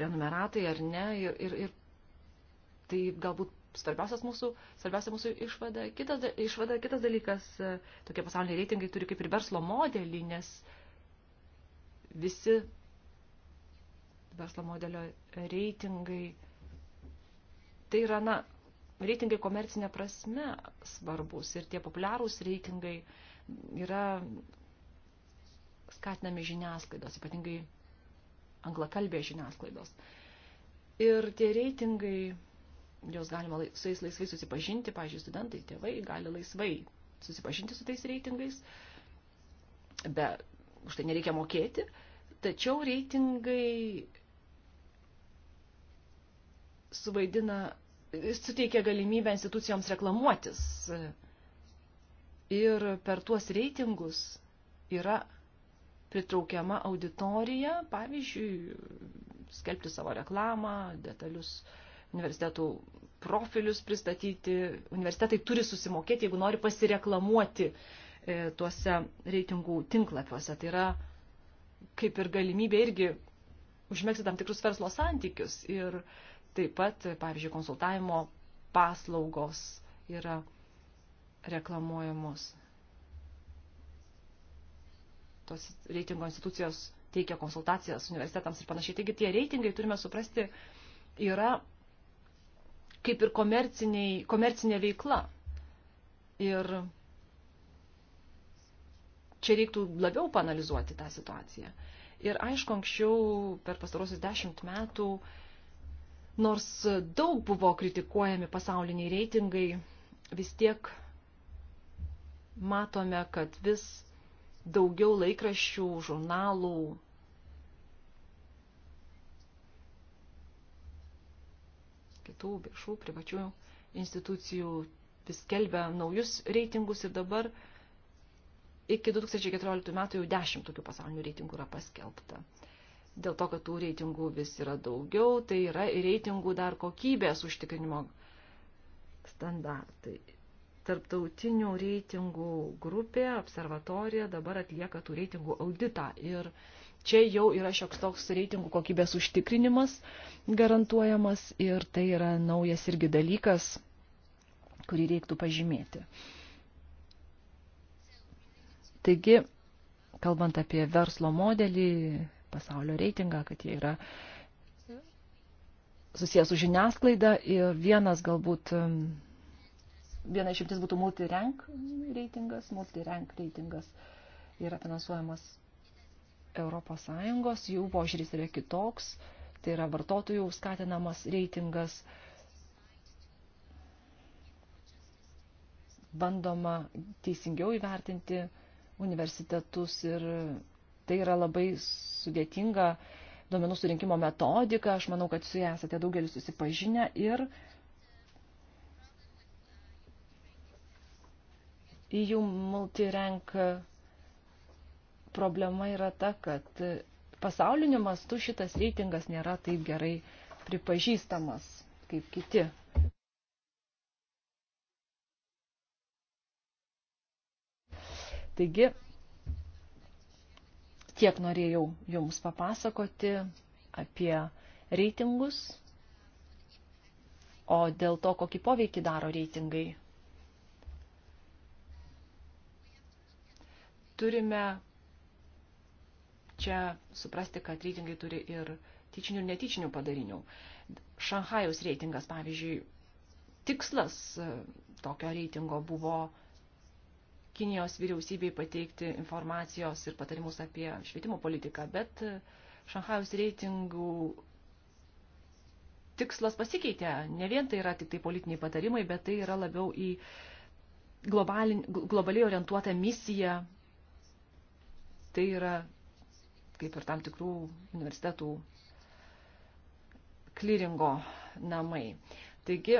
B: prenumeratai ar ne. Ir, ir, ir tai galbūt svarbiausias mūsų, svarbiausia mūsų išvada. Kitas, išvada. kitas dalykas, tokie pasauliniai reitingai turi kaip ir verslo modelį, nes visi verslo modelio reitingai, tai yra, na, reitingai komercinė prasme svarbus ir tie populiarūs reitingai yra skatinami žiniasklaidos, ypatingai anglakalbės žiniasklaidos. Ir tie reitingai, jos galima su jais laisvai susipažinti, pažiūrėjau, studentai, tėvai gali laisvai susipažinti su tais reitingais, be už tai nereikia mokėti, tačiau reitingai suvaidina, suteikia galimybę institucijoms reklamuotis. Ir per tuos reitingus yra pritraukiama auditorija, pavyzdžiui, skelbti savo reklamą, detalius universitetų profilius pristatyti. Universitetai turi susimokėti, jeigu nori pasireklamuoti e, tuose reitingų tinklapiuose. Tai yra kaip ir galimybė irgi užmėgsti tam tikrus verslo santykius ir taip pat, pavyzdžiui, konsultavimo paslaugos yra reklamuojamos tos reitingo institucijos teikia konsultacijas universitetams ir panašiai. Taigi tie reitingai, turime suprasti, yra kaip ir komercinė veikla. Ir čia reiktų labiau panalizuoti tą situaciją. Ir aišku, anksčiau per pastarosius dešimt metų, nors daug buvo kritikuojami pasauliniai reitingai, vis tiek matome, kad vis daugiau laikraščių, žurnalų. kitų viešų, privačių institucijų vis kelbia naujus reitingus ir dabar iki 2014 metų jau 10 tokių pasaulinių reitingų yra paskelbta. Dėl to, kad tų reitingų vis yra daugiau, tai yra ir reitingų dar kokybės užtikrinimo standartai tarptautinių reitingų grupė, observatorija dabar atlieka tų reitingų auditą. Ir čia jau yra šioks toks reitingų kokybės užtikrinimas garantuojamas ir tai yra naujas irgi dalykas, kurį reiktų pažymėti. Taigi, kalbant apie verslo modelį, pasaulio reitingą, kad jie yra susijęs su žiniasklaida ir vienas galbūt viena išimtis būtų multirank reitingas. Multirank reitingas yra finansuojamas Europos Sąjungos, jų požiūris yra kitoks, tai yra vartotojų skatinamas reitingas. Bandoma teisingiau įvertinti universitetus ir tai yra labai sudėtinga duomenų surinkimo metodika. Aš manau, kad su ją esate daugelis susipažinę ir uh, EU multirank problema yra ta, kad pasauliniu mastu šitas reitingas nėra taip gerai pripažįstamas kaip kiti. Taigi, tiek norėjau jums papasakoti apie reitingus, o dėl to, kokį poveikį daro reitingai turime čia suprasti, kad reitingai turi ir tyčinių ir netyčinių padarinių. Šanhajaus reitingas, pavyzdžiui, tikslas e, tokio reitingo buvo Kinijos vyriausybei pateikti informacijos ir patarimus apie švietimo politiką, bet e, Šanhajaus reitingų tikslas pasikeitė. Ne vien tai yra tik tai politiniai patarimai, bet tai yra labiau į globaliai orientuotą misiją Tai yra kaip ir tam tikrų universitetų klyringo namai. Taigi,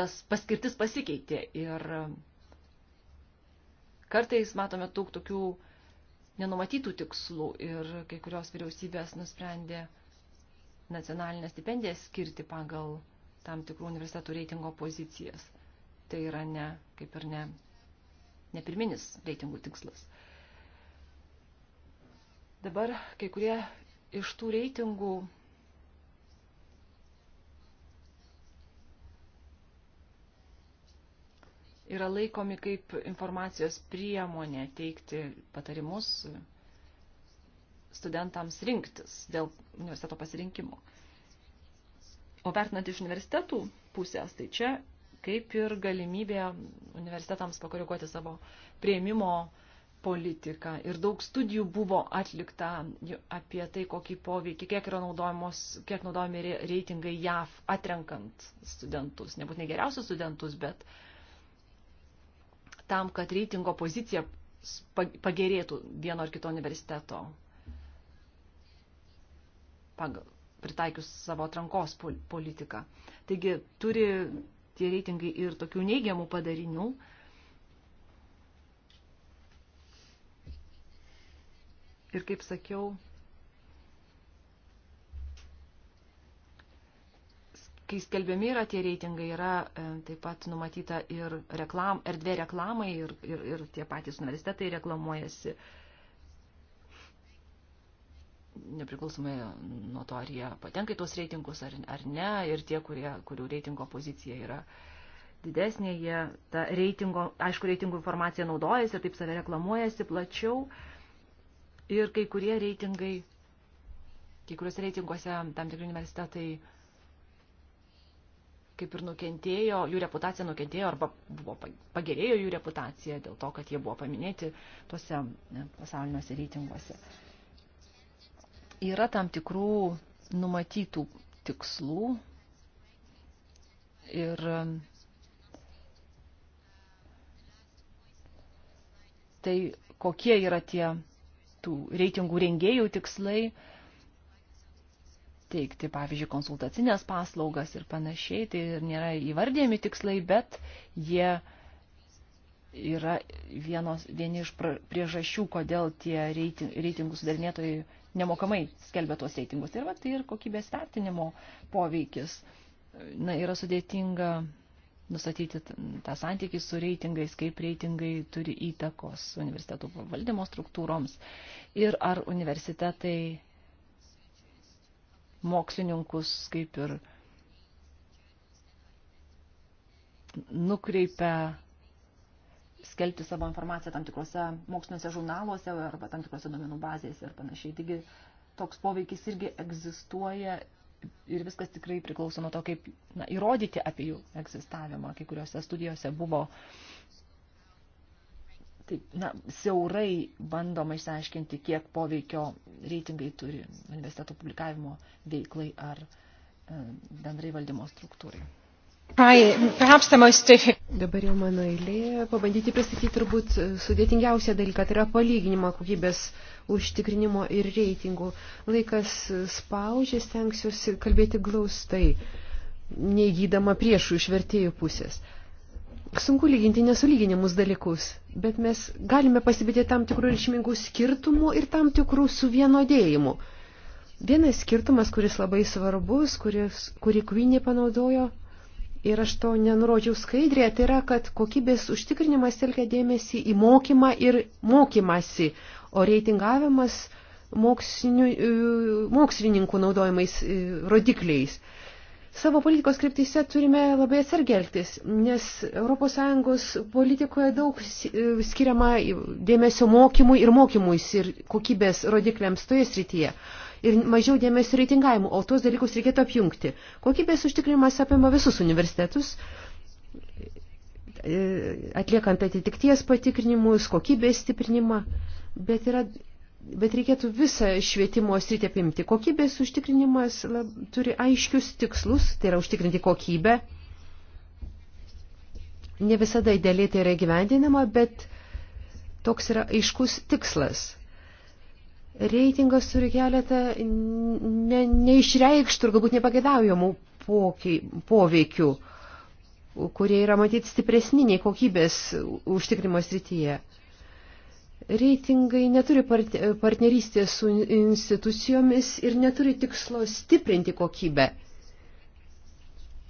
B: tas paskirtis pasikeitė ir kartais matome daug tokių nenumatytų tikslų ir kai kurios vyriausybės nusprendė nacionalinę stipendiją skirti pagal tam tikrų universitetų reitingo pozicijas. Tai yra ne, kaip ir ne ne pirminis reitingų tikslas. Dabar kai kurie iš tų reitingų yra laikomi kaip informacijos priemonė teikti patarimus studentams rinktis dėl universiteto pasirinkimo. O vertinant iš universitetų pusės, tai čia kaip ir galimybė universitetams pakoreguoti savo prieimimo politiką. Ir daug studijų buvo atlikta apie tai, kokį poveikį, kiek yra naudojamos, kiek naudojami reitingai JAV atrenkant studentus. Nebūtinai geriausius studentus, bet tam, kad reitingo pozicija pagerėtų vieno ar kito universiteto pagal, pritaikius savo atrankos politiką. Taigi turi tie reitingai ir tokių neigiamų padarinių. Ir kaip sakiau, kai skelbiami yra tie reitingai, yra e, taip pat numatyta ir reklam, erdvė reklamai ir, ir, ir tie patys universitetai reklamuojasi. Uh, nepriklausomai nuo to, ar jie patenka į tuos reitingus ar, ar ne, ir tie, kurie, kurių reitingo pozicija yra didesnė, jie tą reitingo, aišku, reitingų informaciją naudojasi ir taip save reklamuojasi plačiau. Ir kai kurie reitingai, kai kuriuose reitinguose tam tikri universitetai kaip ir nukentėjo, jų reputacija nukentėjo arba buvo pagerėjo jų reputacija dėl to, kad jie buvo paminėti tuose pasauliniuose reitinguose yra tam tikrų numatytų tikslų ir tai kokie yra tie tų reitingų rengėjų tikslai, teikti, pavyzdžiui, konsultacinės paslaugas ir panašiai, tai nėra įvardėjami tikslai, bet jie yra vienos, vieni iš priežasčių, kodėl tie reitingų sudarinėtojai nemokamai skelbia tuos reitingus. Ir va, tai ir kokybės vertinimo poveikis. Na, yra sudėtinga nustatyti tą santykį su reitingais, kaip reitingai turi įtakos universitetų valdymo struktūroms ir ar universitetai mokslininkus kaip ir nukreipia skelbti savo informaciją tam tikrose moksliniuose žurnaluose arba tam tikrose domenų bazėse ir panašiai. Taigi toks poveikis irgi egzistuoja ir viskas tikrai priklauso nuo to, kaip na, įrodyti apie jų egzistavimą. Kai kuriuose studijose buvo taip, na, siaurai bandoma išsiaiškinti, kiek poveikio reitingai turi universiteto publikavimo veiklai ar e, bendrai valdymo struktūrai.
C: Dabar jau mano eilė pabandyti pristatyti turbūt sudėtingiausią dalyką, tai yra palyginimo kokybės užtikrinimo ir reitingų. Laikas spaudžia, stengsiuosi kalbėti glaustai, neįgydama priešų iš vertėjų pusės. Sunku lyginti nesulyginimus dalykus, bet mes galime pasibėti tam tikrų reikšmingų skirtumų ir tam tikrų suvienodėjimų. Vienas skirtumas, kuris labai svarbus, kuris, kurį Queenie panaudojo, ir aš to nenurodžiau skaidrėje, tai yra, kad kokybės užtikrinimas telkia dėmesį į mokymą ir mokymasi, o reitingavimas e, mokslininkų naudojimais e, rodikliais. Savo politikos kryptyse turime labai atsargelgtis, nes ES politikoje daug e, skiriama dėmesio mokymui ir mokymui ir kokybės rodikliams toje srityje ir mažiau dėmesio reitingavimu, o tuos dalykus reikėtų apjungti. Kokybės užtikrimas apima visus universitetus, e, atliekant atitikties patikrinimus, kokybės stiprinimą, bet, yra, bet reikėtų visą švietimo sritį apimti. Kokybės užtikrinimas lab, turi aiškius tikslus, tai yra užtikrinti kokybę. Ne visada idealiai tai yra gyvendinama, bet toks yra aiškus tikslas reitingas turi keletą ne, neišreikštų ir galbūt nepagėdaujamų poveikių, kurie yra matyti stipresni nei kokybės užtikrimo srityje. Reitingai neturi partnerystės su institucijomis ir neturi tikslo stiprinti kokybę.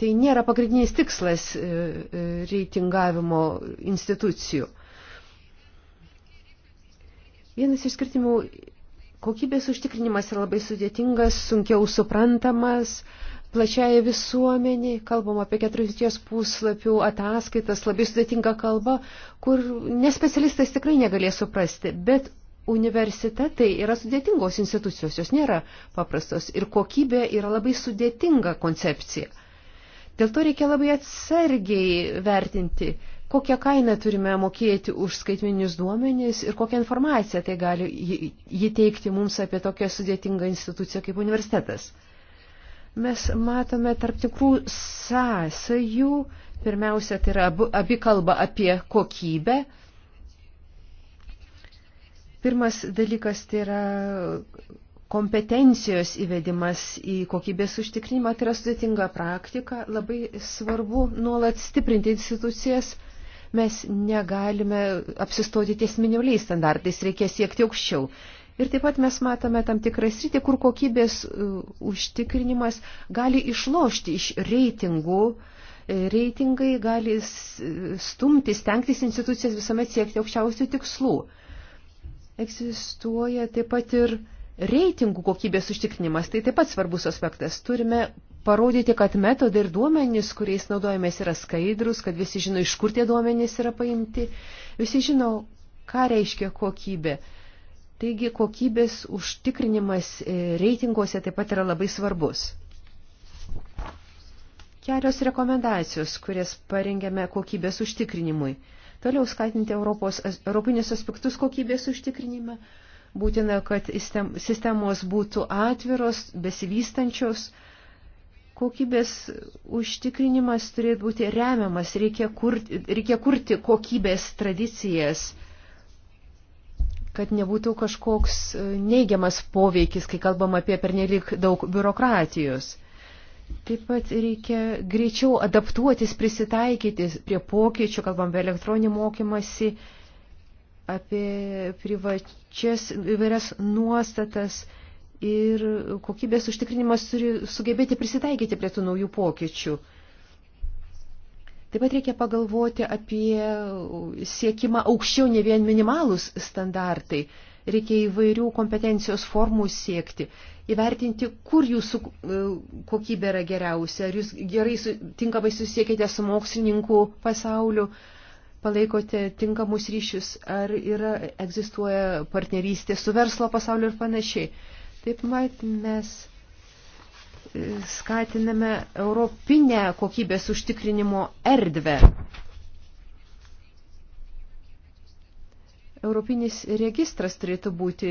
C: Tai nėra pagrindinis tikslas e, e, reitingavimo institucijų. Vienas iš skirtimų Kokybės užtikrinimas yra labai sudėtingas, sunkiau suprantamas, plačiaja visuomenė, kalbam apie 40 puslapių ataskaitas, labai sudėtinga kalba, kur nespecialistas tikrai negalės suprasti, bet universitetai yra sudėtingos institucijos, jos nėra paprastos ir kokybė yra labai sudėtinga koncepcija. Dėl to reikia labai atsargiai vertinti kokią kainą turime mokėti už skaitmeninius duomenys ir kokią informaciją tai gali jį teikti mums apie tokią sudėtingą instituciją kaip universitetas. Mes matome tarp tikrų sąsajų, pirmiausia, tai yra abi, abi kalba apie kokybę. Pirmas dalykas tai yra kompetencijos įvedimas į kokybės užtikrinimą, tai yra sudėtinga praktika, labai svarbu nuolat stiprinti institucijas Mes negalime apsistoti ties minimaliais standartais, reikia siekti aukščiau. Ir taip pat mes matome tam tikrą sritį, kur kokybės e, užtikrinimas gali išlošti iš reitingų. E, reitingai gali stumti, stengtis institucijas visuomet siekti aukščiausių tikslų. Egzistuoja taip pat ir reitingų kokybės užtikrinimas. Tai taip pat svarbus aspektas. Turime parodyti, kad metodai ir duomenys, kuriais naudojamės, yra skaidrus, kad visi žino, iš kur tie duomenys yra paimti, visi žino, ką reiškia kokybė. Taigi kokybės užtikrinimas e, reitinguose taip pat yra labai svarbus. Kelios rekomendacijos, kurias parengėme kokybės užtikrinimui. Toliau skatinti Europos, europinius aspektus kokybės užtikrinime. Būtina, kad sistemos būtų atviros, besivystančios, kokybės užtikrinimas turėtų būti remiamas, reikia kurti, reikia kurti kokybės tradicijas, kad nebūtų kažkoks e, neigiamas poveikis, kai kalbam apie pernelik daug biurokratijos. Taip pat reikia greičiau adaptuotis, prisitaikyti prie pokyčių, kalbam apie elektroninį mokymasi, apie privačias įvairias nuostatas ir kokybės užtikrinimas turi sugebėti prisitaikyti prie tų naujų pokyčių. Taip pat reikia pagalvoti apie siekimą aukščiau ne vien minimalus standartai. Reikia įvairių kompetencijos formų siekti, įvertinti, kur jūsų e, kokybė yra geriausia, ar jūs gerai tinkamai susiekite su mokslininkų pasauliu, palaikote tinkamus ryšius, ar yra, egzistuoja partnerystė su verslo pasauliu ir panašiai. Taip pat mes e, skatiname europinę kokybės užtikrinimo erdvę. Europinis registras turėtų būti,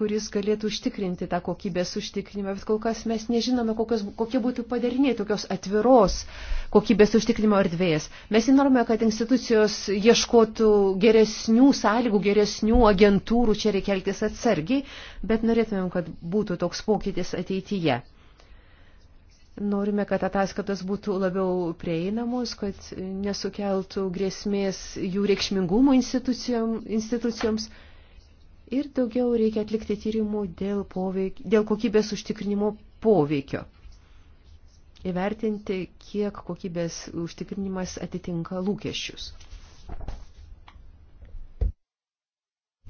C: kuris galėtų užtikrinti tą kokybės užtikrinimą, bet kol kas mes nežinome, kokios, kokie būtų padariniai tokios atviros kokybės užtikrinimo erdvės. Mes norime, kad institucijos ieškotų geresnių sąlygų, geresnių agentūrų, čia reikia elgtis atsargiai, bet norėtumėm, kad būtų toks pokytis ateityje. Norime, kad ataskaitos būtų labiau prieinamos, kad nesukeltų grėsmės jų reikšmingumo institucijom, institucijoms. Ir daugiau reikia atlikti tyrimų dėl, poveik, dėl kokybės užtikrinimo poveikio. Įvertinti, kiek kokybės užtikrinimas atitinka lūkesčius.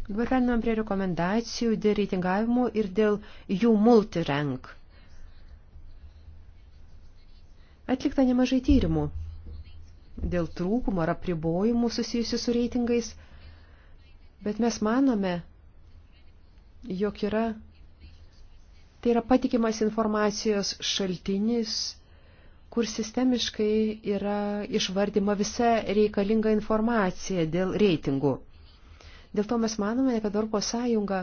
C: Dabar perinam prie rekomendacijų dėl reitingavimo ir dėl jų multirank Atlikta nemažai tyrimų dėl trūkumų ar apribojimų susijusių su reitingais, bet mes manome, jog yra, tai yra patikimas informacijos šaltinis, kur sistemiškai yra išvardyma visa reikalinga informacija dėl reitingų. Dėl to mes manome, kad Europos Sąjunga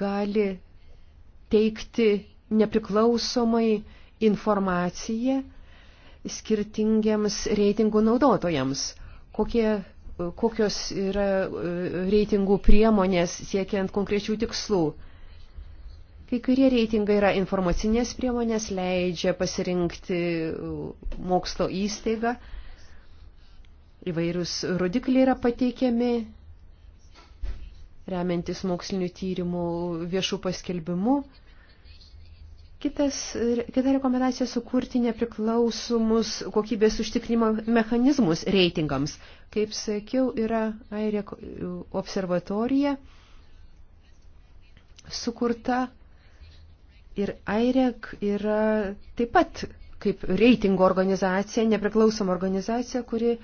C: gali teikti nepriklausomai informaciją skirtingiems reitingų naudotojams. Kokie, kokios yra e, reitingų priemonės siekiant konkrečių tikslų. Kai kurie reitingai yra informacinės priemonės, leidžia pasirinkti e, mokslo įstaigą. Įvairius rodikliai yra pateikiami, remiantis mokslinių tyrimų viešų paskelbimų. Kitas, kita rekomendacija sukurti nepriklausomus kokybės užtikrimo mechanizmus reitingams. Kaip sakiau, yra Airė observatorija sukurta ir Airek yra taip pat kaip reitingo organizacija, nepriklausoma organizacija, kuri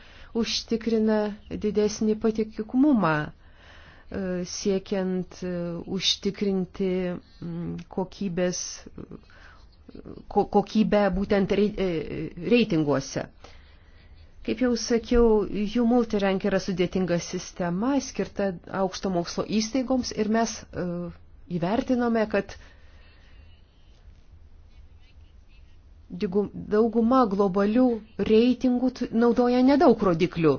C: užtikrina didesnį patikikumumą siekiant e, užtikrinti kokybės, kokybę būtent e, reitinguose. Kaip jau sakiau, jų multirank yra sudėtinga sistema, skirta aukšto mokslo įstaigoms ir mes e, įvertinome, kad dauguma globalių reitingų naudoja nedaug rodiklių.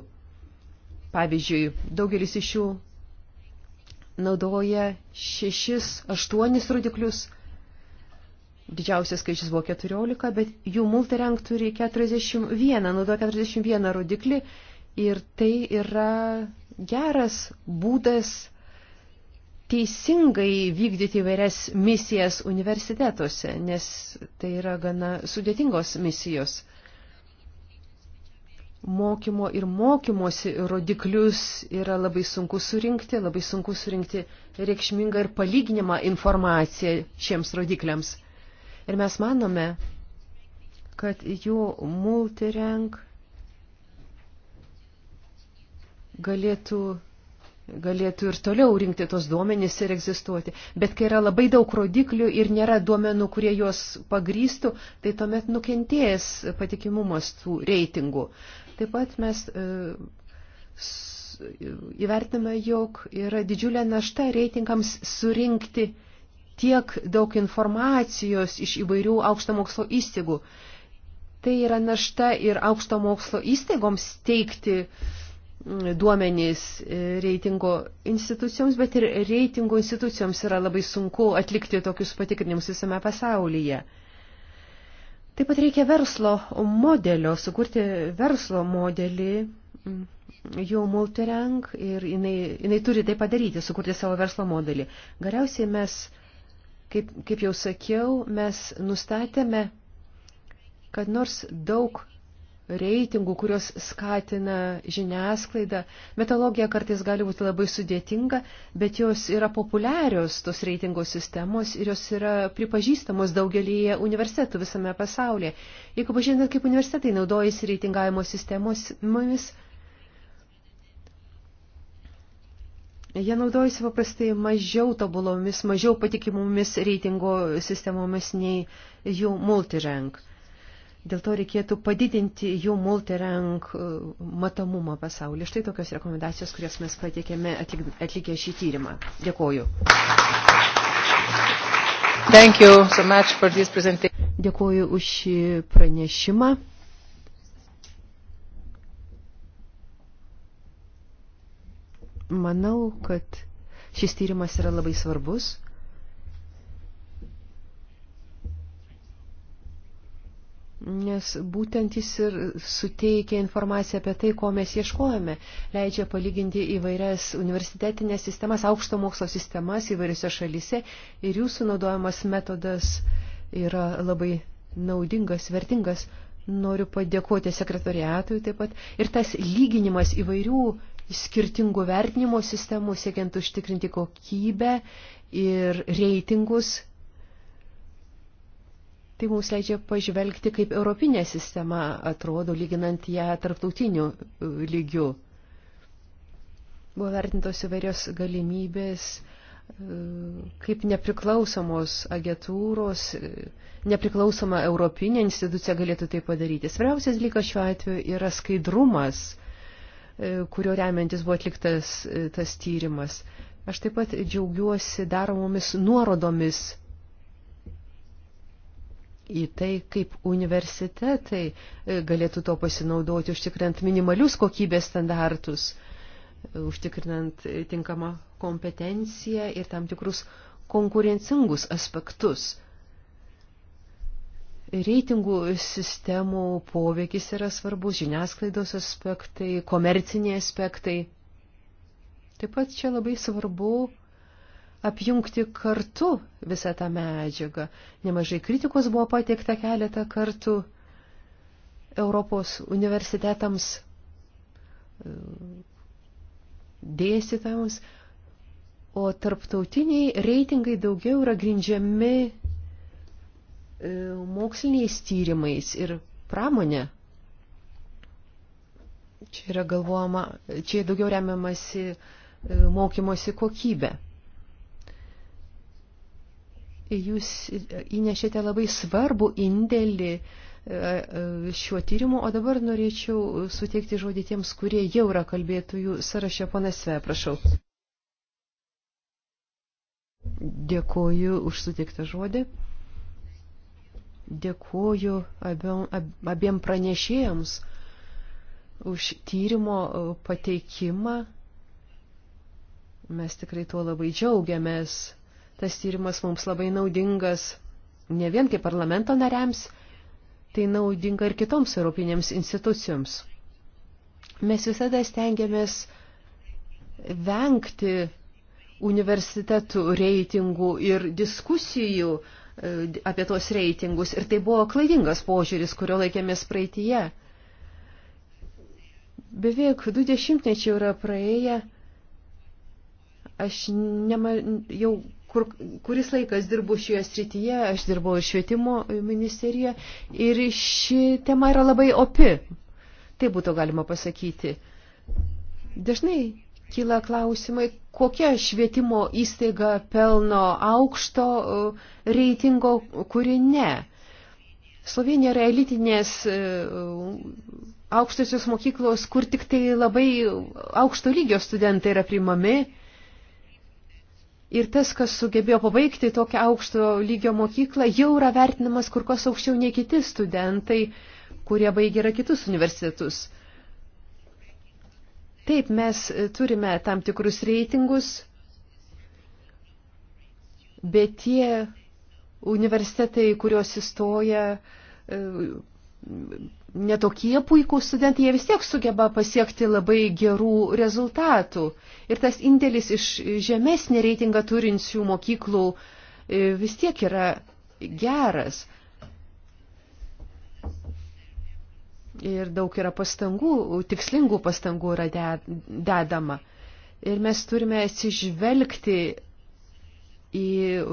C: Pavyzdžiui, daugelis iš jų naudoja šešis, aštuonis rodiklius. Didžiausias skaičius buvo 14, bet jų multirenk turi 41, naudoja 41 rodiklį ir tai yra geras būdas teisingai vykdyti įvairias misijas universitetuose, nes tai yra gana sudėtingos misijos mokymo ir mokymosi rodiklius yra labai sunku surinkti, labai sunku surinkti reikšmingą ir palyginimą informaciją šiems rodikliams. Ir mes manome, kad jų multirenk galėtų, galėtų ir toliau rinkti tos duomenys ir egzistuoti. Bet kai yra labai daug rodiklių ir nėra duomenų, kurie juos pagrystų, tai tuomet nukentėjęs patikimumas tų reitingų. Taip pat mes e, įvertiname, jog yra didžiulė našta reitingams surinkti tiek daug informacijos iš įvairių aukšto mokslo įstaigų. Tai yra našta ir aukšto mokslo įstaigoms teikti duomenys e, reitingo institucijoms, bet ir reitingo institucijoms yra labai sunku atlikti tokius patikrinimus visame pasaulyje. Taip pat reikia verslo modelio, sukurti verslo modelį mm, jau multirank ir jinai, jinai turi tai padaryti, sukurti savo verslo modelį. Galiausiai mes, kaip, kaip jau sakiau, mes nustatėme, kad nors daug reitingų, kurios skatina žiniasklaidą. Metalogija kartais gali būti labai sudėtinga, bet jos yra populiarios, tos reitingo sistemos, ir jos yra pripažįstamos daugelį universitetų visame pasaulyje. Jeigu pažiūrėtumėt, kaip universitetai naudojasi reitingavimo sistemomis, Jie naudojasi paprastai mažiau tobulomis, mažiau patikimomis reitingo sistemomis nei jų multirank. Dėl to reikėtų padidinti jų multirank e, matomumą pasaulyje. Štai tokios rekomendacijos, kurias mes patiekėme atlikę šį tyrimą. Dėkoju.
B: Thank you so
C: much for this presentation. Dėkoju už šį pranešimą. Manau, kad šis tyrimas yra labai svarbus. nes būtent jis ir suteikia informaciją apie tai, ko mes ieškojame, leidžia palyginti įvairias universitetinės sistemas, aukšto mokslo sistemas įvairiose šalise ir jūsų naudojamas metodas yra labai naudingas, vertingas. Noriu padėkoti sekretariatui taip pat ir tas lyginimas įvairių skirtingų vertinimo sistemų, siekiant užtikrinti kokybę ir reitingus Tai mums leidžia pažvelgti, kaip europinė sistema atrodo, lyginant ją tarptautiniu e, lygiu. Buvo vertintos įvairios galimybės, e, kaip nepriklausomos agentūros, e, nepriklausoma europinė institucija galėtų tai padaryti. Svarbiausias dalykas šiuo atveju yra skaidrumas, kurio remiantis buvo atliktas tas tyrimas. Aš taip pat džiaugiuosi daromomis nuorodomis į tai, kaip universitetai e, galėtų to pasinaudoti, užtikrint minimalius kokybės standartus, e, užtikrinant e, tinkamą kompetenciją ir tam tikrus konkurencingus aspektus. Reitingų sistemų poveikis yra svarbus, žiniasklaidos aspektai, komerciniai aspektai. Taip pat čia labai svarbu apjungti kartu visą tą medžiagą. Nemažai kritikos buvo pateikta keletą kartų Europos universitetams, dėstytams, o tarptautiniai reitingai daugiau yra grindžiami e, moksliniais tyrimais ir pramonė. Čia yra galvojama, čia daugiau remiamasi e, mokymosi kokybė jūs įnešėte labai svarbų indėlį e, e, šiuo tyrimu, o dabar norėčiau suteikti žodį tiems, kurie jau yra kalbėtojų sąraše. Pone Sve, prašau. Dėkoju už suteiktą žodį. Dėkoju abiem, abiem pranešėjams už tyrimo e, pateikimą. Mes tikrai tuo labai džiaugiamės Tas tyrimas mums labai naudingas ne vien kaip parlamento nariams, tai naudinga ir kitoms europinėms institucijoms. Mes visada stengiamės vengti universitetų reitingų ir diskusijų e, apie tos reitingus. Ir tai buvo klaidingas požiūris, kurio laikėmės praeitie. Beveik du dešimtmečiai yra praėję. Aš nema, jau kur, kuris laikas dirbu šioje srityje, aš dirbau ir švietimo ministerija ir ši tema yra labai opi. Tai būtų galima pasakyti. Dažnai kyla klausimai, kokia švietimo įstaiga pelno aukšto e, reitingo, kuri ne. Slovenija yra elitinės e, aukštosios mokyklos, kur tik tai labai aukšto lygio studentai yra primami Ir tas, kas sugebėjo pabaigti tokią aukšto lygio mokyklą, jau yra vertinamas kur kas aukščiau nei kiti studentai, kurie baigė yra kitus universitetus. Taip, mes turime tam tikrus reitingus, bet tie universitetai, kuriuos įstoja, e, netokie puikūs studentai, jie vis tiek sugeba pasiekti labai gerų rezultatų. Ir tas indėlis iš žemesnį reitingą turinčių mokyklų e, vis tiek yra geras. Ir daug yra pastangų, tikslingų pastangų yra dedama. Ir mes turime atsižvelgti į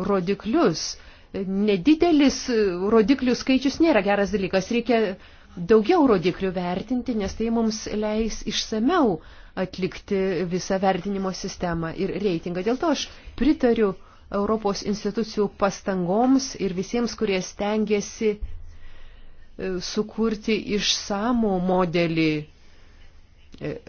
C: rodiklius. Nedidelis rodiklių skaičius nėra geras dalykas. Reikia daugiau rodiklių vertinti, nes tai mums leis išsameu atlikti visą vertinimo sistemą ir reitingą. Dėl to aš pritariu Europos institucijų pastangoms ir visiems, kurie stengiasi e, sukurti išsamų modelį e,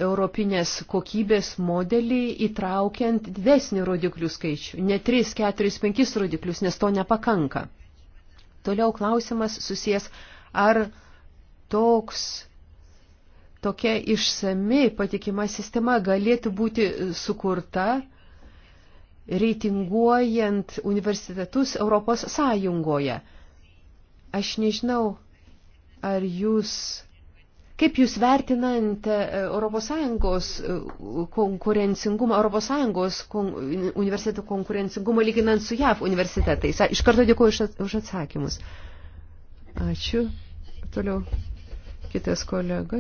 C: europinės kokybės modelį įtraukiant didesnį rodiklių skaičių, ne 3, 4, 5 rodiklius, nes to nepakanka. Toliau klausimas susijęs, ar toks, tokia išsami patikima sistema galėtų būti sukurta, reitinguojant universitetus Europos Sąjungoje. Aš nežinau, ar jūs, kaip jūs vertinate Europos Sąjungos e, konkurencingumą, Europos Sąjungos kon, universitetų konkurencingumą lyginant su JAV universitetais. Iš karto dėkuoju už atsakymus. Ačiū. Toliau. Kitas kolega.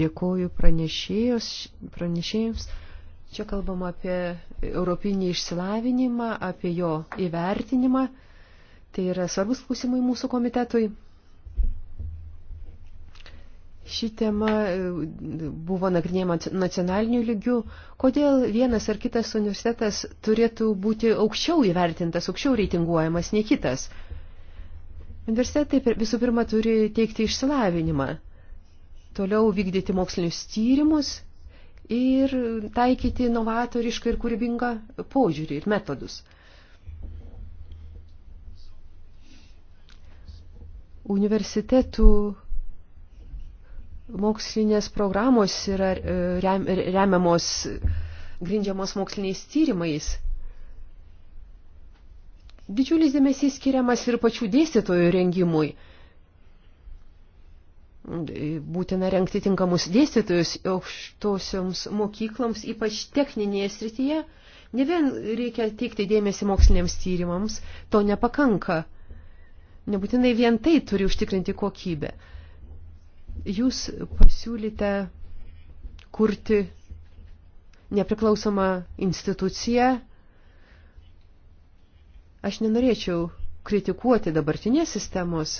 C: Dėkuoju pranešėjams. Čia kalbam apie europinį išsilavinimą, apie jo įvertinimą. Tai yra svarbus klausimai mūsų komitetui. Ši tema e, buvo nagrinėjama nacionaliniu lygiu. Kodėl vienas ar kitas universitetas turėtų būti aukščiau įvertintas, aukščiau reitinguojamas, ne kitas? Universitetai visų pirma turi teikti išsilavinimą, toliau vykdyti mokslinius tyrimus ir taikyti novatorišką ir kūrybingą požiūrį ir metodus. Universitetų mokslinės programos yra e, rem, remiamos, grindžiamos moksliniais tyrimais. Didžiulis dėmesys skiriamas ir pačių dėstytojų rengimui. E, būtina renkti tinkamus dėstytojus aukštosioms mokykloms, ypač techninėje srityje. Ne vien reikia teikti dėmesį moksliniams tyrimams, to nepakanka. Nebūtinai vien tai turi užtikrinti kokybę. Jūs pasiūlyte kurti nepriklausomą instituciją. Aš nenorėčiau kritikuoti dabartinės sistemos.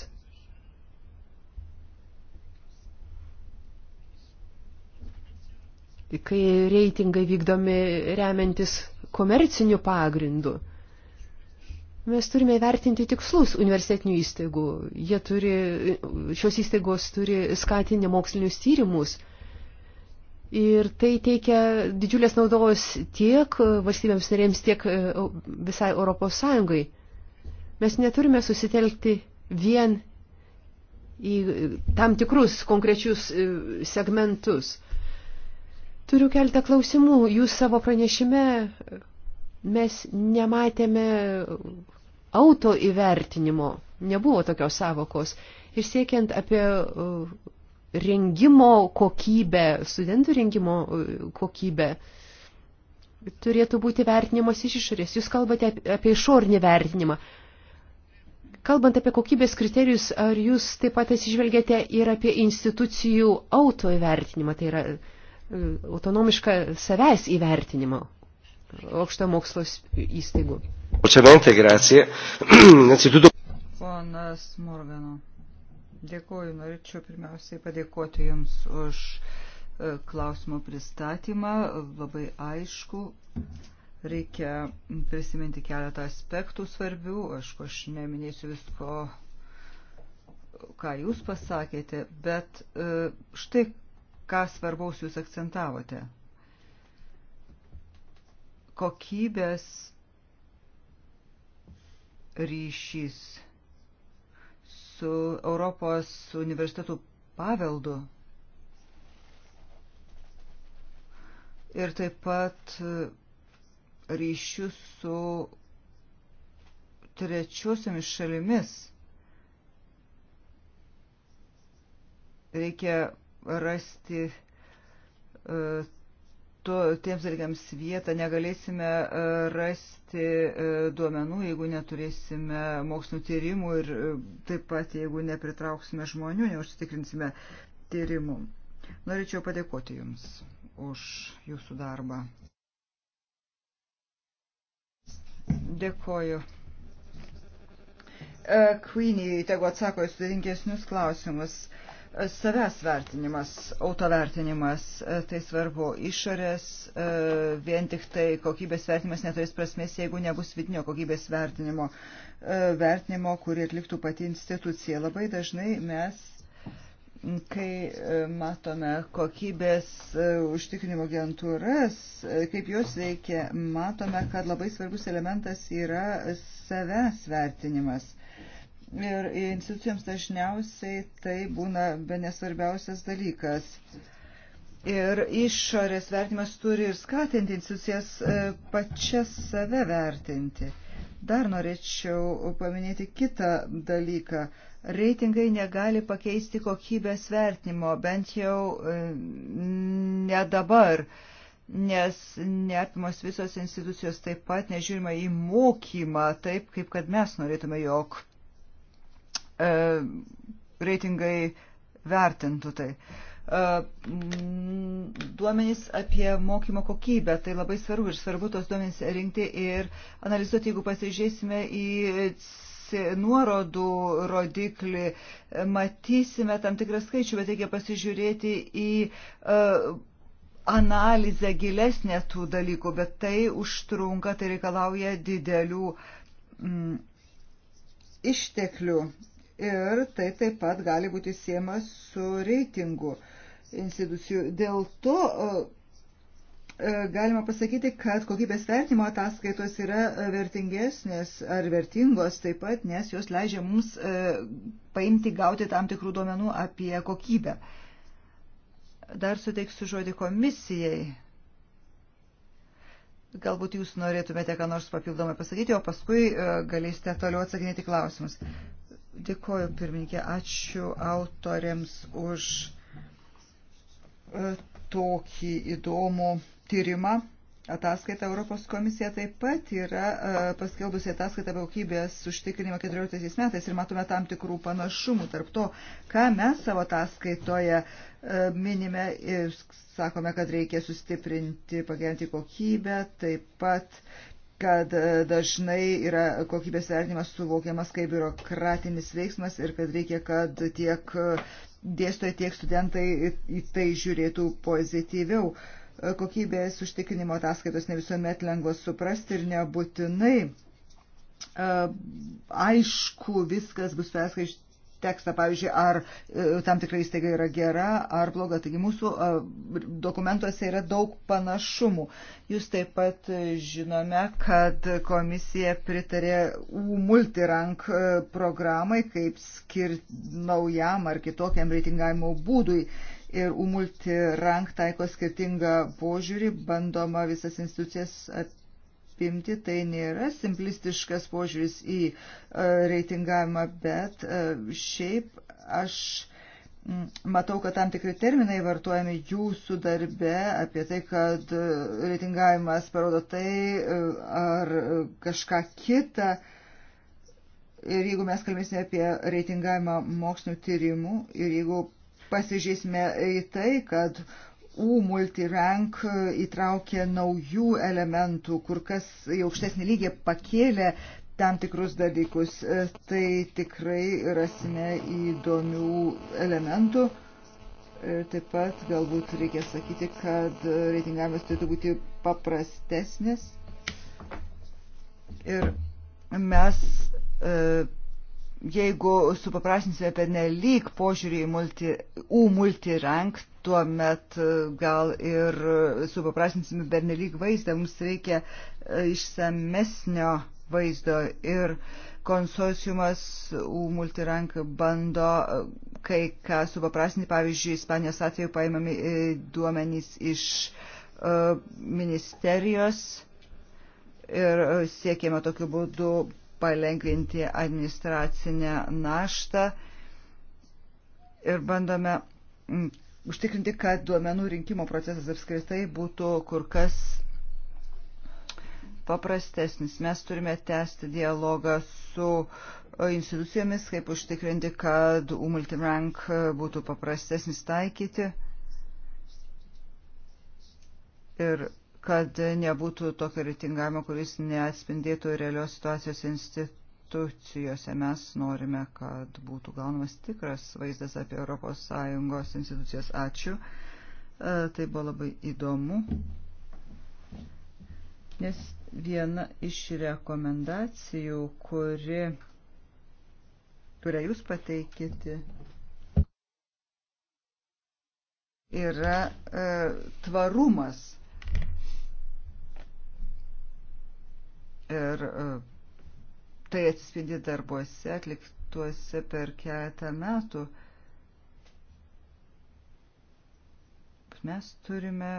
C: Kai reitingai vykdomi remiantis komerciniu pagrindu. Mes turime įvertinti tikslus universitetinių įstaigų. Jie turi, šios įstaigos turi skatinti mokslinius tyrimus. Ir tai teikia didžiulės naudos tiek valstybėms narėms, tiek e, visai Europos Sąjungai. Mes neturime susitelkti vien į tam tikrus konkrečius e, segmentus. Turiu keltą klausimų. Jūs savo pranešime mes nematėme auto įvertinimo, nebuvo tokios savokos. Ir siekiant apie uh, rengimo kokybę, studentų rengimo uh, kokybę, turėtų būti vertinimas iš išorės. Jūs kalbate apie išorinį vertinimą. Kalbant apie kokybės kriterijus, ar jūs taip pat atsižvelgiate ir apie institucijų auto įvertinimą, tai yra uh, autonomišką savęs įvertinimą, aukšto mokslo įstaigų.
A: Ponas Morgano, dėkuoju, norėčiau pirmiausiai padėkoti Jums už e, klausimo pristatymą, labai aišku. Reikia prisiminti keletą aspektų svarbių, aišku, aš neminėsiu visko, ką Jūs pasakėte, bet e, štai ką svarbaus Jūs akcentavote kokybės ryšys su Europos universitetų paveldu ir taip pat ryšių su trečiosiamis šalimis. Reikia rasti uh, to, tiems dalykams vietą, negalėsime e, rasti e, duomenų, jeigu neturėsime mokslinių tyrimų ir e, taip pat jeigu nepritrauksime žmonių, neužsitikrinsime tyrimų. Norėčiau padėkoti Jums už Jūsų darbą. Dėkoju. Queenie, tegu atsako į sudėtingesnius klausimus. Uh, savęs vertinimas, autovertinimas, e, tai svarbu. Išorės e, vien tik tai kokybės vertinimas neturės prasmės, jeigu nebus vidinio kokybės vertinimo, e, vertinimo, kurį atliktų pati institucija. Labai dažnai mes, kai matome kokybės užtikrinimo agentūras, kaip jos veikia, matome, kad labai svarbus elementas yra savęs vertinimas Ir institucijoms dažniausiai tai būna be nesvarbiausias dalykas. Ir išorės vertimas turi ir skatinti institucijas e, pačias save vertinti. Dar norėčiau paminėti kitą dalyką. Reitingai negali pakeisti kokybės vertinimo, bent jau e, ne dabar, nes neapimos visos institucijos taip pat nežiūrima į mokymą taip, kaip kad mes norėtume, jog E, reitingai vertintų tai. E, duomenys apie mokymo kokybę, tai labai svarbu ir svarbu tos duomenys rinkti ir analizuoti, jeigu pasižiūrėsime į nuorodų rodiklį, matysime tam tikrą skaičių, bet reikia pasižiūrėti į e, analizę gilesnę tų dalykų, bet tai užtrunka, tai reikalauja didelių mm, išteklių ir tai taip pat gali būti siema su reitingu institucijų. Dėl to e, galima pasakyti, kad kokybės vertinimo ataskaitos yra vertingesnės ar vertingos taip pat, nes jos leidžia mums e, paimti, gauti tam tikrų duomenų apie kokybę. Dar suteiksiu žodį komisijai. Galbūt jūs norėtumėte ką nors papildomai pasakyti, o paskui e, galėsite toliau atsakinėti klausimus. Dėkoju, pirmininkė, ačiū autoriams už e, tokį įdomų tyrimą. Ataskaita Europos komisija taip pat yra e, paskelbusi ataskaitą apie kokybės užtikrinimą 14 metais ir matome tam tikrų panašumų tarp to, ką mes savo ataskaitoje e, minime ir sakome, kad reikia sustiprinti, pagerinti kokybę, taip pat kad e, dažnai yra kokybės vertinimas suvokiamas kaip biurokratinis veiksmas ir kad reikia, kad tiek e, dėstoje, tiek studentai į tai žiūrėtų pozityviau. E, kokybės užtikrinimo ataskaitos ne visuomet lengvos suprasti ir nebūtinai aišku viskas bus perskaič, tekstą, pavyzdžiui, ar e, tam tikrai įstaiga yra gera ar bloga. Taigi mūsų e, dokumentuose yra daug panašumų. Jūs taip pat e, žinome, kad komisija pritarė U-Multirank programai kaip skirti naujam ar kitokiam reitingavimo būdui ir UMULTI rank taiko skirtingą požiūrį, bandoma visas institucijas apimti, tai nėra simplistiškas požiūris į e, reitingavimą, bet e, šiaip aš matau, kad tam tikri terminai vartojami jūsų darbe apie tai, kad e, reitingavimas parodo tai ar kažką kitą. Ir jeigu mes kalbėsime apie reitingavimą mokslinių tyrimų ir jeigu pasižiūrėsime į tai, kad U multirank įtraukė naujų elementų, kur kas į aukštesnį lygį pakėlė tam tikrus dalykus. E, tai tikrai rasime įdomių elementų. Ir e, taip pat galbūt reikia sakyti, kad reitingavimas turėtų būti paprastesnis. Ir mes e, jeigu supaprasinsime per nelik požiūrį į multi, U multirank, tuomet e, gal ir supaprasinsime per nelik vaizdą, mums reikia e, išsamesnio vaizdo ir konsorciumas U multirank bando e, kai ką supaprasinti, pavyzdžiui, Ispanijos atveju paimami duomenys iš ministerijos ir siekėme tokiu būdu palengvinti administracinę naštą ir bandome mm, užtikrinti, kad duomenų rinkimo procesas apskritai būtų kur kas paprastesnis. Mes turime tęsti dialogą su institucijomis, kaip užtikrinti, kad umultimrank būtų paprastesnis taikyti. Ir kad nebūtų tokio reitingavimo, kuris neatspindėtų realios situacijos institucijose. Mes norime, kad būtų gaunamas tikras vaizdas apie ES institucijas. Ačiū. E, tai buvo labai įdomu, nes viena iš rekomendacijų, kuri, kurią jūs pateikite, yra e, tvarumas Ir e, tai atsispindi darbuose atliktuose per keletą metų. Mes turime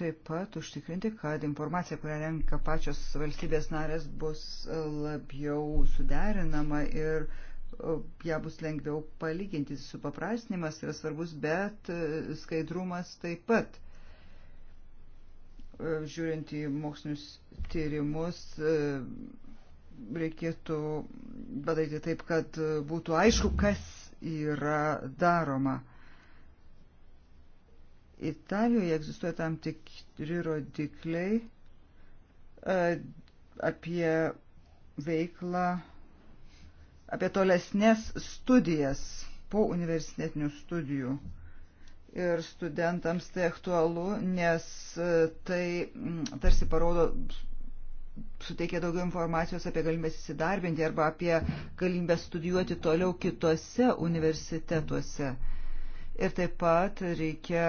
A: taip pat užtikrinti, kad informacija, kurią renka pačios valstybės narės, bus labiau suderinama ir e, ją bus lengviau palyginti. Supaprastinimas yra svarbus, bet e, skaidrumas taip pat. E, žiūrint į mokslinius tyrimus, e, reikėtų padaryti taip, kad būtų aišku, kas yra daroma. Italijoje egzistuoja tam tikri rodikliai e, apie veiklą, apie tolesnės studijas po universitetinių studijų ir studentams tai aktualu, nes e, tai tarsi parodo, suteikia daugiau informacijos apie galimybės įsidarbinti arba apie galimybę studijuoti toliau kitose universitetuose. Ir taip pat reikia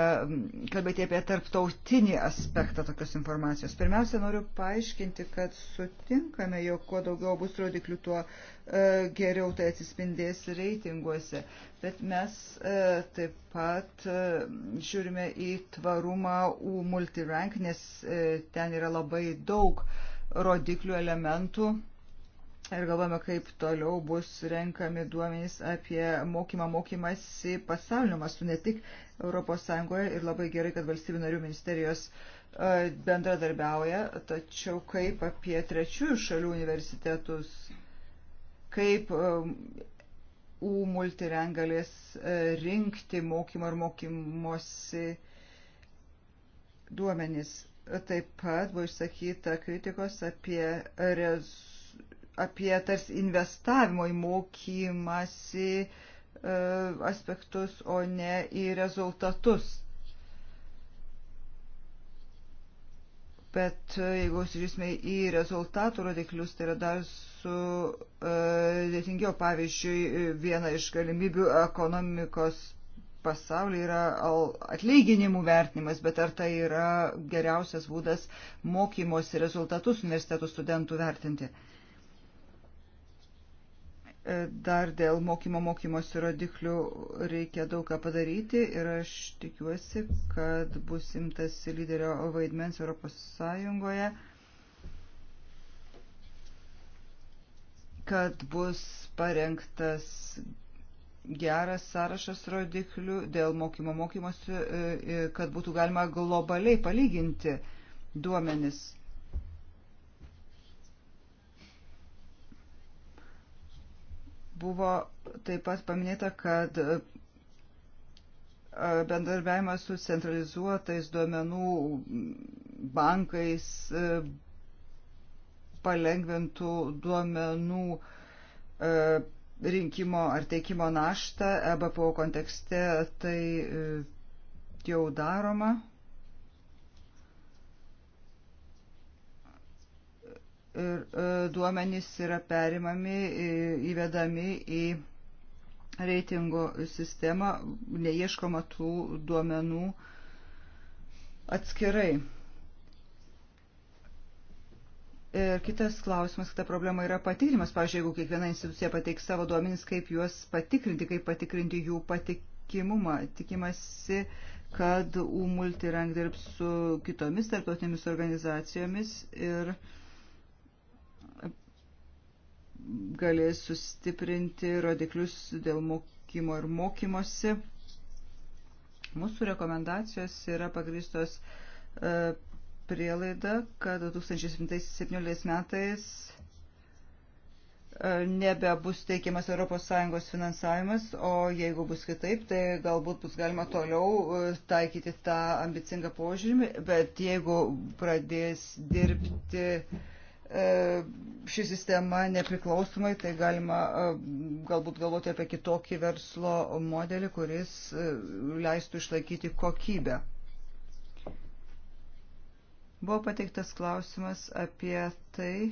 A: kalbėti apie tarptautinį aspektą tokios informacijos. Pirmiausia, noriu paaiškinti, kad sutinkame, jog kuo daugiau bus rodiklių, tuo e, geriau tai atsispindės reitinguose. Bet mes e, taip pat e, žiūrime į tvarumą U multirank, nes e, ten yra labai daug rodiklių elementų ir galvojame, kaip toliau bus renkami duomenys apie mokymą, mokymasi pasaulio mastu, ne tik ES ir labai gerai, kad valstybių narių ministerijos e, bendradarbiauja, tačiau kaip apie trečiųjų šalių universitetus, kaip e, U-multi galės e, rinkti mokymą ar mokymosi duomenys. Taip pat buvo išsakyta kritikos apie rezultatus apie tarsi investavimo į mokymasi e, aspektus, o ne į rezultatus. Bet e, jeigu žiūrėsime į rezultatų rodiklius, tai yra dar e, sudėtingiau. Pavyzdžiui, viena iš galimybių ekonomikos pasaulyje yra atlyginimų vertinimas, bet ar tai yra geriausias būdas mokymosi rezultatus universitetų studentų vertinti? Uh, Dar dėl mokymo mokymosi rodiklių reikia daug ką padaryti ir aš tikiuosi, kad bus imtas lyderio vaidmens Europos Sąjungoje, kad bus parengtas geras sąrašas rodiklių dėl mokymo mokymosi, e, e, kad būtų galima globaliai palyginti duomenis Buvo taip pat paminėta, kad e, bendarbiavimas su centralizuotais duomenų bankais e, palengvintų duomenų e, rinkimo ar teikimo naštą EBPO kontekste tai jau daroma. ir e, duomenys yra perimami, e, įvedami į reitingo sistemą, neieškoma tų duomenų atskirai. Ir kitas klausimas, kita problema yra patikrinimas. Pavyzdžiui, jeigu kiekviena institucija pateiks savo duomenys, kaip juos patikrinti, kaip patikrinti jų patikimumą. Tikimasi, kad U-Multirank dirbs su kitomis tarptautinėmis organizacijomis ir uh, galės sustiprinti rodiklius dėl mokymo ir mokymosi. Mūsų rekomendacijos yra pagristos e, prielaida, kad 2017 metais e, nebebus teikiamas ES finansavimas, o jeigu bus kitaip, tai galbūt bus galima toliau e, taikyti tą ambicingą požiūrį, bet jeigu pradės dirbti E, ši sistema nepriklausomai, tai galima e, galbūt galvoti apie kitokį verslo modelį, kuris e, leistų išlaikyti kokybę. Buvo pateiktas klausimas apie tai,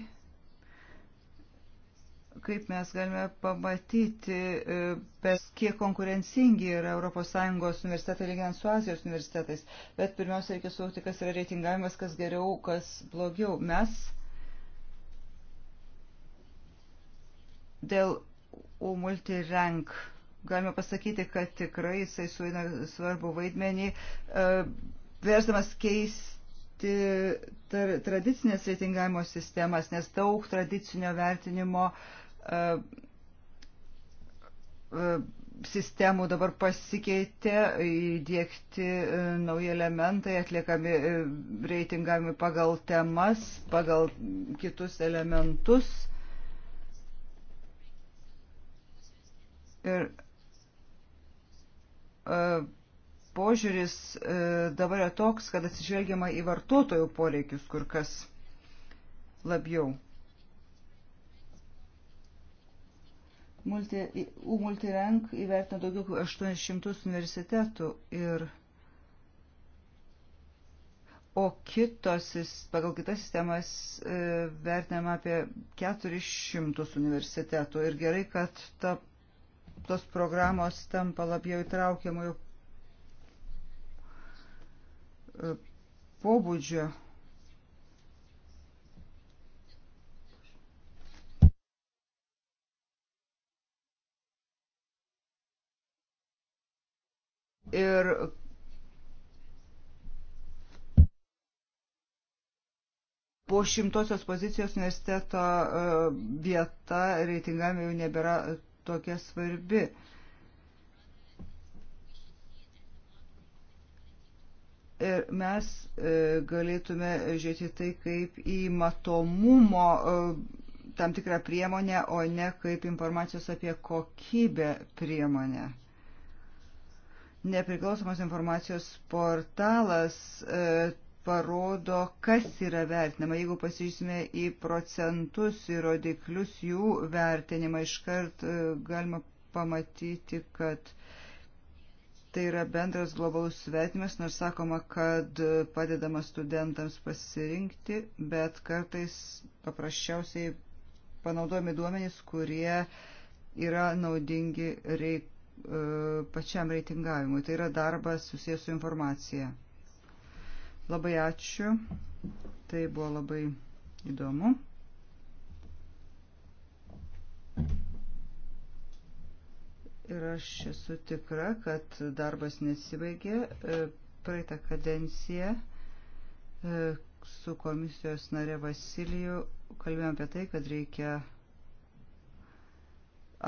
A: kaip mes galime pamatyti, kiek konkurencingi yra ES universitetai lygiant su Azijos universitetais. Bet pirmiausia, reikia suvokti, kas yra reitingavimas, kas geriau, kas blogiau. Mes Dėl U-Multirank galime pasakyti, kad tikrai jisai suvaidina svarbu vaidmenį, e, versdamas keisti tar, tradicinės reitingavimo sistemas, nes daug tradicinio vertinimo e, e, sistemų dabar pasikeitė, įdėkti nauji elementai, atliekami reitingami pagal temas, pagal kitus elementus Ir uh, požiūris e, dabar yra toks, kad atsižvelgiama į vartotojų poreikius kur kas labiau. Multi, U Multirank įvertina daugiau kaip 800 universitetų ir o kitos, pagal kitas sistemas e, vertinama apie 400 universitetų ir gerai, kad ta tos programos tampa labiau įtraukiamųjų e, pobūdžio. Ir po šimtosios pozicijos universiteto e, vieta reitingavime jau nebėra tokia svarbi. Ir mes e, galėtume žiūrėti tai kaip į matomumo e, tam tikrą priemonę, o ne kaip informacijos apie kokybę priemonę. Nepriklausomos informacijos portalas e, parodo, kas yra vertinama. Jeigu pasižiūrėsime į procentus ir rodiklius jų vertinimą, iškart e, galima pamatyti, kad tai yra bendras globalus svetimas, nors sakoma, kad padedama studentams pasirinkti, bet kartais paprasčiausiai panaudojami duomenys, kurie yra naudingi reik, e, pačiam reitingavimui. Tai yra darbas susijęs su informacija. Labai ačiū. Tai buvo labai įdomu. Ir aš esu tikra, kad darbas nesibaigė. E, praeitą kadenciją e, su komisijos nare Vasilijų kalbėjome apie tai, kad reikia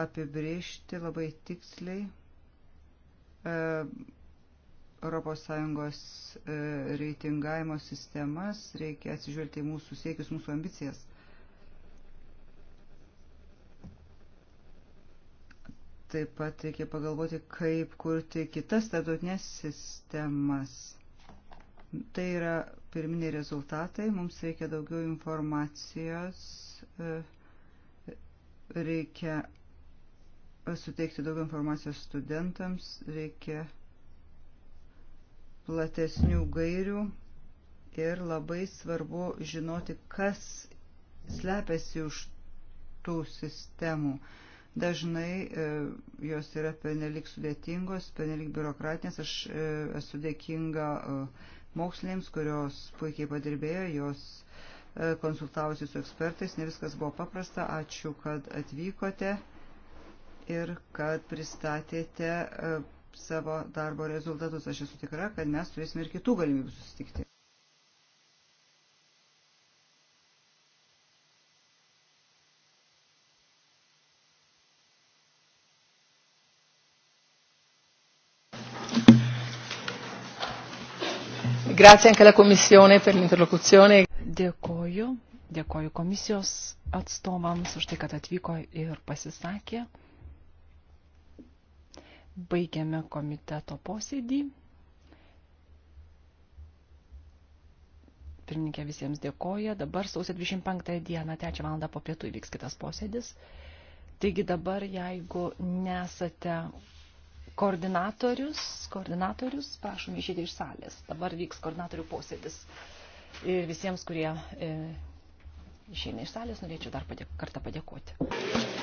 A: apibriežti labai tiksliai e, ES e, reitingavimo sistemas, reikia atsižvelgti į mūsų siekius, mūsų ambicijas. Taip pat reikia pagalvoti, kaip kurti kitas tarptautinės sistemas. Tai yra pirminiai rezultatai, mums reikia daugiau informacijos, e, reikia suteikti daugiau informacijos studentams, reikia platesnių gairių ir labai svarbu žinoti, kas slepiasi už tų sistemų. Dažnai e, jos yra penelik sudėtingos, penelik biurokratinės. Aš e, esu dėkinga e, mokslėms, kurios puikiai padirbėjo, jos e, konsultavosi su ekspertais, ne viskas buvo paprasta. Ačiū, kad atvykote ir kad pristatėte. E, savo darbo rezultatus. Aš esu tikra, kad mes turėsime ir kitų galimybių susitikti.
B: Grazie anche alla Commissione per l'interlocuzione. Dėkoju, dėkoju komisijos atstovams už tai, kad atvyko ir pasisakė. Baigiame komiteto posėdį. Pirmininkė visiems dėkoja. Dabar sausio 25 dieną, 3 val. po pietų įvyks kitas posėdis. Taigi dabar, jeigu nesate koordinatorius, koordinatorius, prašom išėti iš salės. Dabar vyks koordinatorių posėdis. Ir visiems, kurie e, išeina iš salės, norėčiau dar padėk, kartą padėkoti.